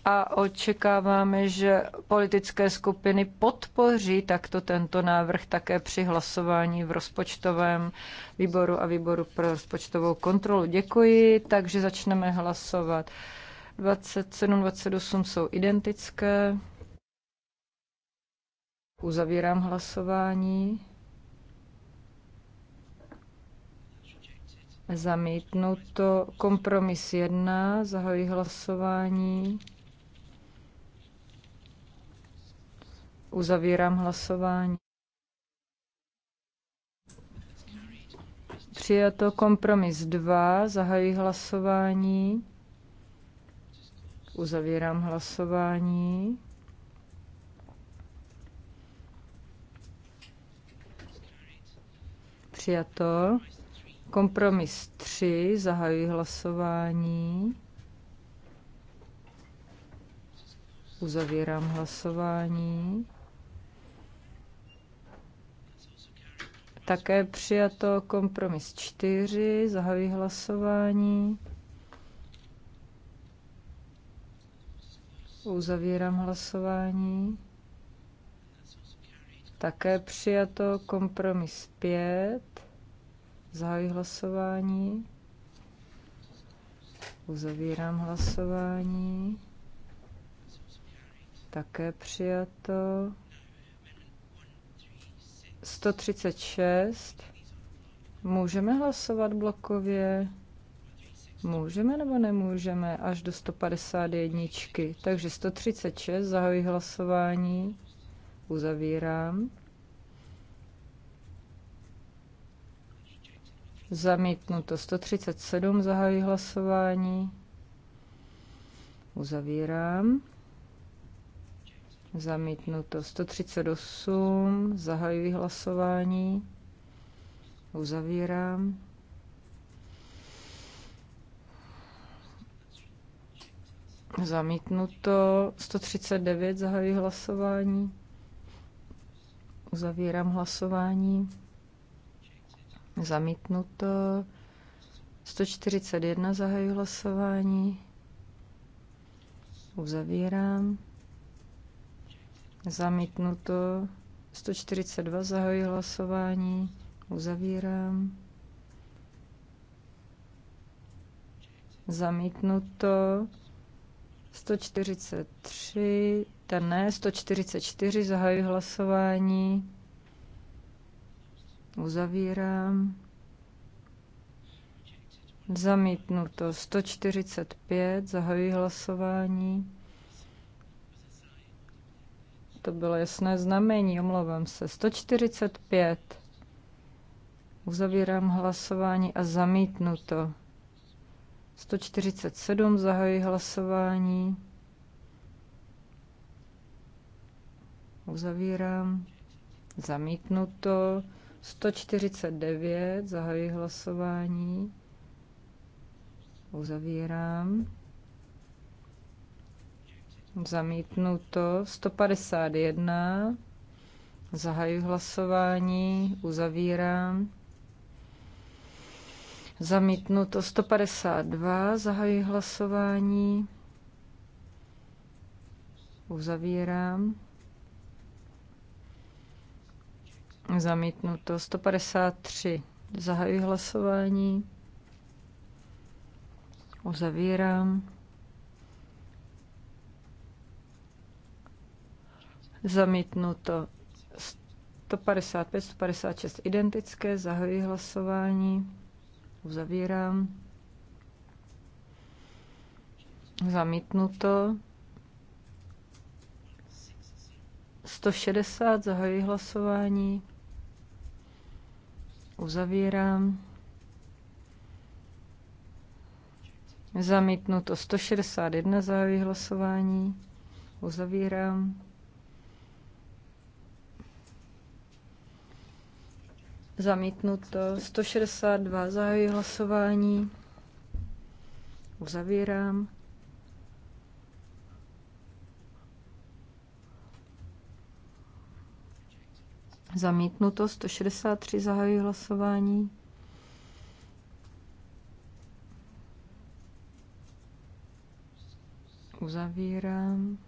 a očekáváme, že politické skupiny podpoří takto tento návrh také při hlasování v rozpočtovém výboru a výboru pro rozpočtovou kontrolu. Děkuji, takže začneme hlasovat. 27, 28 jsou identické. Uzavírám hlasování. Zamítnuto. Kompromis 1. Zahoji hlasování. Uzavírám hlasování. Přijato kompromis 2, zahajuji hlasování. Uzavírám hlasování. Přijato. Kompromis 3, zahajuji hlasování. Uzavírám hlasování. Také přijato kompromis 4, zahajuji hlasování. Uzavírám hlasování. Také přijato kompromis 5. Zahajuji hlasování. Uzavírám hlasování. Také přijato. 136. Můžeme hlasovat blokově? Můžeme nebo nemůžeme až do 151. Takže 136, zahajuji hlasování, uzavírám. Zamítnuto 137, zahajuji hlasování. Uzavírám. Zamítnuto 138, zahajuji hlasování, uzavírám. Zamítnuto 139, zahajuji hlasování, uzavírám hlasování. Zamítnuto 141, zahajuji hlasování, uzavírám. Zamítnuto. 142 zahojí hlasování. Uzavírám. Zamítnuto. 143, ten ne, 144 zahajuji hlasování. Uzavírám. Zamítnuto 145, zahajuji hlasování to bylo jasné znamení, omlouvám se. 145. Uzavírám hlasování a zamítnu to. 147 zahajuji hlasování. Uzavírám. Zamítnu to. 149 zahajuji hlasování. Uzavírám. Zamítnuto 151. Zahajuji hlasování, uzavírám. Zamítnuto 152. Zahajuji hlasování, uzavírám. Zamítnuto 153. Zahajuji hlasování, uzavírám. zamítnuto. 155, 156 identické, zahajuji hlasování, uzavírám. Zamítnuto. 160, zahajuji hlasování, uzavírám. Zamítnuto 161, zahajuji hlasování, uzavírám. Zamítnuto 162, zahají hlasování, uzavírám. Zamítnuto 163, zahají hlasování. Uzavírám.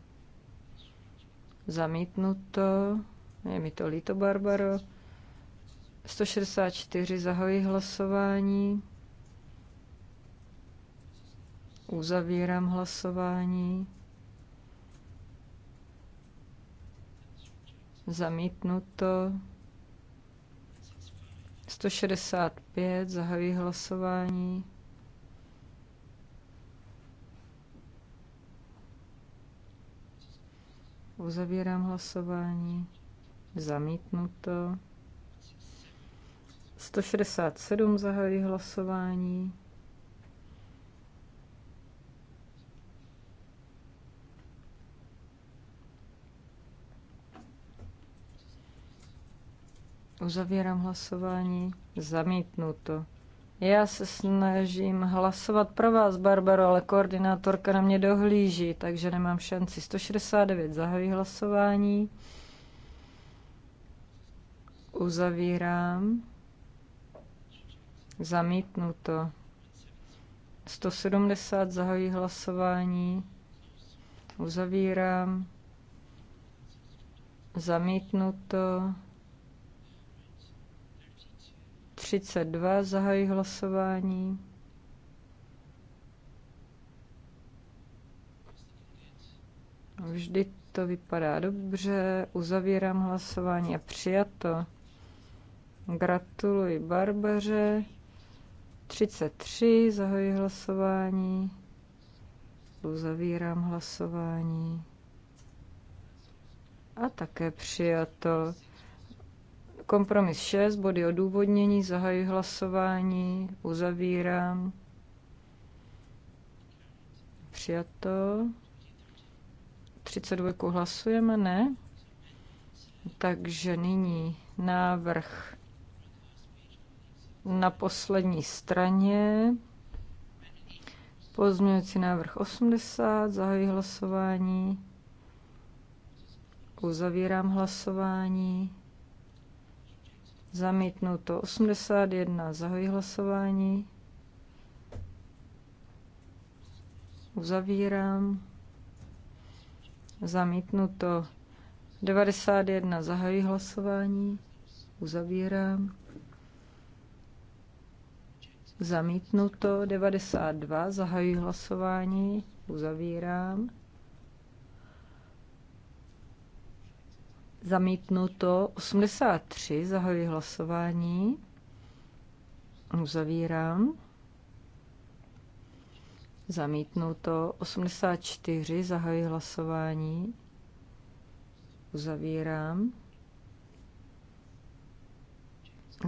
Zamítnuto. Je mi to líto, Barbaro. 164 zahoji hlasování. Uzavírám hlasování. Zamítnuto. 165 zahajuji hlasování. Uzavírám hlasování. Zamítnuto. 167 zahají hlasování. Uzavírám hlasování. Zamítnuto. Já se snažím hlasovat pro vás, Barbaro, ale koordinátorka na mě dohlíží, takže nemám šanci. 169 zahají hlasování. Uzavírám. Zamítnuto. 170 zahají hlasování. Uzavírám. Zamítnuto. 32 zahají hlasování. Vždy to vypadá dobře. Uzavírám hlasování a přijato. Gratuluji Barbaře. 33, zahajuji hlasování, uzavírám hlasování. A také přijato. Kompromis 6, body odůvodnění, zahajuji hlasování, uzavírám. Přijato. 32 hlasujeme, ne? Takže nyní návrh na poslední straně. Pozměňující návrh 80, zahajuji hlasování. Uzavírám hlasování. Zamítnuto 81, zahajuji hlasování. Uzavírám. Zamítnuto 91, zahajuji hlasování. Uzavírám. Zamítnuto 92, zahajuji hlasování, uzavírám. Zamítnuto 83, zahajuji hlasování, uzavírám. Zamítnuto 84, zahajuji hlasování, uzavírám.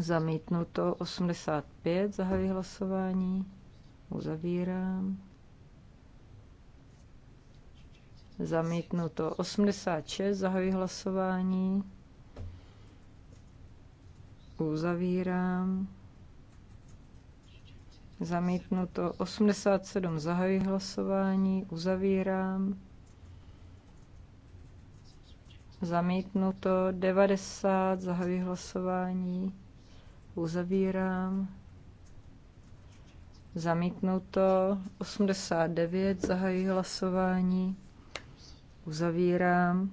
Zamítnuto 85, zahajuji hlasování, uzavírám. Zamítnuto 86, zahajuji hlasování, uzavírám. Zamítnuto 87, zahajuji hlasování, uzavírám. Zamítnuto 90, zahajuji hlasování, Uzavírám. Zamítnuto. 89. Zahajuji hlasování. Uzavírám.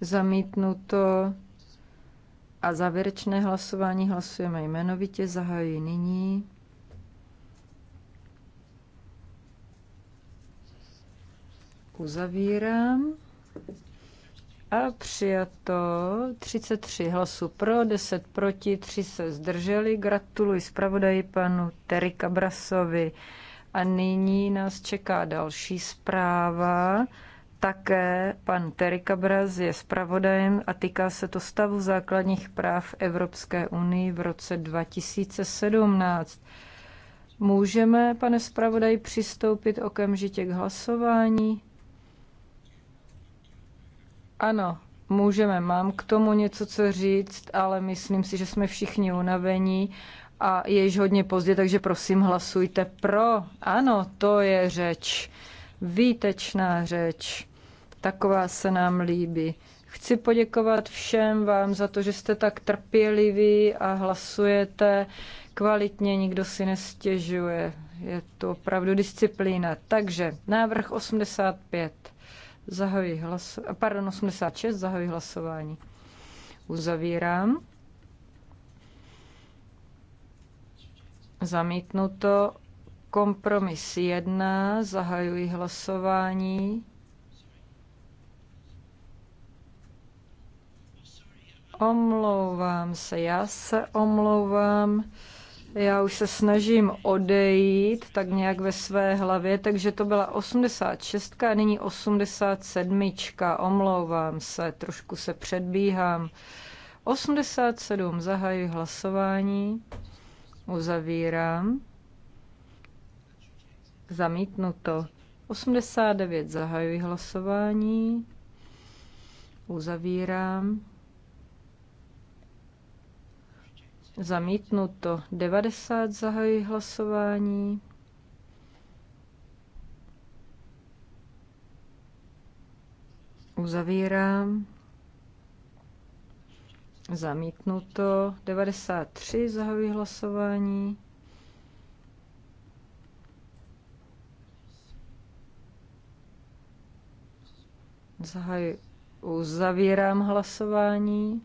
Zamítnuto. A závěrečné hlasování hlasujeme jmenovitě. Zahajuji nyní. Uzavírám. A přijato 33 hlasů pro, 10 proti, 3 se zdrželi. Gratuluji zpravodaji panu Terry Cabrasovi. A nyní nás čeká další zpráva. Také pan Terry Bras je zpravodajem a týká se to stavu základních práv Evropské unii v roce 2017. Můžeme, pane zpravodaj, přistoupit okamžitě k hlasování? Ano, můžeme. Mám k tomu něco co říct, ale myslím si, že jsme všichni unavení a je již hodně pozdě, takže prosím hlasujte pro. Ano, to je řeč. Výtečná řeč. Taková se nám líbí. Chci poděkovat všem vám za to, že jste tak trpěliví a hlasujete kvalitně, nikdo si nestěžuje. Je to opravdu disciplína. Takže návrh 85. Zahajuji hlasování. Pardon, 86. Zahajuji hlasování. Uzavírám. Zamítnuto. Kompromis 1. Zahajuji hlasování. Omlouvám se, já se omlouvám. Já už se snažím odejít tak nějak ve své hlavě, takže to byla 86 a nyní 87. Omlouvám se, trošku se předbíhám. 87 zahajuji hlasování, uzavírám, zamítnuto. 89 zahajuji hlasování, uzavírám, Zamítnuto 90, zahajuji hlasování. Uzavírám. Zamítnuto 93, zahajuji hlasování. Zahaj, uzavírám hlasování.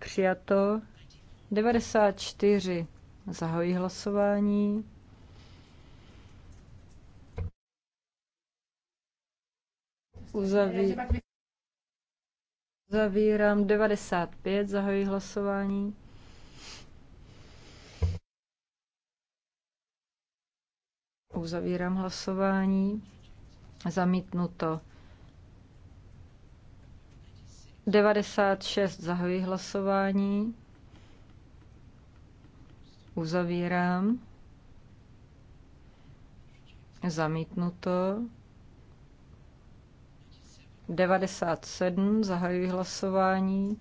Přijato. 94. Zahojí hlasování. Uzaví... Zavírám 95, zahojí hlasování. Uzavírám hlasování. Zamítnuto. 96 zahajuji hlasování. Uzavírám. Zamítnuto. 97 zahajuji hlasování.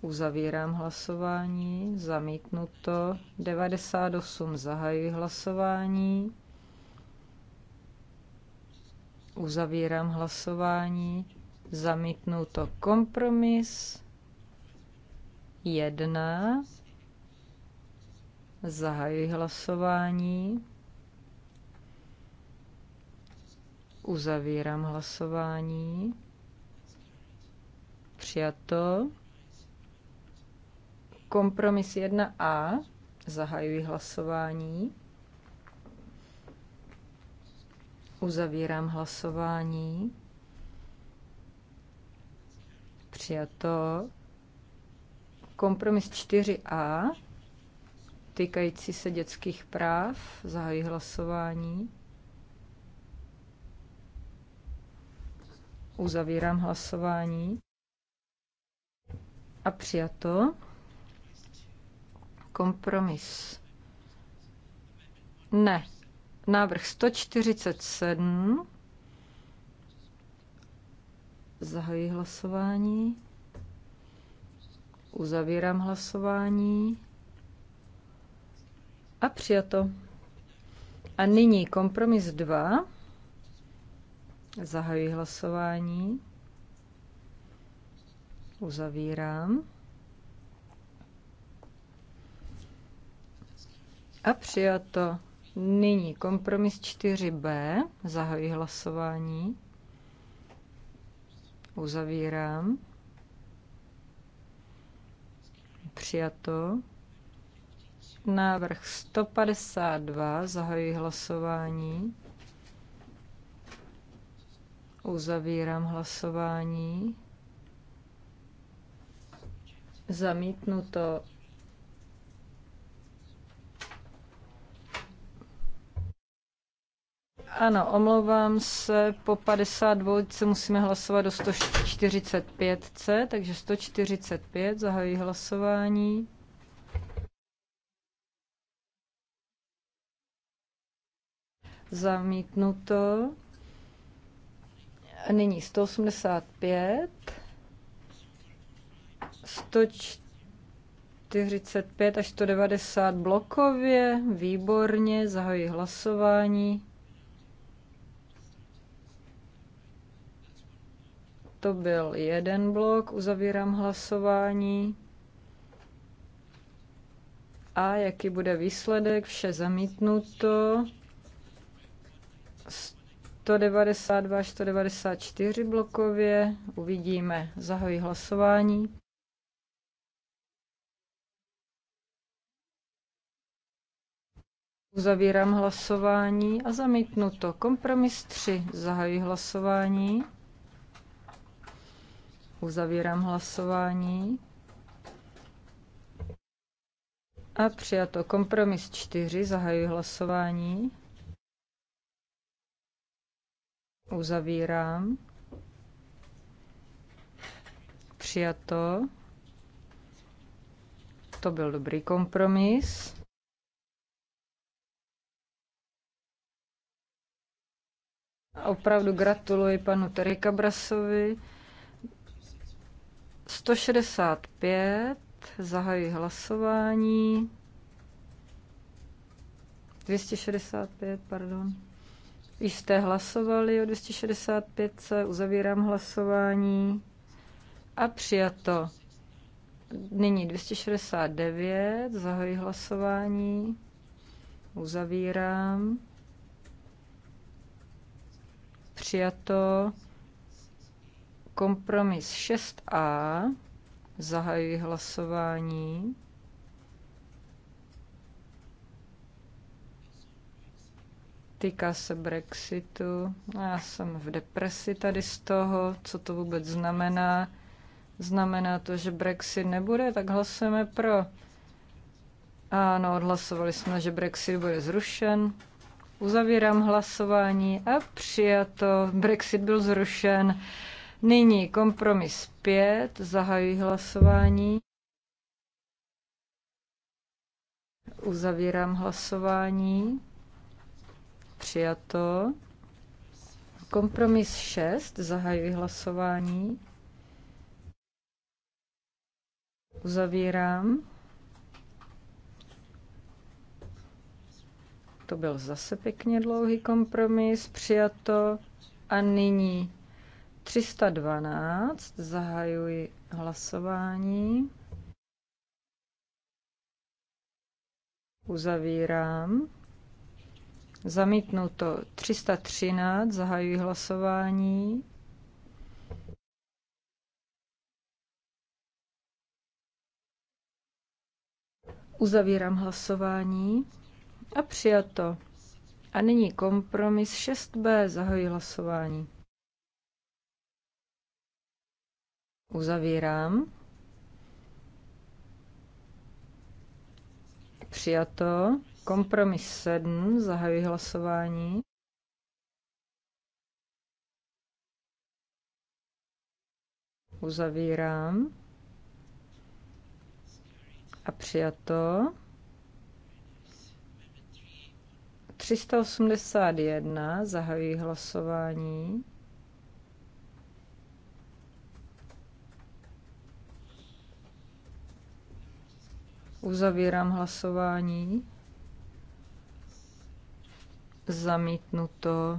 Uzavírám hlasování. Zamítnuto. 98 zahajuji hlasování. Uzavírám hlasování. to kompromis. Jedna. Zahajuji hlasování. Uzavírám hlasování. Přijato. Kompromis 1a. Zahajuji hlasování. Uzavírám hlasování. Přijato. Kompromis 4a týkající se dětských práv. Zahají hlasování. Uzavírám hlasování. A přijato. Kompromis. Ne, Návrh 147. Zahajuji hlasování. Uzavírám hlasování. A přijato. A nyní kompromis 2. Zahajuji hlasování. Uzavírám. A přijato. Nyní kompromis 4b. zahají hlasování. Uzavírám. Přijato. Návrh 152. zahají hlasování. Uzavírám hlasování. Zamítnuto Ano, omlouvám se, po 52 se musíme hlasovat do 145, takže 145, zahajuji hlasování. Zamítnuto. Nyní 185, 145 až 190 blokově, výborně, zahajuji hlasování. To byl jeden blok, uzavírám hlasování. A jaký bude výsledek? Vše zamítnuto. 192, 194 blokově. Uvidíme. Zahoji hlasování. Uzavírám hlasování a zamítnuto. Kompromis 3. Zahajuji hlasování. Uzavírám hlasování. A přijato kompromis 4, zahajuji hlasování. Uzavírám. Přijato. To byl dobrý kompromis. opravdu gratuluji panu Terika Brasovi. 165, zahajuji hlasování. 265, pardon. Již jste hlasovali o 265, uzavírám hlasování a přijato. Nyní 269, zahajuji hlasování, uzavírám, přijato. Kompromis 6a. Zahajuji hlasování. Týká se Brexitu. Já jsem v depresi tady z toho, co to vůbec znamená. Znamená to, že Brexit nebude, tak hlasujeme pro. Ano, odhlasovali jsme, že Brexit bude zrušen. Uzavírám hlasování a přijato. Brexit byl zrušen. Nyní kompromis 5, zahajuji hlasování. Uzavírám hlasování. Přijato. Kompromis 6, zahajuji hlasování. Uzavírám. To byl zase pěkně dlouhý kompromis, přijato. A nyní 312, zahajuji hlasování. Uzavírám. Zamítnuto 313, zahajuji hlasování. Uzavírám hlasování a přijato. A nyní kompromis 6b, zahajuji hlasování. Uzavírám. Přijato. Kompromis 7. Zahajuji hlasování. Uzavírám. A přijato. 381. Zahajuji hlasování. Uzavírám hlasování. Zamítnuto.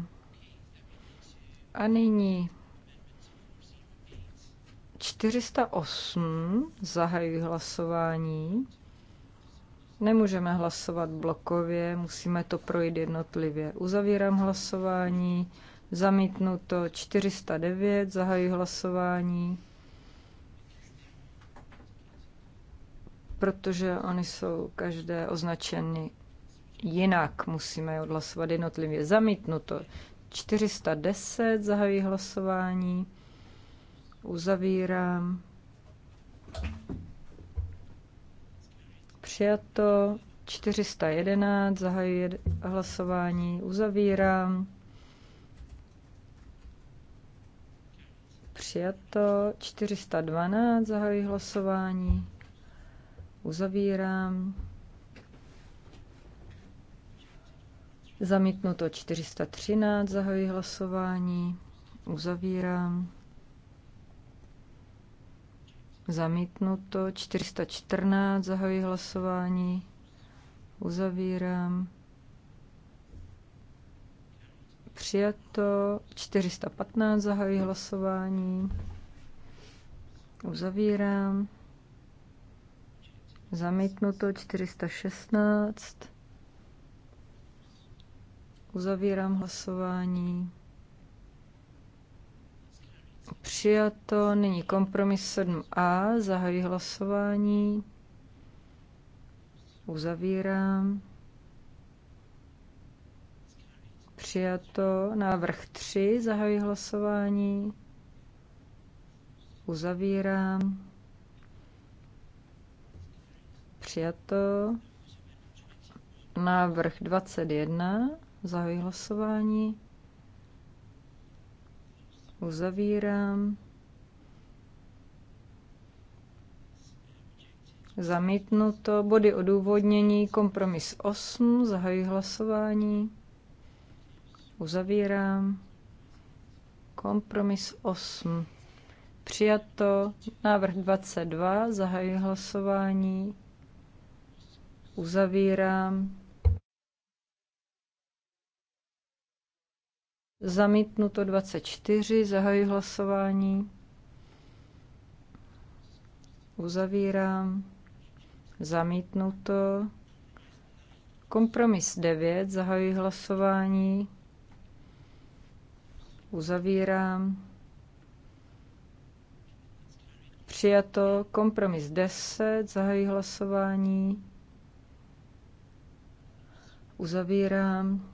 A nyní 408. Zahajuji hlasování. Nemůžeme hlasovat blokově, musíme to projít jednotlivě. Uzavírám hlasování. Zamítnuto 409. Zahajuji hlasování. protože oni jsou každé označeny jinak. Musíme je odhlasovat jednotlivě. Zamítnuto. 410 zahají hlasování. Uzavírám. Přijato. 411 zahají hlasování. Uzavírám. Přijato. 412 zahají hlasování. Uzavírám. Zamítnuto 413, zahajuji hlasování. Uzavírám. Zamítnuto 414, zahajuji hlasování. Uzavírám. Přijato 415, zahajuji hlasování. Uzavírám. Zamítnuto 416. Uzavírám hlasování. Přijato. Nyní kompromis 7a. Zahajuji hlasování. Uzavírám. Přijato. Návrh 3. Zahajuji hlasování. Uzavírám přijato. Návrh 21. Zahajuji hlasování. Uzavírám. Zamítnuto. Body odůvodnění. Kompromis 8. Zahajuji hlasování. Uzavírám. Kompromis 8. Přijato. Návrh 22. Zahajuji hlasování uzavírám. Zamítnu to 24, zahajuji hlasování. Uzavírám. Zamítnu to. Kompromis 9, zahajuji hlasování. Uzavírám. Přijato. Kompromis 10, zahajuji hlasování. Uzavírám.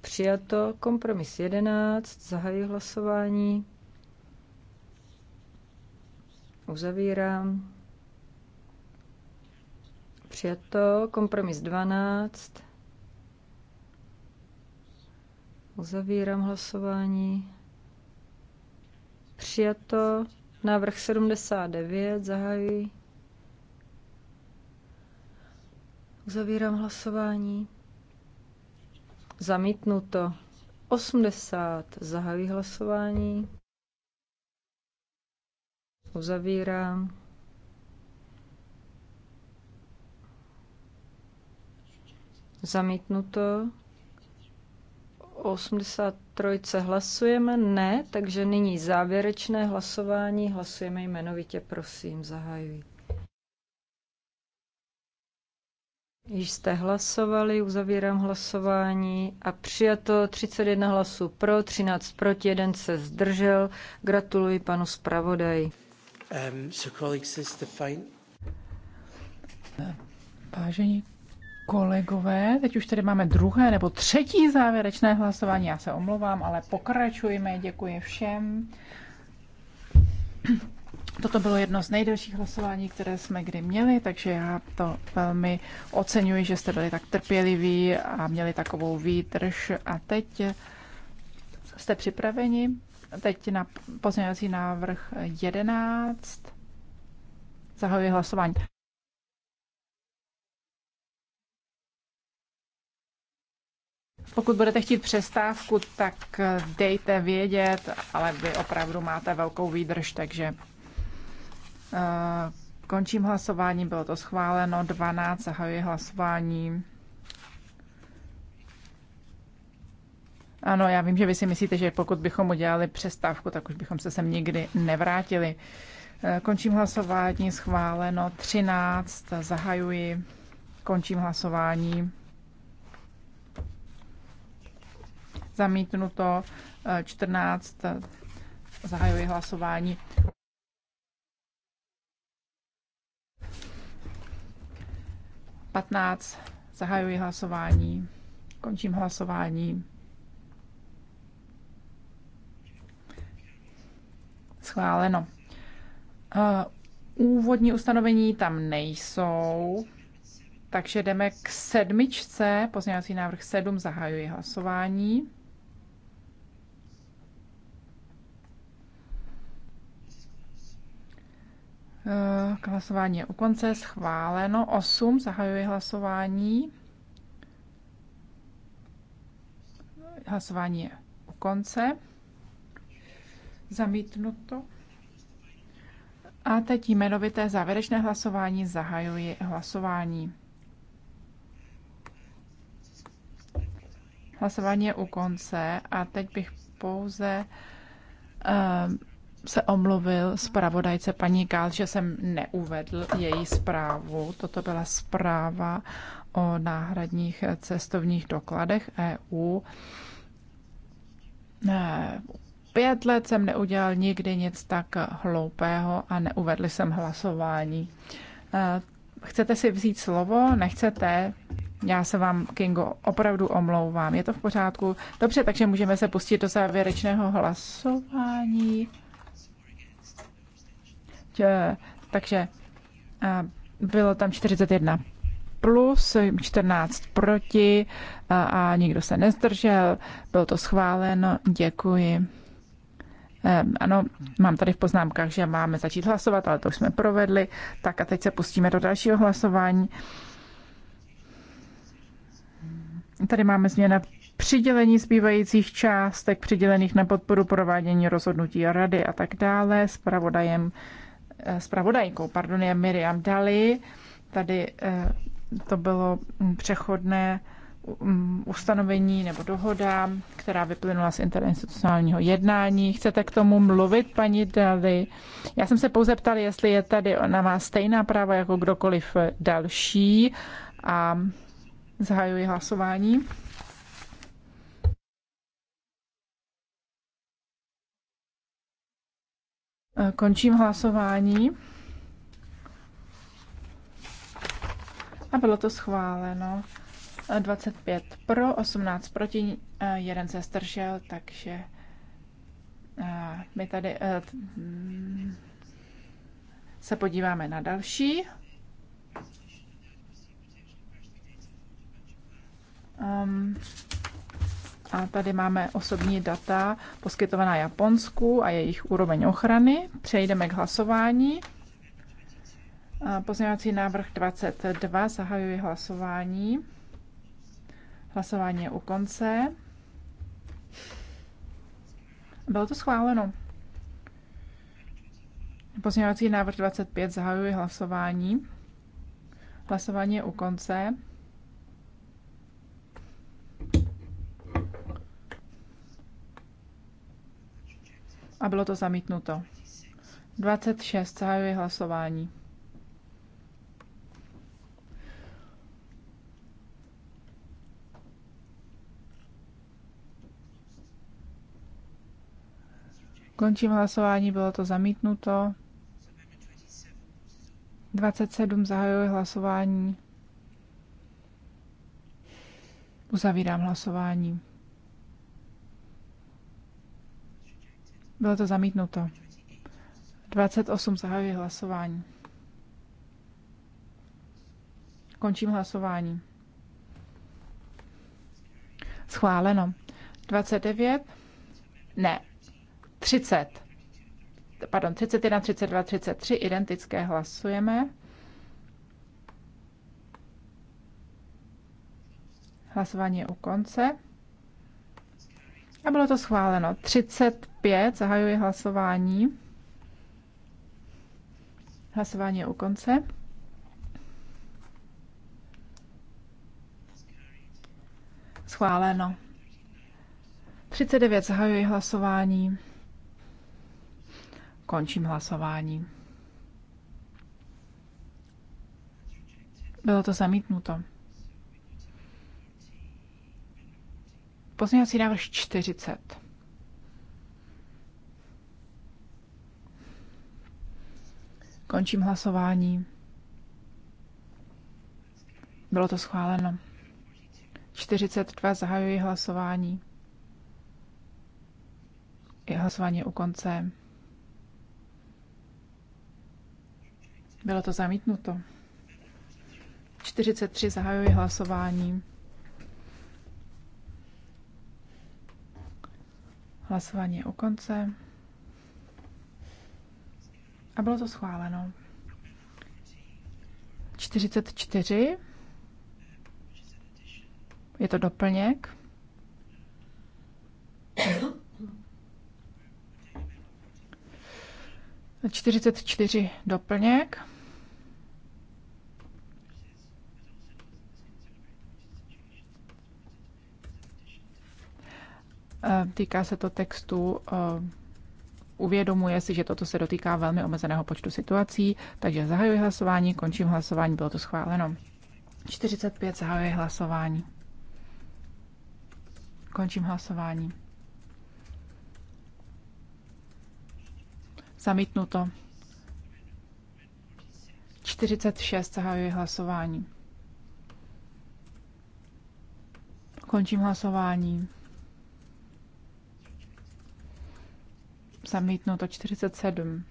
Přijato. Kompromis 11. Zahajuji hlasování. Uzavírám. Přijato. Kompromis 12. Uzavírám hlasování. Přijato. Návrh 79. Zahajuji. Uzavírám hlasování. Zamítnuto. 80. Zahajuji hlasování. Uzavírám. Zamítnuto. 83. hlasujeme? Ne, takže nyní závěrečné hlasování. Hlasujeme jmenovitě, prosím, zahajuji. Již jste hlasovali, uzavírám hlasování a přijato 31 hlasů pro, 13 proti, jeden se zdržel. Gratuluji panu zpravodaj. Um, so Vážení kolegové, teď už tady máme druhé nebo třetí závěrečné hlasování. Já se omlouvám, ale pokračujeme. Děkuji všem. Toto bylo jedno z nejdelších hlasování, které jsme kdy měli, takže já to velmi oceňuji, že jste byli tak trpěliví a měli takovou výtrž. A teď jste připraveni? Teď na pozměňovací návrh 11. Zahajuji hlasování. Pokud budete chtít přestávku, tak dejte vědět, ale vy opravdu máte velkou výdrž, takže Končím hlasování, bylo to schváleno. 12, zahajuji hlasování. Ano, já vím, že vy si myslíte, že pokud bychom udělali přestávku, tak už bychom se sem nikdy nevrátili. Eh, končím hlasování, schváleno 13, zahajuji, končím hlasování. Zamítnuto 14, eh, zahajuji hlasování. 15. Zahajuji hlasování. Končím hlasování. Schváleno. Eh, úvodní ustanovení tam nejsou, takže jdeme k sedmičce. Pozměňovací návrh 7. Zahajuji hlasování. K hlasování je u konce schváleno. 8. Zahajuji hlasování. Hlasování je u konce. Zamítnuto. A teď jmenovité závěrečné hlasování. Zahajuji hlasování. Hlasování je u konce a teď bych pouze uh, se omluvil zpravodajce paní Gál, že jsem neuvedl její zprávu. Toto byla zpráva o náhradních cestovních dokladech EU. E, pět let jsem neudělal nikdy nic tak hloupého a neuvedl jsem hlasování. E, chcete si vzít slovo? Nechcete? Já se vám, Kingo, opravdu omlouvám. Je to v pořádku? Dobře, takže můžeme se pustit do závěrečného hlasování. Eh, takže eh, bylo tam 41 plus, 14 proti a, a nikdo se nezdržel. Bylo to schváleno, děkuji. Eh, ano, mám tady v poznámkách, že máme začít hlasovat, ale to už jsme provedli. Tak a teď se pustíme do dalšího hlasování. Tady máme změna přidělení zbývajících částek, přidělených na podporu provádění rozhodnutí rady a tak dále. Spravodajem spravodajkou, eh, pardon, je Miriam Dali. Tady eh, to bylo mm, přechodné mm, ustanovení nebo dohoda, která vyplynula z interinstitucionálního jednání. Chcete k tomu mluvit, paní Dali? Já jsem se pouze ptal, jestli je tady, ona má stejná práva jako kdokoliv další a zahajuji hlasování. Končím hlasování. A bylo to schváleno. 25 pro, 18 proti, jeden se stršel, takže my tady mm, se podíváme na další. Um, a tady máme osobní data poskytovaná Japonsku a jejich úroveň ochrany. Přejdeme k hlasování. Pozměňovací návrh 22. Zahajuji hlasování. Hlasování je u konce. Bylo to schváleno. Pozměňovací návrh 25. Zahajuji hlasování. Hlasování je u konce. a bylo to zamítnuto. 26. Zahajuji hlasování. Končím hlasování, bylo to zamítnuto. 27 zahajuji hlasování. Uzavírám hlasování. Bylo to zamítnuto. 28 zahajuje hlasování. Končím hlasování. Schváleno. 29? Ne. 30. Pardon, 31, 32, 33 identické hlasujeme. Hlasování je u konce. A bylo to schváleno. 30 5 zahajuji hlasování. Hlasování je u konce. Schváleno. 39 zahajuji hlasování. Končím hlasování. Bylo to zamítnuto. Pozměňovací návrh 40. Končím hlasování. Bylo to schváleno. 42 zahajuji hlasování. Je hlasování u konce. Bylo to zamítnuto. 43 zahajuji hlasování. Hlasování je u konce. A bylo to schváleno. 44. Je to doplněk. Na 44 doplněk. Týká se to textu eh, uvědomuje si, že toto se dotýká velmi omezeného počtu situací, takže zahajuji hlasování, končím hlasování, bylo to schváleno. 45 zahajuji hlasování. Končím hlasování. Zamítnuto. 46 zahajuji hlasování. Končím hlasování. zamítnuto 47.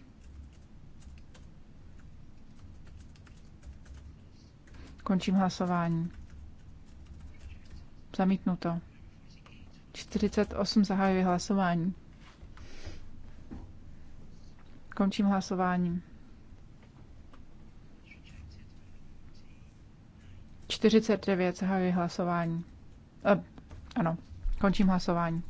Končím hlasování. Zamítnuto. 48 zahajuje hlasování. Končím hlasování. 49 zahajuje hlasování. E, ano, končím hlasování.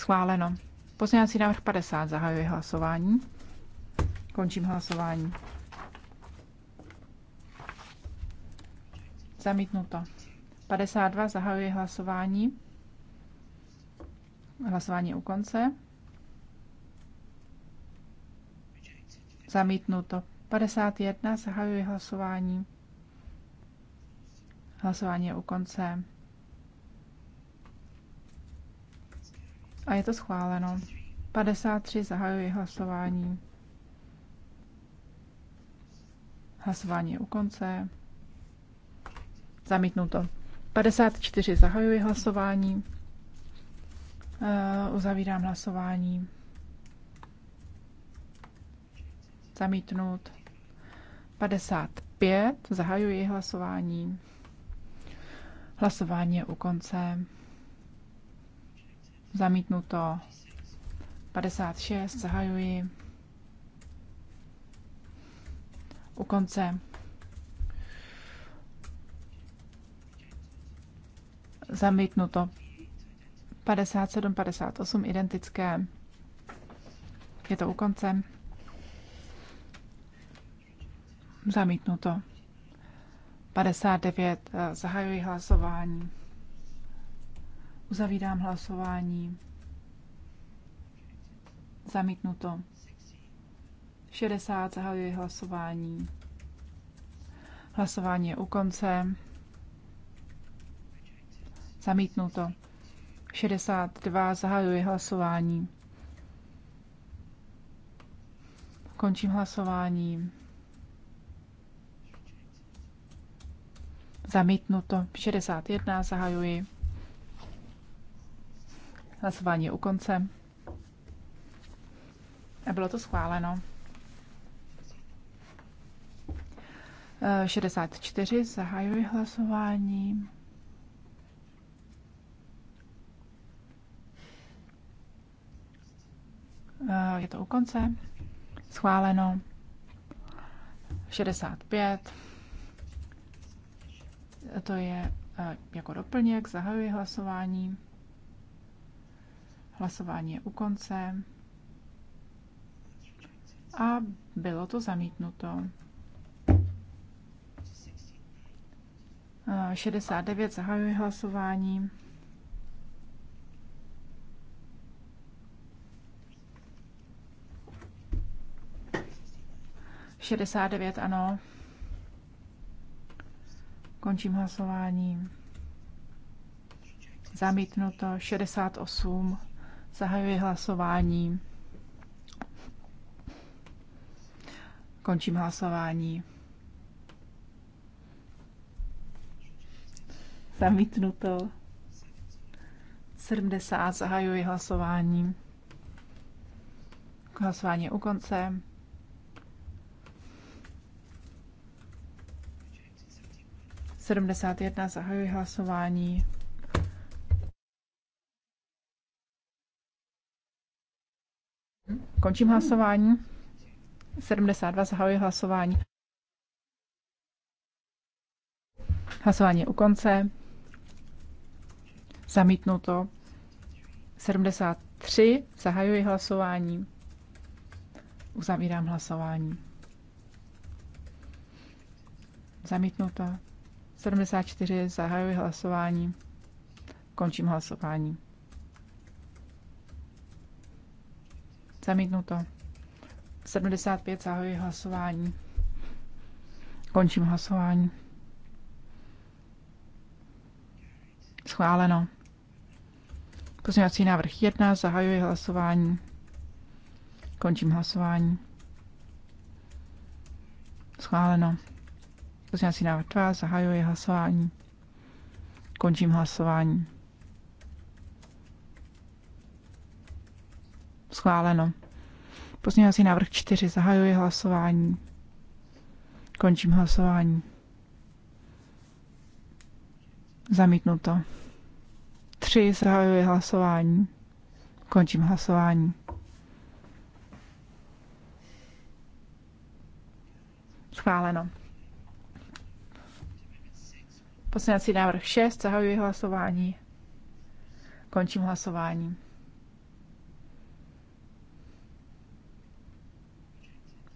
Schváleno. Pozměňovací návrh 50. Zahajuji hlasování. Končím hlasování. Zamítnuto. 52. Zahajuji hlasování. Hlasování u konce. Zamítnuto. 51. Zahajuji hlasování. Hlasování je u konce. A je to schváleno. 53 zahajuji hlasování. Hlasování je u konce. Zamítnuto. 54 zahajuji hlasování. Uh, uzavírám hlasování. Zamítnout. 55 zahajuji hlasování. Hlasování je u konce. Zamítnuto. 56. Zahajuji. U konce. Zamítnuto. 57, 58 identické. Je to u konce. Zamítnuto. 59. Zahajuji hlasování. Uzavírám hlasování. Zamítnuto. 60. Zahajuji hlasování. Hlasování je u konce. Zamítnuto. 62. Zahajuji hlasování. Končím hlasování. Zamítnuto. 61. Zahajuji. Hlasování u konce. A bylo to schváleno. 64, eh, zahajuji hlasování. Eh, je to u konce. Schváleno. 65. To je eh, jako doplněk, zahajuji hlasování. Hlasování je u konce. A bylo to zamítnuto. 69 eh, zahajuji hlasování. Šedesát devět, ano. Končím hlasování. Zamítnuto. Šedesát osm. Zahajuji hlasování. Končím hlasování. Zamítnuto. 70. Zahajuji hlasování. Hlasování u konce. Sedmdesát jedna. Zahajuji hlasování. Končím hlasování. 72 zahajuji hlasování. Hlasování je u konce. Zamítnuto. 73 zahajuji hlasování. Uzavírám hlasování. Zamítnuto. 74 zahajuji hlasování. Končím hlasování. Zamítnuto. 75 zahojí hlasování. Končím hlasování. Schváleno. Pozměňovací návrh 1. Zahajuji hlasování. Končím hlasování. Schváleno. Pozměňovací návrh 2. Zahajuji hlasování. Končím hlasování. Schváleno. Pozměňovací návrh 4. Zahajuji hlasování. Končím hlasování. Zamítnuto. 3. Zahajuji hlasování. Končím hlasování. Schváleno. Poslanecí návrh 6. Zahajuji hlasování. Končím hlasování.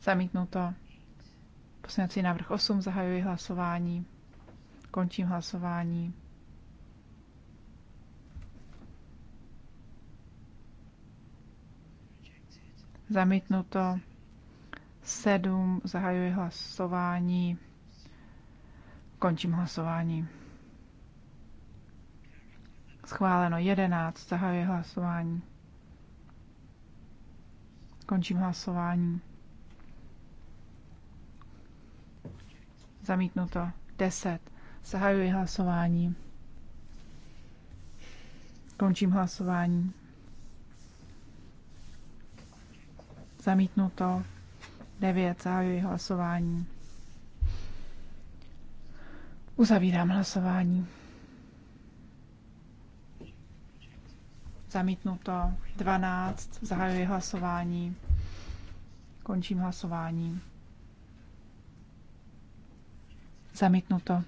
Zamítnuto. Poslanecí návrh 8. Zahajuji hlasování. Končím hlasování. Zamítnuto. 7. Zahajuji hlasování. Končím hlasování. Schváleno 11. Zahajuji hlasování. Končím hlasování. Zamítnuto. 10. Zahajuji hlasování. Končím hlasování. Zamítnuto. 9. Zahajuji hlasování. Uzavírám hlasování. Zamítnuto. 12. Zahajuji hlasování. Končím hlasování. Zamítnuto.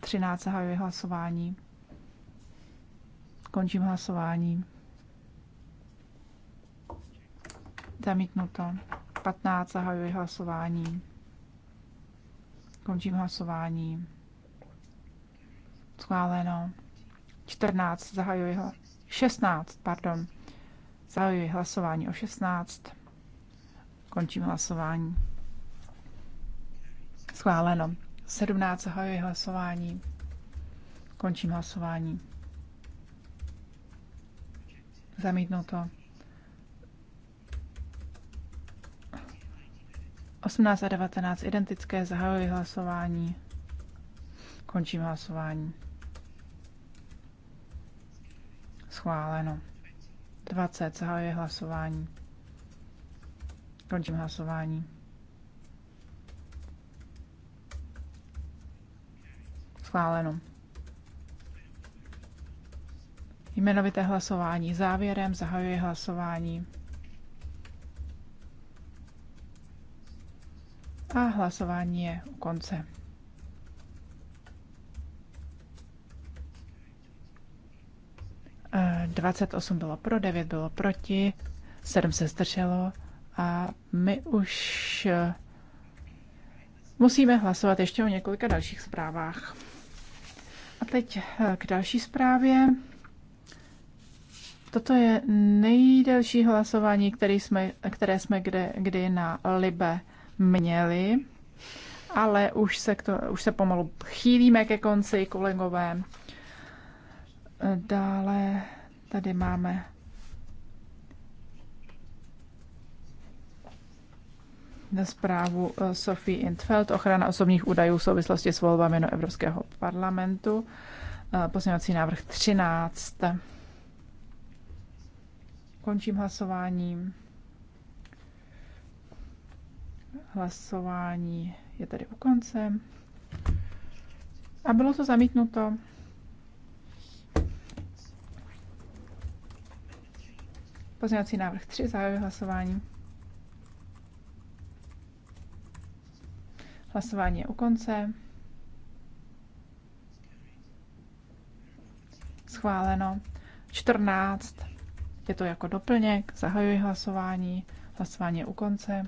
13. zahajuje hlasování. Končím hlasování. Zamítnuto. 15. zahajuje hlasování. Končím hlasování. Schváleno. 14. zahajuje hla... 16. Pardon. Zahajuje hlasování o 16. Končím hlasování. Schváleno. 17 zahajuji hlasování. Končím hlasování. to. 18 a 19 identické, zahajuji hlasování. Končím hlasování. Schváleno. 20, zahajuji hlasování. Končím hlasování. schváleno. Jmenovité hlasování závěrem, zahajuji hlasování. A hlasování je u konce. E, 28 bylo pro, 9 bylo proti, 7 se zdrželo a my už musíme hlasovat ještě o několika dalších zprávách. A teď eh, k další zprávě. Toto je nejdelší hlasování, které jsme, které jsme kde, kdy na Libe měli, ale už se, to, už se pomalu chýlíme ke konci, kolegové. Eh, dále tady máme zprávu eh, Sophie Intfeld, ochrana osobních údajů v souvislosti s volbami do Evropského parlamentu, eh, pozměňovací návrh 13. Končím hlasováním. Hlasování je tady u konce. A bylo to zamítnuto. Pozměňovací návrh 3, zahajuji hlasování. Hlasování je u konce. Schváleno. 14. Je to jako doplněk. Zahajuji hlasování. Hlasování je u konce.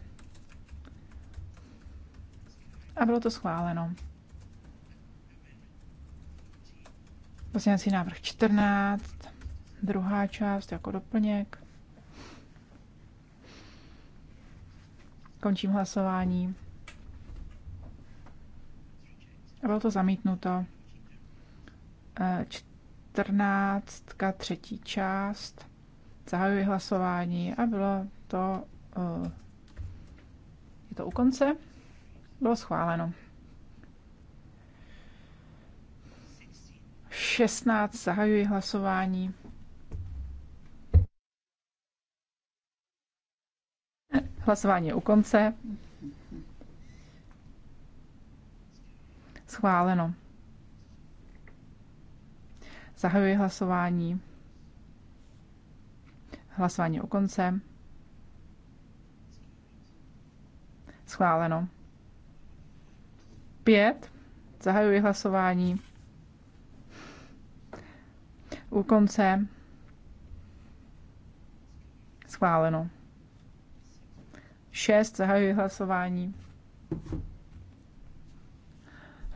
A bylo to schváleno. Pozměňovací návrh 14, druhá část jako doplněk. Končím hlasování. A bylo to zamítnuto. 14. třetí část. Zahajuji hlasování a bylo to. Eh, je to u konce. Bylo schváleno. 16. Zahajuji hlasování. Hlasování je u konce. Schváleno. Zahajuji hlasování. Hlasování u konce. Schváleno. Pět. Zahajuji hlasování. U konce. Schváleno. Šest. Zahajuji hlasování.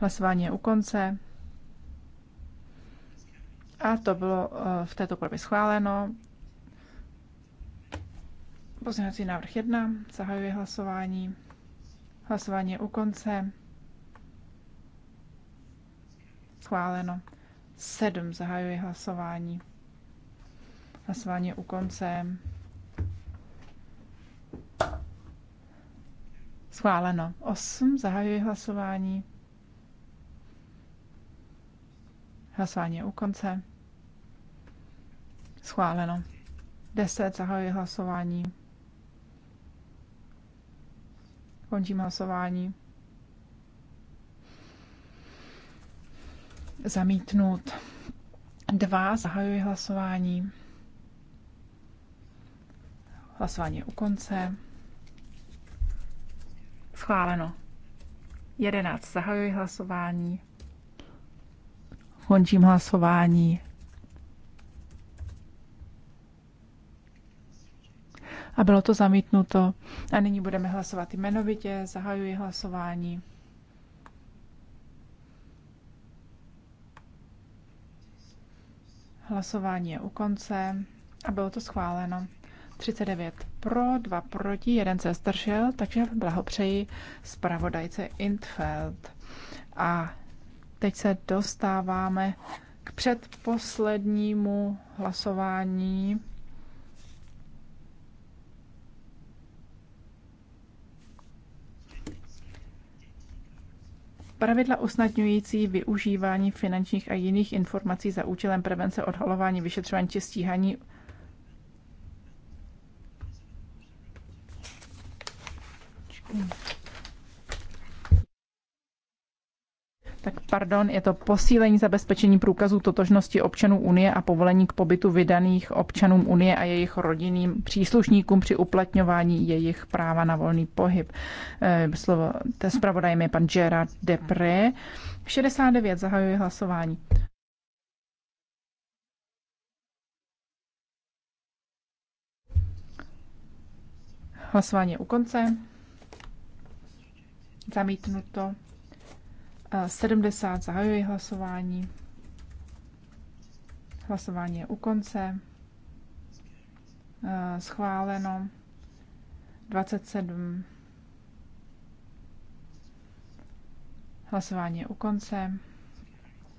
Hlasování je u konce. A to bylo eh, v této podobě schváleno. Pozměňovací návrh 1. Zahajuje hlasování. Hlasování je u konce. Schváleno. 7. Zahajuje hlasování. Hlasování je u konce. Schváleno. 8. Zahajuje hlasování. Hlasování je u konce. Schváleno. 10. Zahajuji hlasování. Končím hlasování. Zamítnut. 2. Zahajuji hlasování. Hlasování je u konce. Schváleno. 11. Zahajuji hlasování. Končím hlasování. A bylo to zamítnuto. A nyní budeme hlasovat jmenovitě. Zahajuji hlasování. Hlasování je u konce a bylo to schváleno. 39 pro, 2 proti, 1 se stršel, takže blahopřeji zpravodajce Intfeld. A Teď se dostáváme k předposlednímu hlasování. Pravidla usnadňující využívání finančních a jiných informací za účelem prevence odhalování, vyšetřování či stíhání Thank you. tak pardon, je to posílení zabezpečení průkazů totožnosti občanů Unie a povolení k pobytu vydaných občanům Unie a jejich rodinným příslušníkům při uplatňování jejich práva na volný pohyb. Eh, slovo zpravodajem je pan Gerard Depré. 69 zahajuje hlasování. Hlasování je u konce. Zamítnuto. 70 zahajuji hlasování. Hlasování je u konce. Eh, schváleno 27. Hlasování je u konce.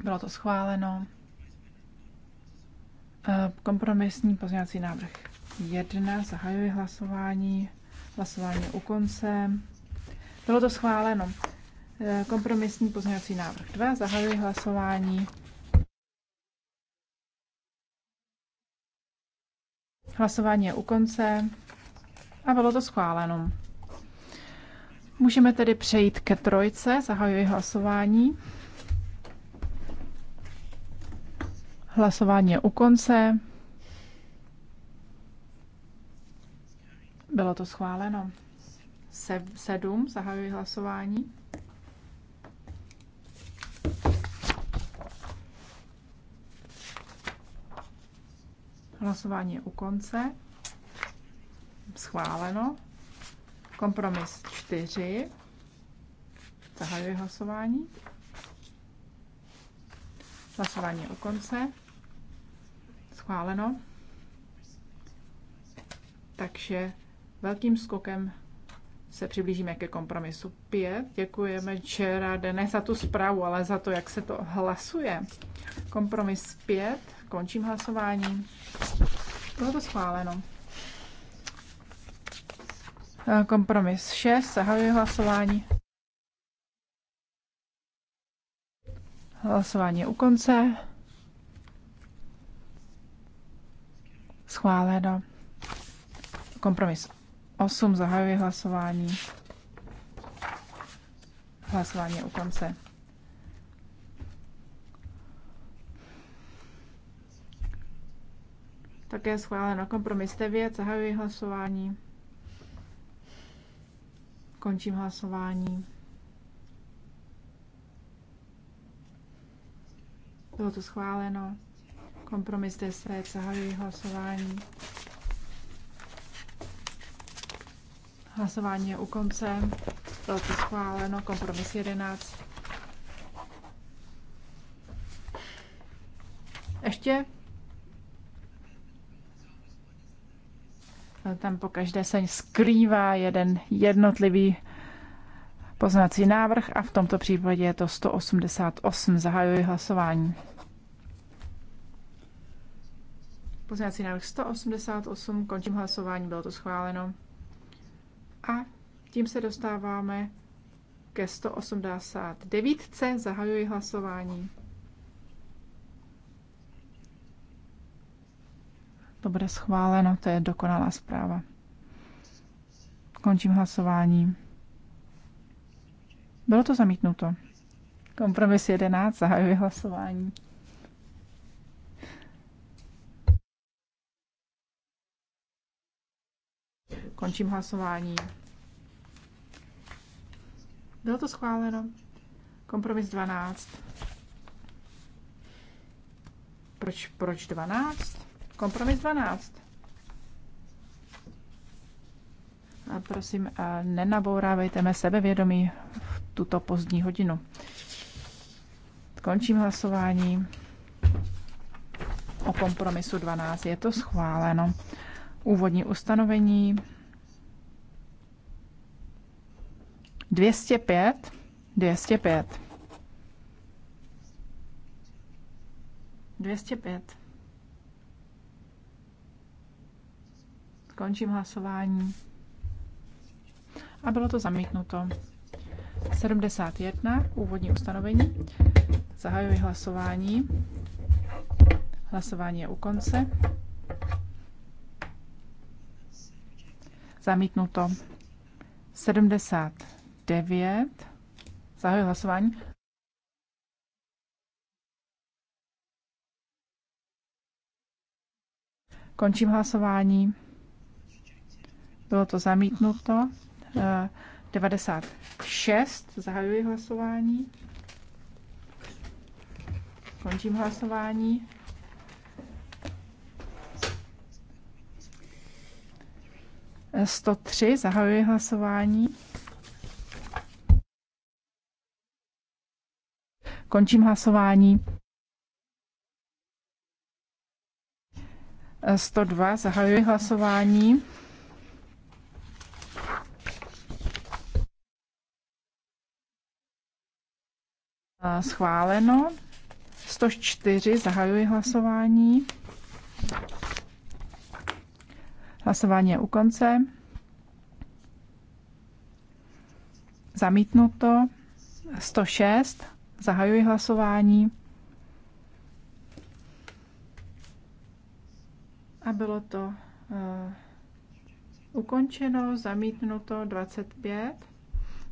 Bylo to schváleno. Eh, kompromisní pozměňovací návrh 1. Zahajuji hlasování. Hlasování je u konce. Bylo to schváleno. Eh, kompromisní pozměňovací návrh 2. Zahajuji hlasování. Hlasování je u konce a bylo to schváleno. Můžeme tedy přejít ke trojce. Zahajuji hlasování. Hlasování je u konce. Bylo to schváleno. Se, sedm, zahajuji hlasování. Hlasování je u konce. Schváleno. Kompromis 4. Zahajuji hlasování. Hlasování je u konce. Schváleno. Takže velkým skokem se přiblížíme ke kompromisu 5. Děkujeme Čera ne za tu zprávu, ale za to, jak se to hlasuje. Kompromis 5. Končím hlasování. Bylo to schváleno. Eh, kompromis 6. Zahajuji hlasování. Hlasování je u konce. Schváleno. Kompromis 8. Zahajuji hlasování. Hlasování je u konce. Také schváleno kompromis 9. Zahajuji hlasování. Končím hlasování. Bylo to schváleno. Kompromis 10. Zahajuji hlasování. Hlasování je u konce. Bylo to schváleno. Kompromis 11. Ještě? Tam pokaždé se skrývá jeden jednotlivý poznací návrh a v tomto případě je to 188. Zahajuji hlasování. Poznací návrh 188, končím hlasování, bylo to schváleno. A tím se dostáváme ke 189. Zahajuji hlasování. To bude schváleno, to je dokonalá zpráva. Končím hlasování. Bylo to zamítnuto. Kompromis 11, zahajuji hlasování. Končím hlasování. Bylo to schváleno. Kompromis 12. Proč, proč 12? Kompromis 12. A prosím, nenabourávejte mé sebevědomí v tuto pozdní hodinu. Končím hlasování o kompromisu 12. Je to schváleno. Úvodní ustanovení 205. 205. 205. Končím hlasování. A bylo to zamítnuto. 71, úvodní ustanovení. Zahajuji hlasování. Hlasování je u konce. Zamítnuto. 79. Zahajuji hlasování. Končím hlasování. Bylo to zamítnuto. 96. Eh, zahajuji hlasování. Končím hlasování. Sto tři, zahajuji hlasování. Končím hlasování. 102, eh, zahajuji hlasování. Schváleno. 104. Zahajuji hlasování. Hlasování je u konce. Zamítnuto. 106. Zahajuji hlasování. A bylo to uh, ukončeno, zamítnuto 25.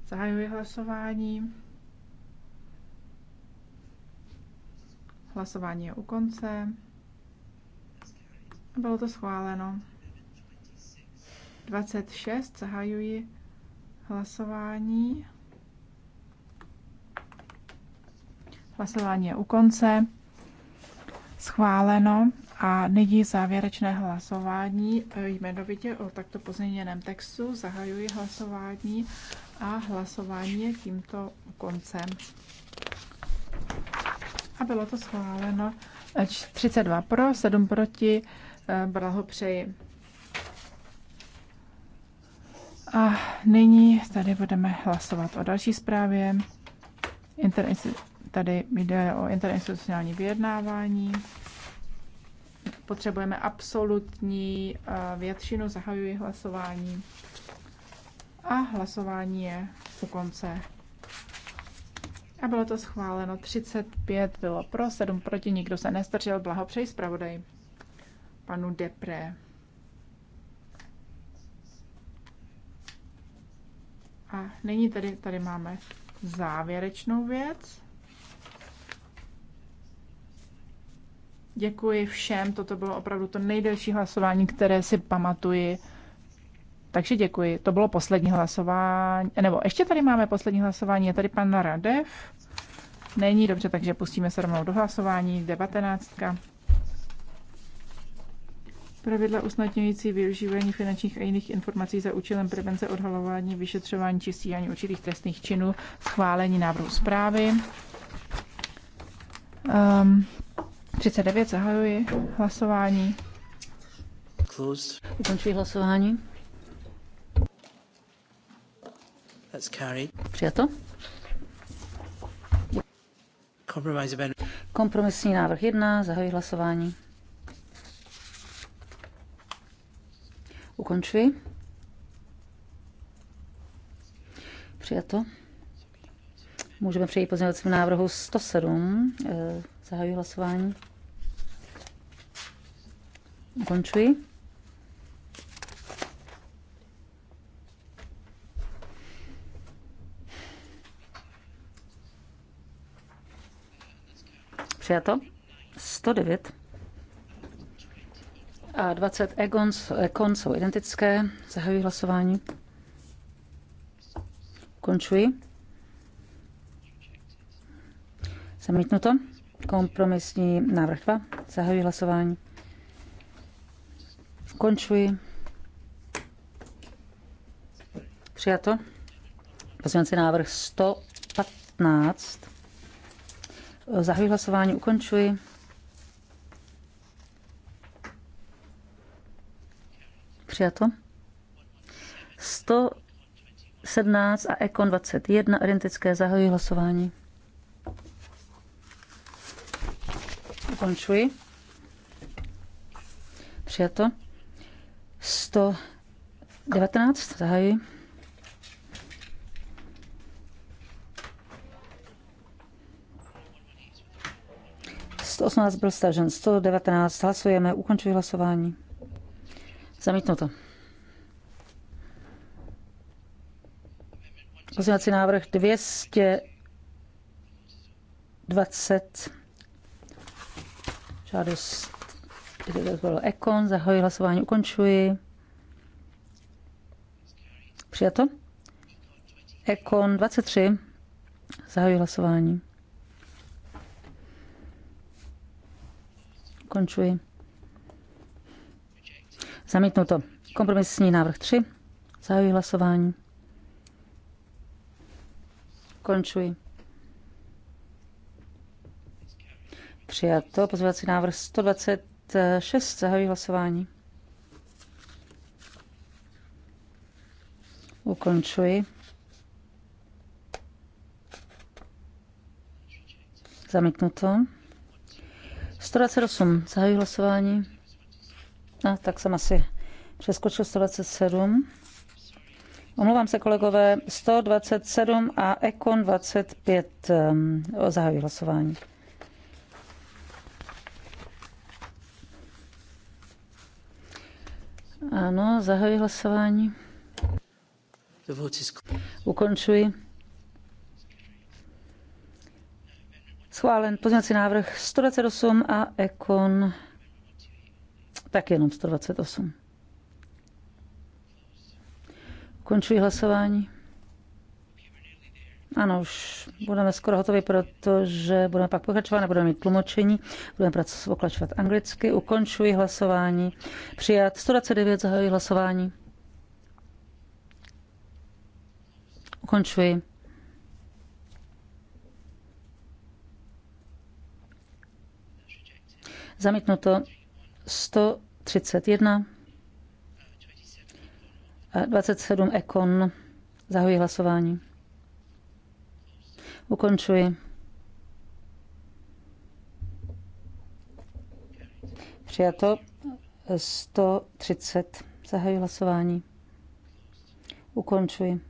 Zahajuji hlasování. Hlasování je u konce. Bylo to schváleno. 26 zahajuji hlasování. Hlasování je u konce. Schváleno. A nyní závěrečné hlasování eh, jmenovitě o takto pozměněném textu. Zahajuji hlasování a hlasování je tímto u konce a bylo to schváleno 32 pro, 7 proti, eh, blahopřeji. A nyní tady budeme hlasovat o další zprávě. Interinsti- tady jde o interinstitucionální vyjednávání. Potřebujeme absolutní eh, většinu, zahajuji hlasování. A hlasování je u konce. A bylo to schváleno 35, bylo pro, 7 proti, nikdo se nestržel. Blahopřeji zpravodaj panu Depré. A nyní tady, tady máme závěrečnou věc. Děkuji všem, toto bylo opravdu to nejdelší hlasování, které si pamatuji. Takže děkuji. To bylo poslední hlasování. Nebo ještě tady máme poslední hlasování. Je tady pan Radev. Není dobře, takže pustíme se rovnou do hlasování. 19. Pravidla usnadňující využívání finančních a jiných informací za účelem prevence odhalování, vyšetřování či stíhání určitých trestných činů, schválení návrhu zprávy. Um, 39 zahajuji hlasování. Ukončuji hlasování. That's carried. Přijato. Kompromisní návrh 1, zahajuji hlasování. Ukončuji. Přijato. Můžeme přejít pozměňovacím návrhu 107. Eh, zahajuji hlasování. Ukončuji. Přijato. 109 a 20 egons, ekon jsou identické. Zahajuji hlasování. Končuji. Zamítnuto. Kompromisní návrh 2. Zahajuji hlasování. Končuji. Přijato. Pozměňovací návrh 115. Zahajuji hlasování, ukončuji. Přijato. 117 a Ekon 21 identické. Zahajuji hlasování. Ukončuji. Přijato. 119 zahajuji. 118 byl stažen, 119 hlasujeme, ukončuji hlasování. Zamítnuto. Pozměňovací návrh 220. Žádost bylo Ekon, Zahoji hlasování, ukončuji. Přijato. Ekon 23. Zahoji hlasování. Končuji. Zamítnuto. Kompromisní návrh 3. Zahajuji hlasování. Končuji. Přijato. Pozvací návrh 126. Zahajuji hlasování. Ukončuji. Zamítnuto. 128. Zahajuji hlasování. A tak jsem asi přeskočil 127. Omlouvám se, kolegové. 127 a Ekon 25. Ehm, zahajuji hlasování. Ano, zahajuji hlasování. Ukončuji. Schválen pozměňovací návrh 128 a Ekon tak jenom 128. Končuji hlasování. Ano, už budeme skoro hotovi, protože budeme pak pokračovat, nebudeme mít tlumočení, budeme pokračovat anglicky. Ukončuji hlasování. Přijat 129, zahajuji hlasování. Ukončuji. Zamítnuto 131 27 Ekon. zahojí hlasování. Ukončuji. Přijato 130. Zahajuji hlasování. Ukončuji.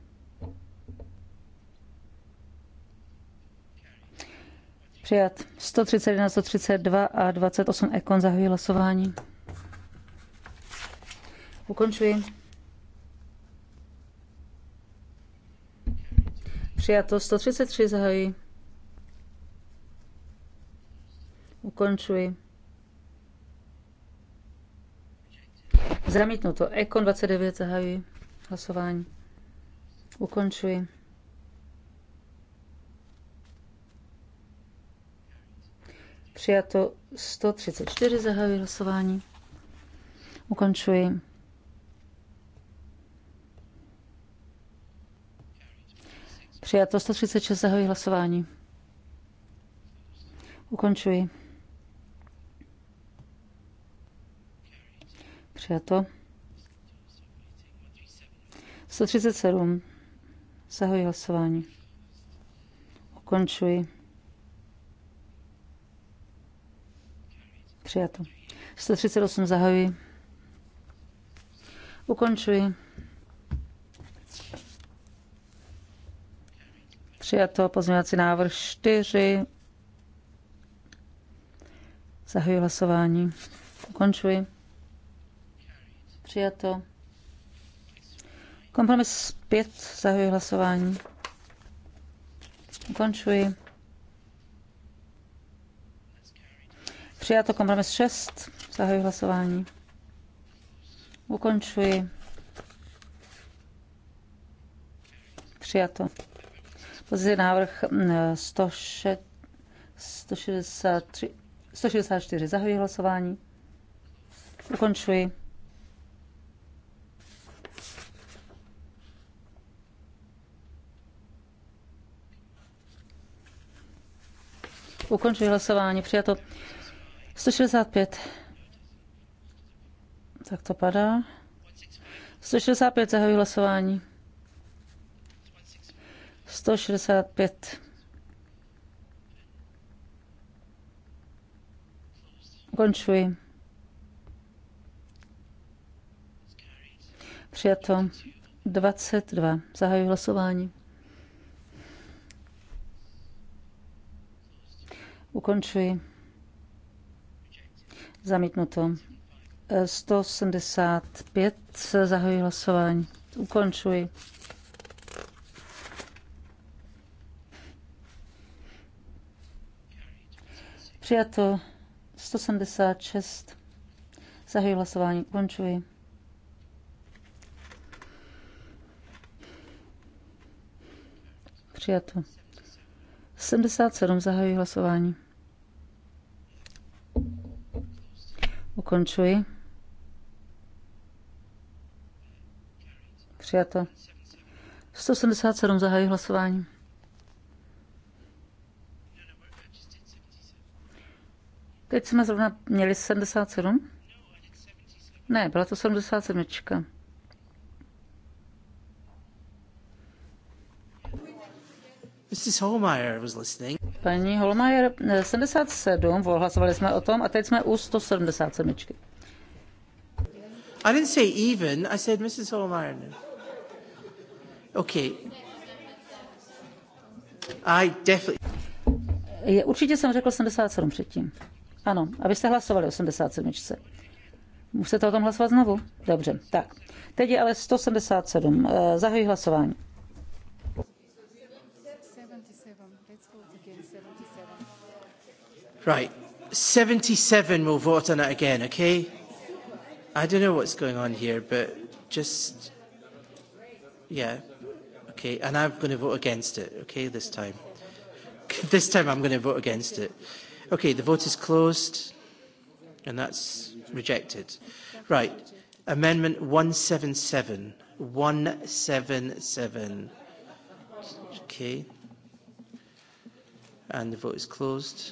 Přijat. 131, 132 a 28 ekon zahajuji hlasování. Ukončuji. Přijato 133 zahají. Ukončuji. Zamítnuto. Ekon 29 zahají. Hlasování. Ukončuji. Přijato 134, zahajuji hlasování. Ukončuji. Přijato 136, zahajuji hlasování. Ukončuji. Přijato. 137. Zahajuji hlasování. Ukončuji. Přijato. 138 zahajuji. Ukončuji. Přijato pozměňovací návrh 4. Zahajuji hlasování. Ukončuji. Přijato. Kompromis 5. Zahajuji hlasování. Ukončuji. Přijato kompromis 6. Zahajuji hlasování. Ukončuji. Přijato. Pozici návrh 164. Mm, Zahajuji hlasování. Ukončuji. Ukončuji hlasování. Přijato 165. Tak to padá. 165 zahajuji hlasování. 165. Končuji. Přijato 22. Zahajuji hlasování. Ukončuji. Zamítnuto. 175. E, zahajuji hlasování. Ukončuji. Přijato 176. Zahajuji hlasování. Ukončuji. Přijato. 77. Zahajuji hlasování. Ukončuji. Přijato. 177 zahájí hlasování. Teď jsme zrovna měli 77. Ne, byla to 77. Mrs. Paní Holmeyer, 77, eh, hlasovali jsme o tom a teď jsme u 177. I didn't say even, I said Mrs. Holmeyer. Okay. I definitely... Je, určitě jsem řekl 77 předtím. Ano, abyste hlasovali o 77. Musíte o tom hlasovat znovu? Dobře, tak. Teď je ale 177. Eh, zahajuji hlasování. Right. 77 will vote on it again, okay? I don't know what's going on here, but just, yeah, okay. And I'm going to vote against it, okay, this time. this time I'm going to vote against it. Okay, the vote is closed, and that's rejected. Right, Amendment 177. 177. Okay. And the vote is closed.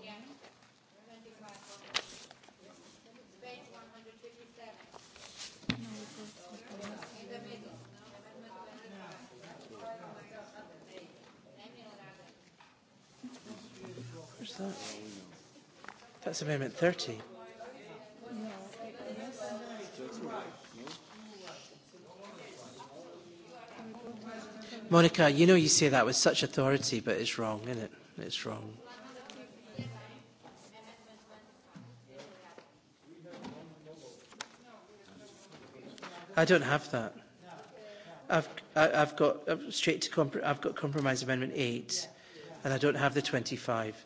Amendment 30. Monica, you know you say that with such authority, but it's wrong, isn't it? It's wrong. I don't have that. I've, I, I've got I've straight to compr- I've got compromise amendment eight, and I don't have the 25.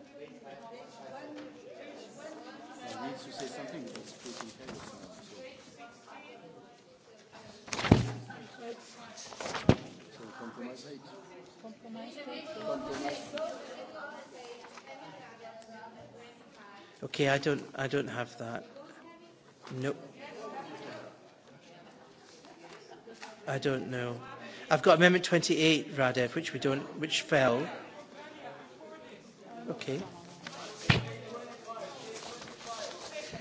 needs to say something, but it's pretty heavy So. so compromise Okay, I don't, I don't have that. No. I don't know. I've got Amendment 28, Radev, which we don't, which fell. Okay.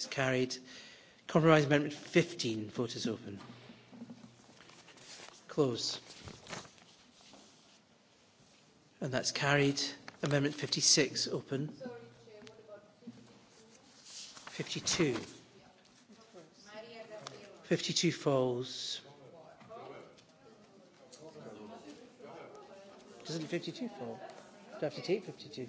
is carried. Compromise Amendment 15, vote is open. Close. And that's carried. Amendment 56, open. Sorry, Chair, what about 52? 52. 52 falls. Doesn't 52 fall? Do I have to take 52?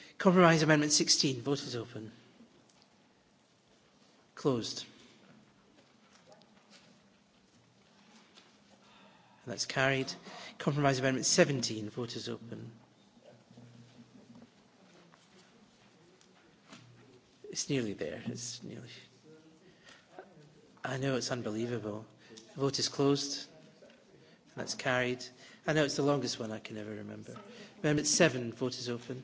Compromise Amendment 16. Vote is open. Closed. That's carried. Compromise Amendment 17. Vote is open. It's nearly there. It's nearly. I know it's unbelievable. The vote is closed. That's carried. I know it's the longest one I can ever remember. Amendment 7. Vote is open.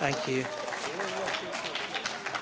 Thank you.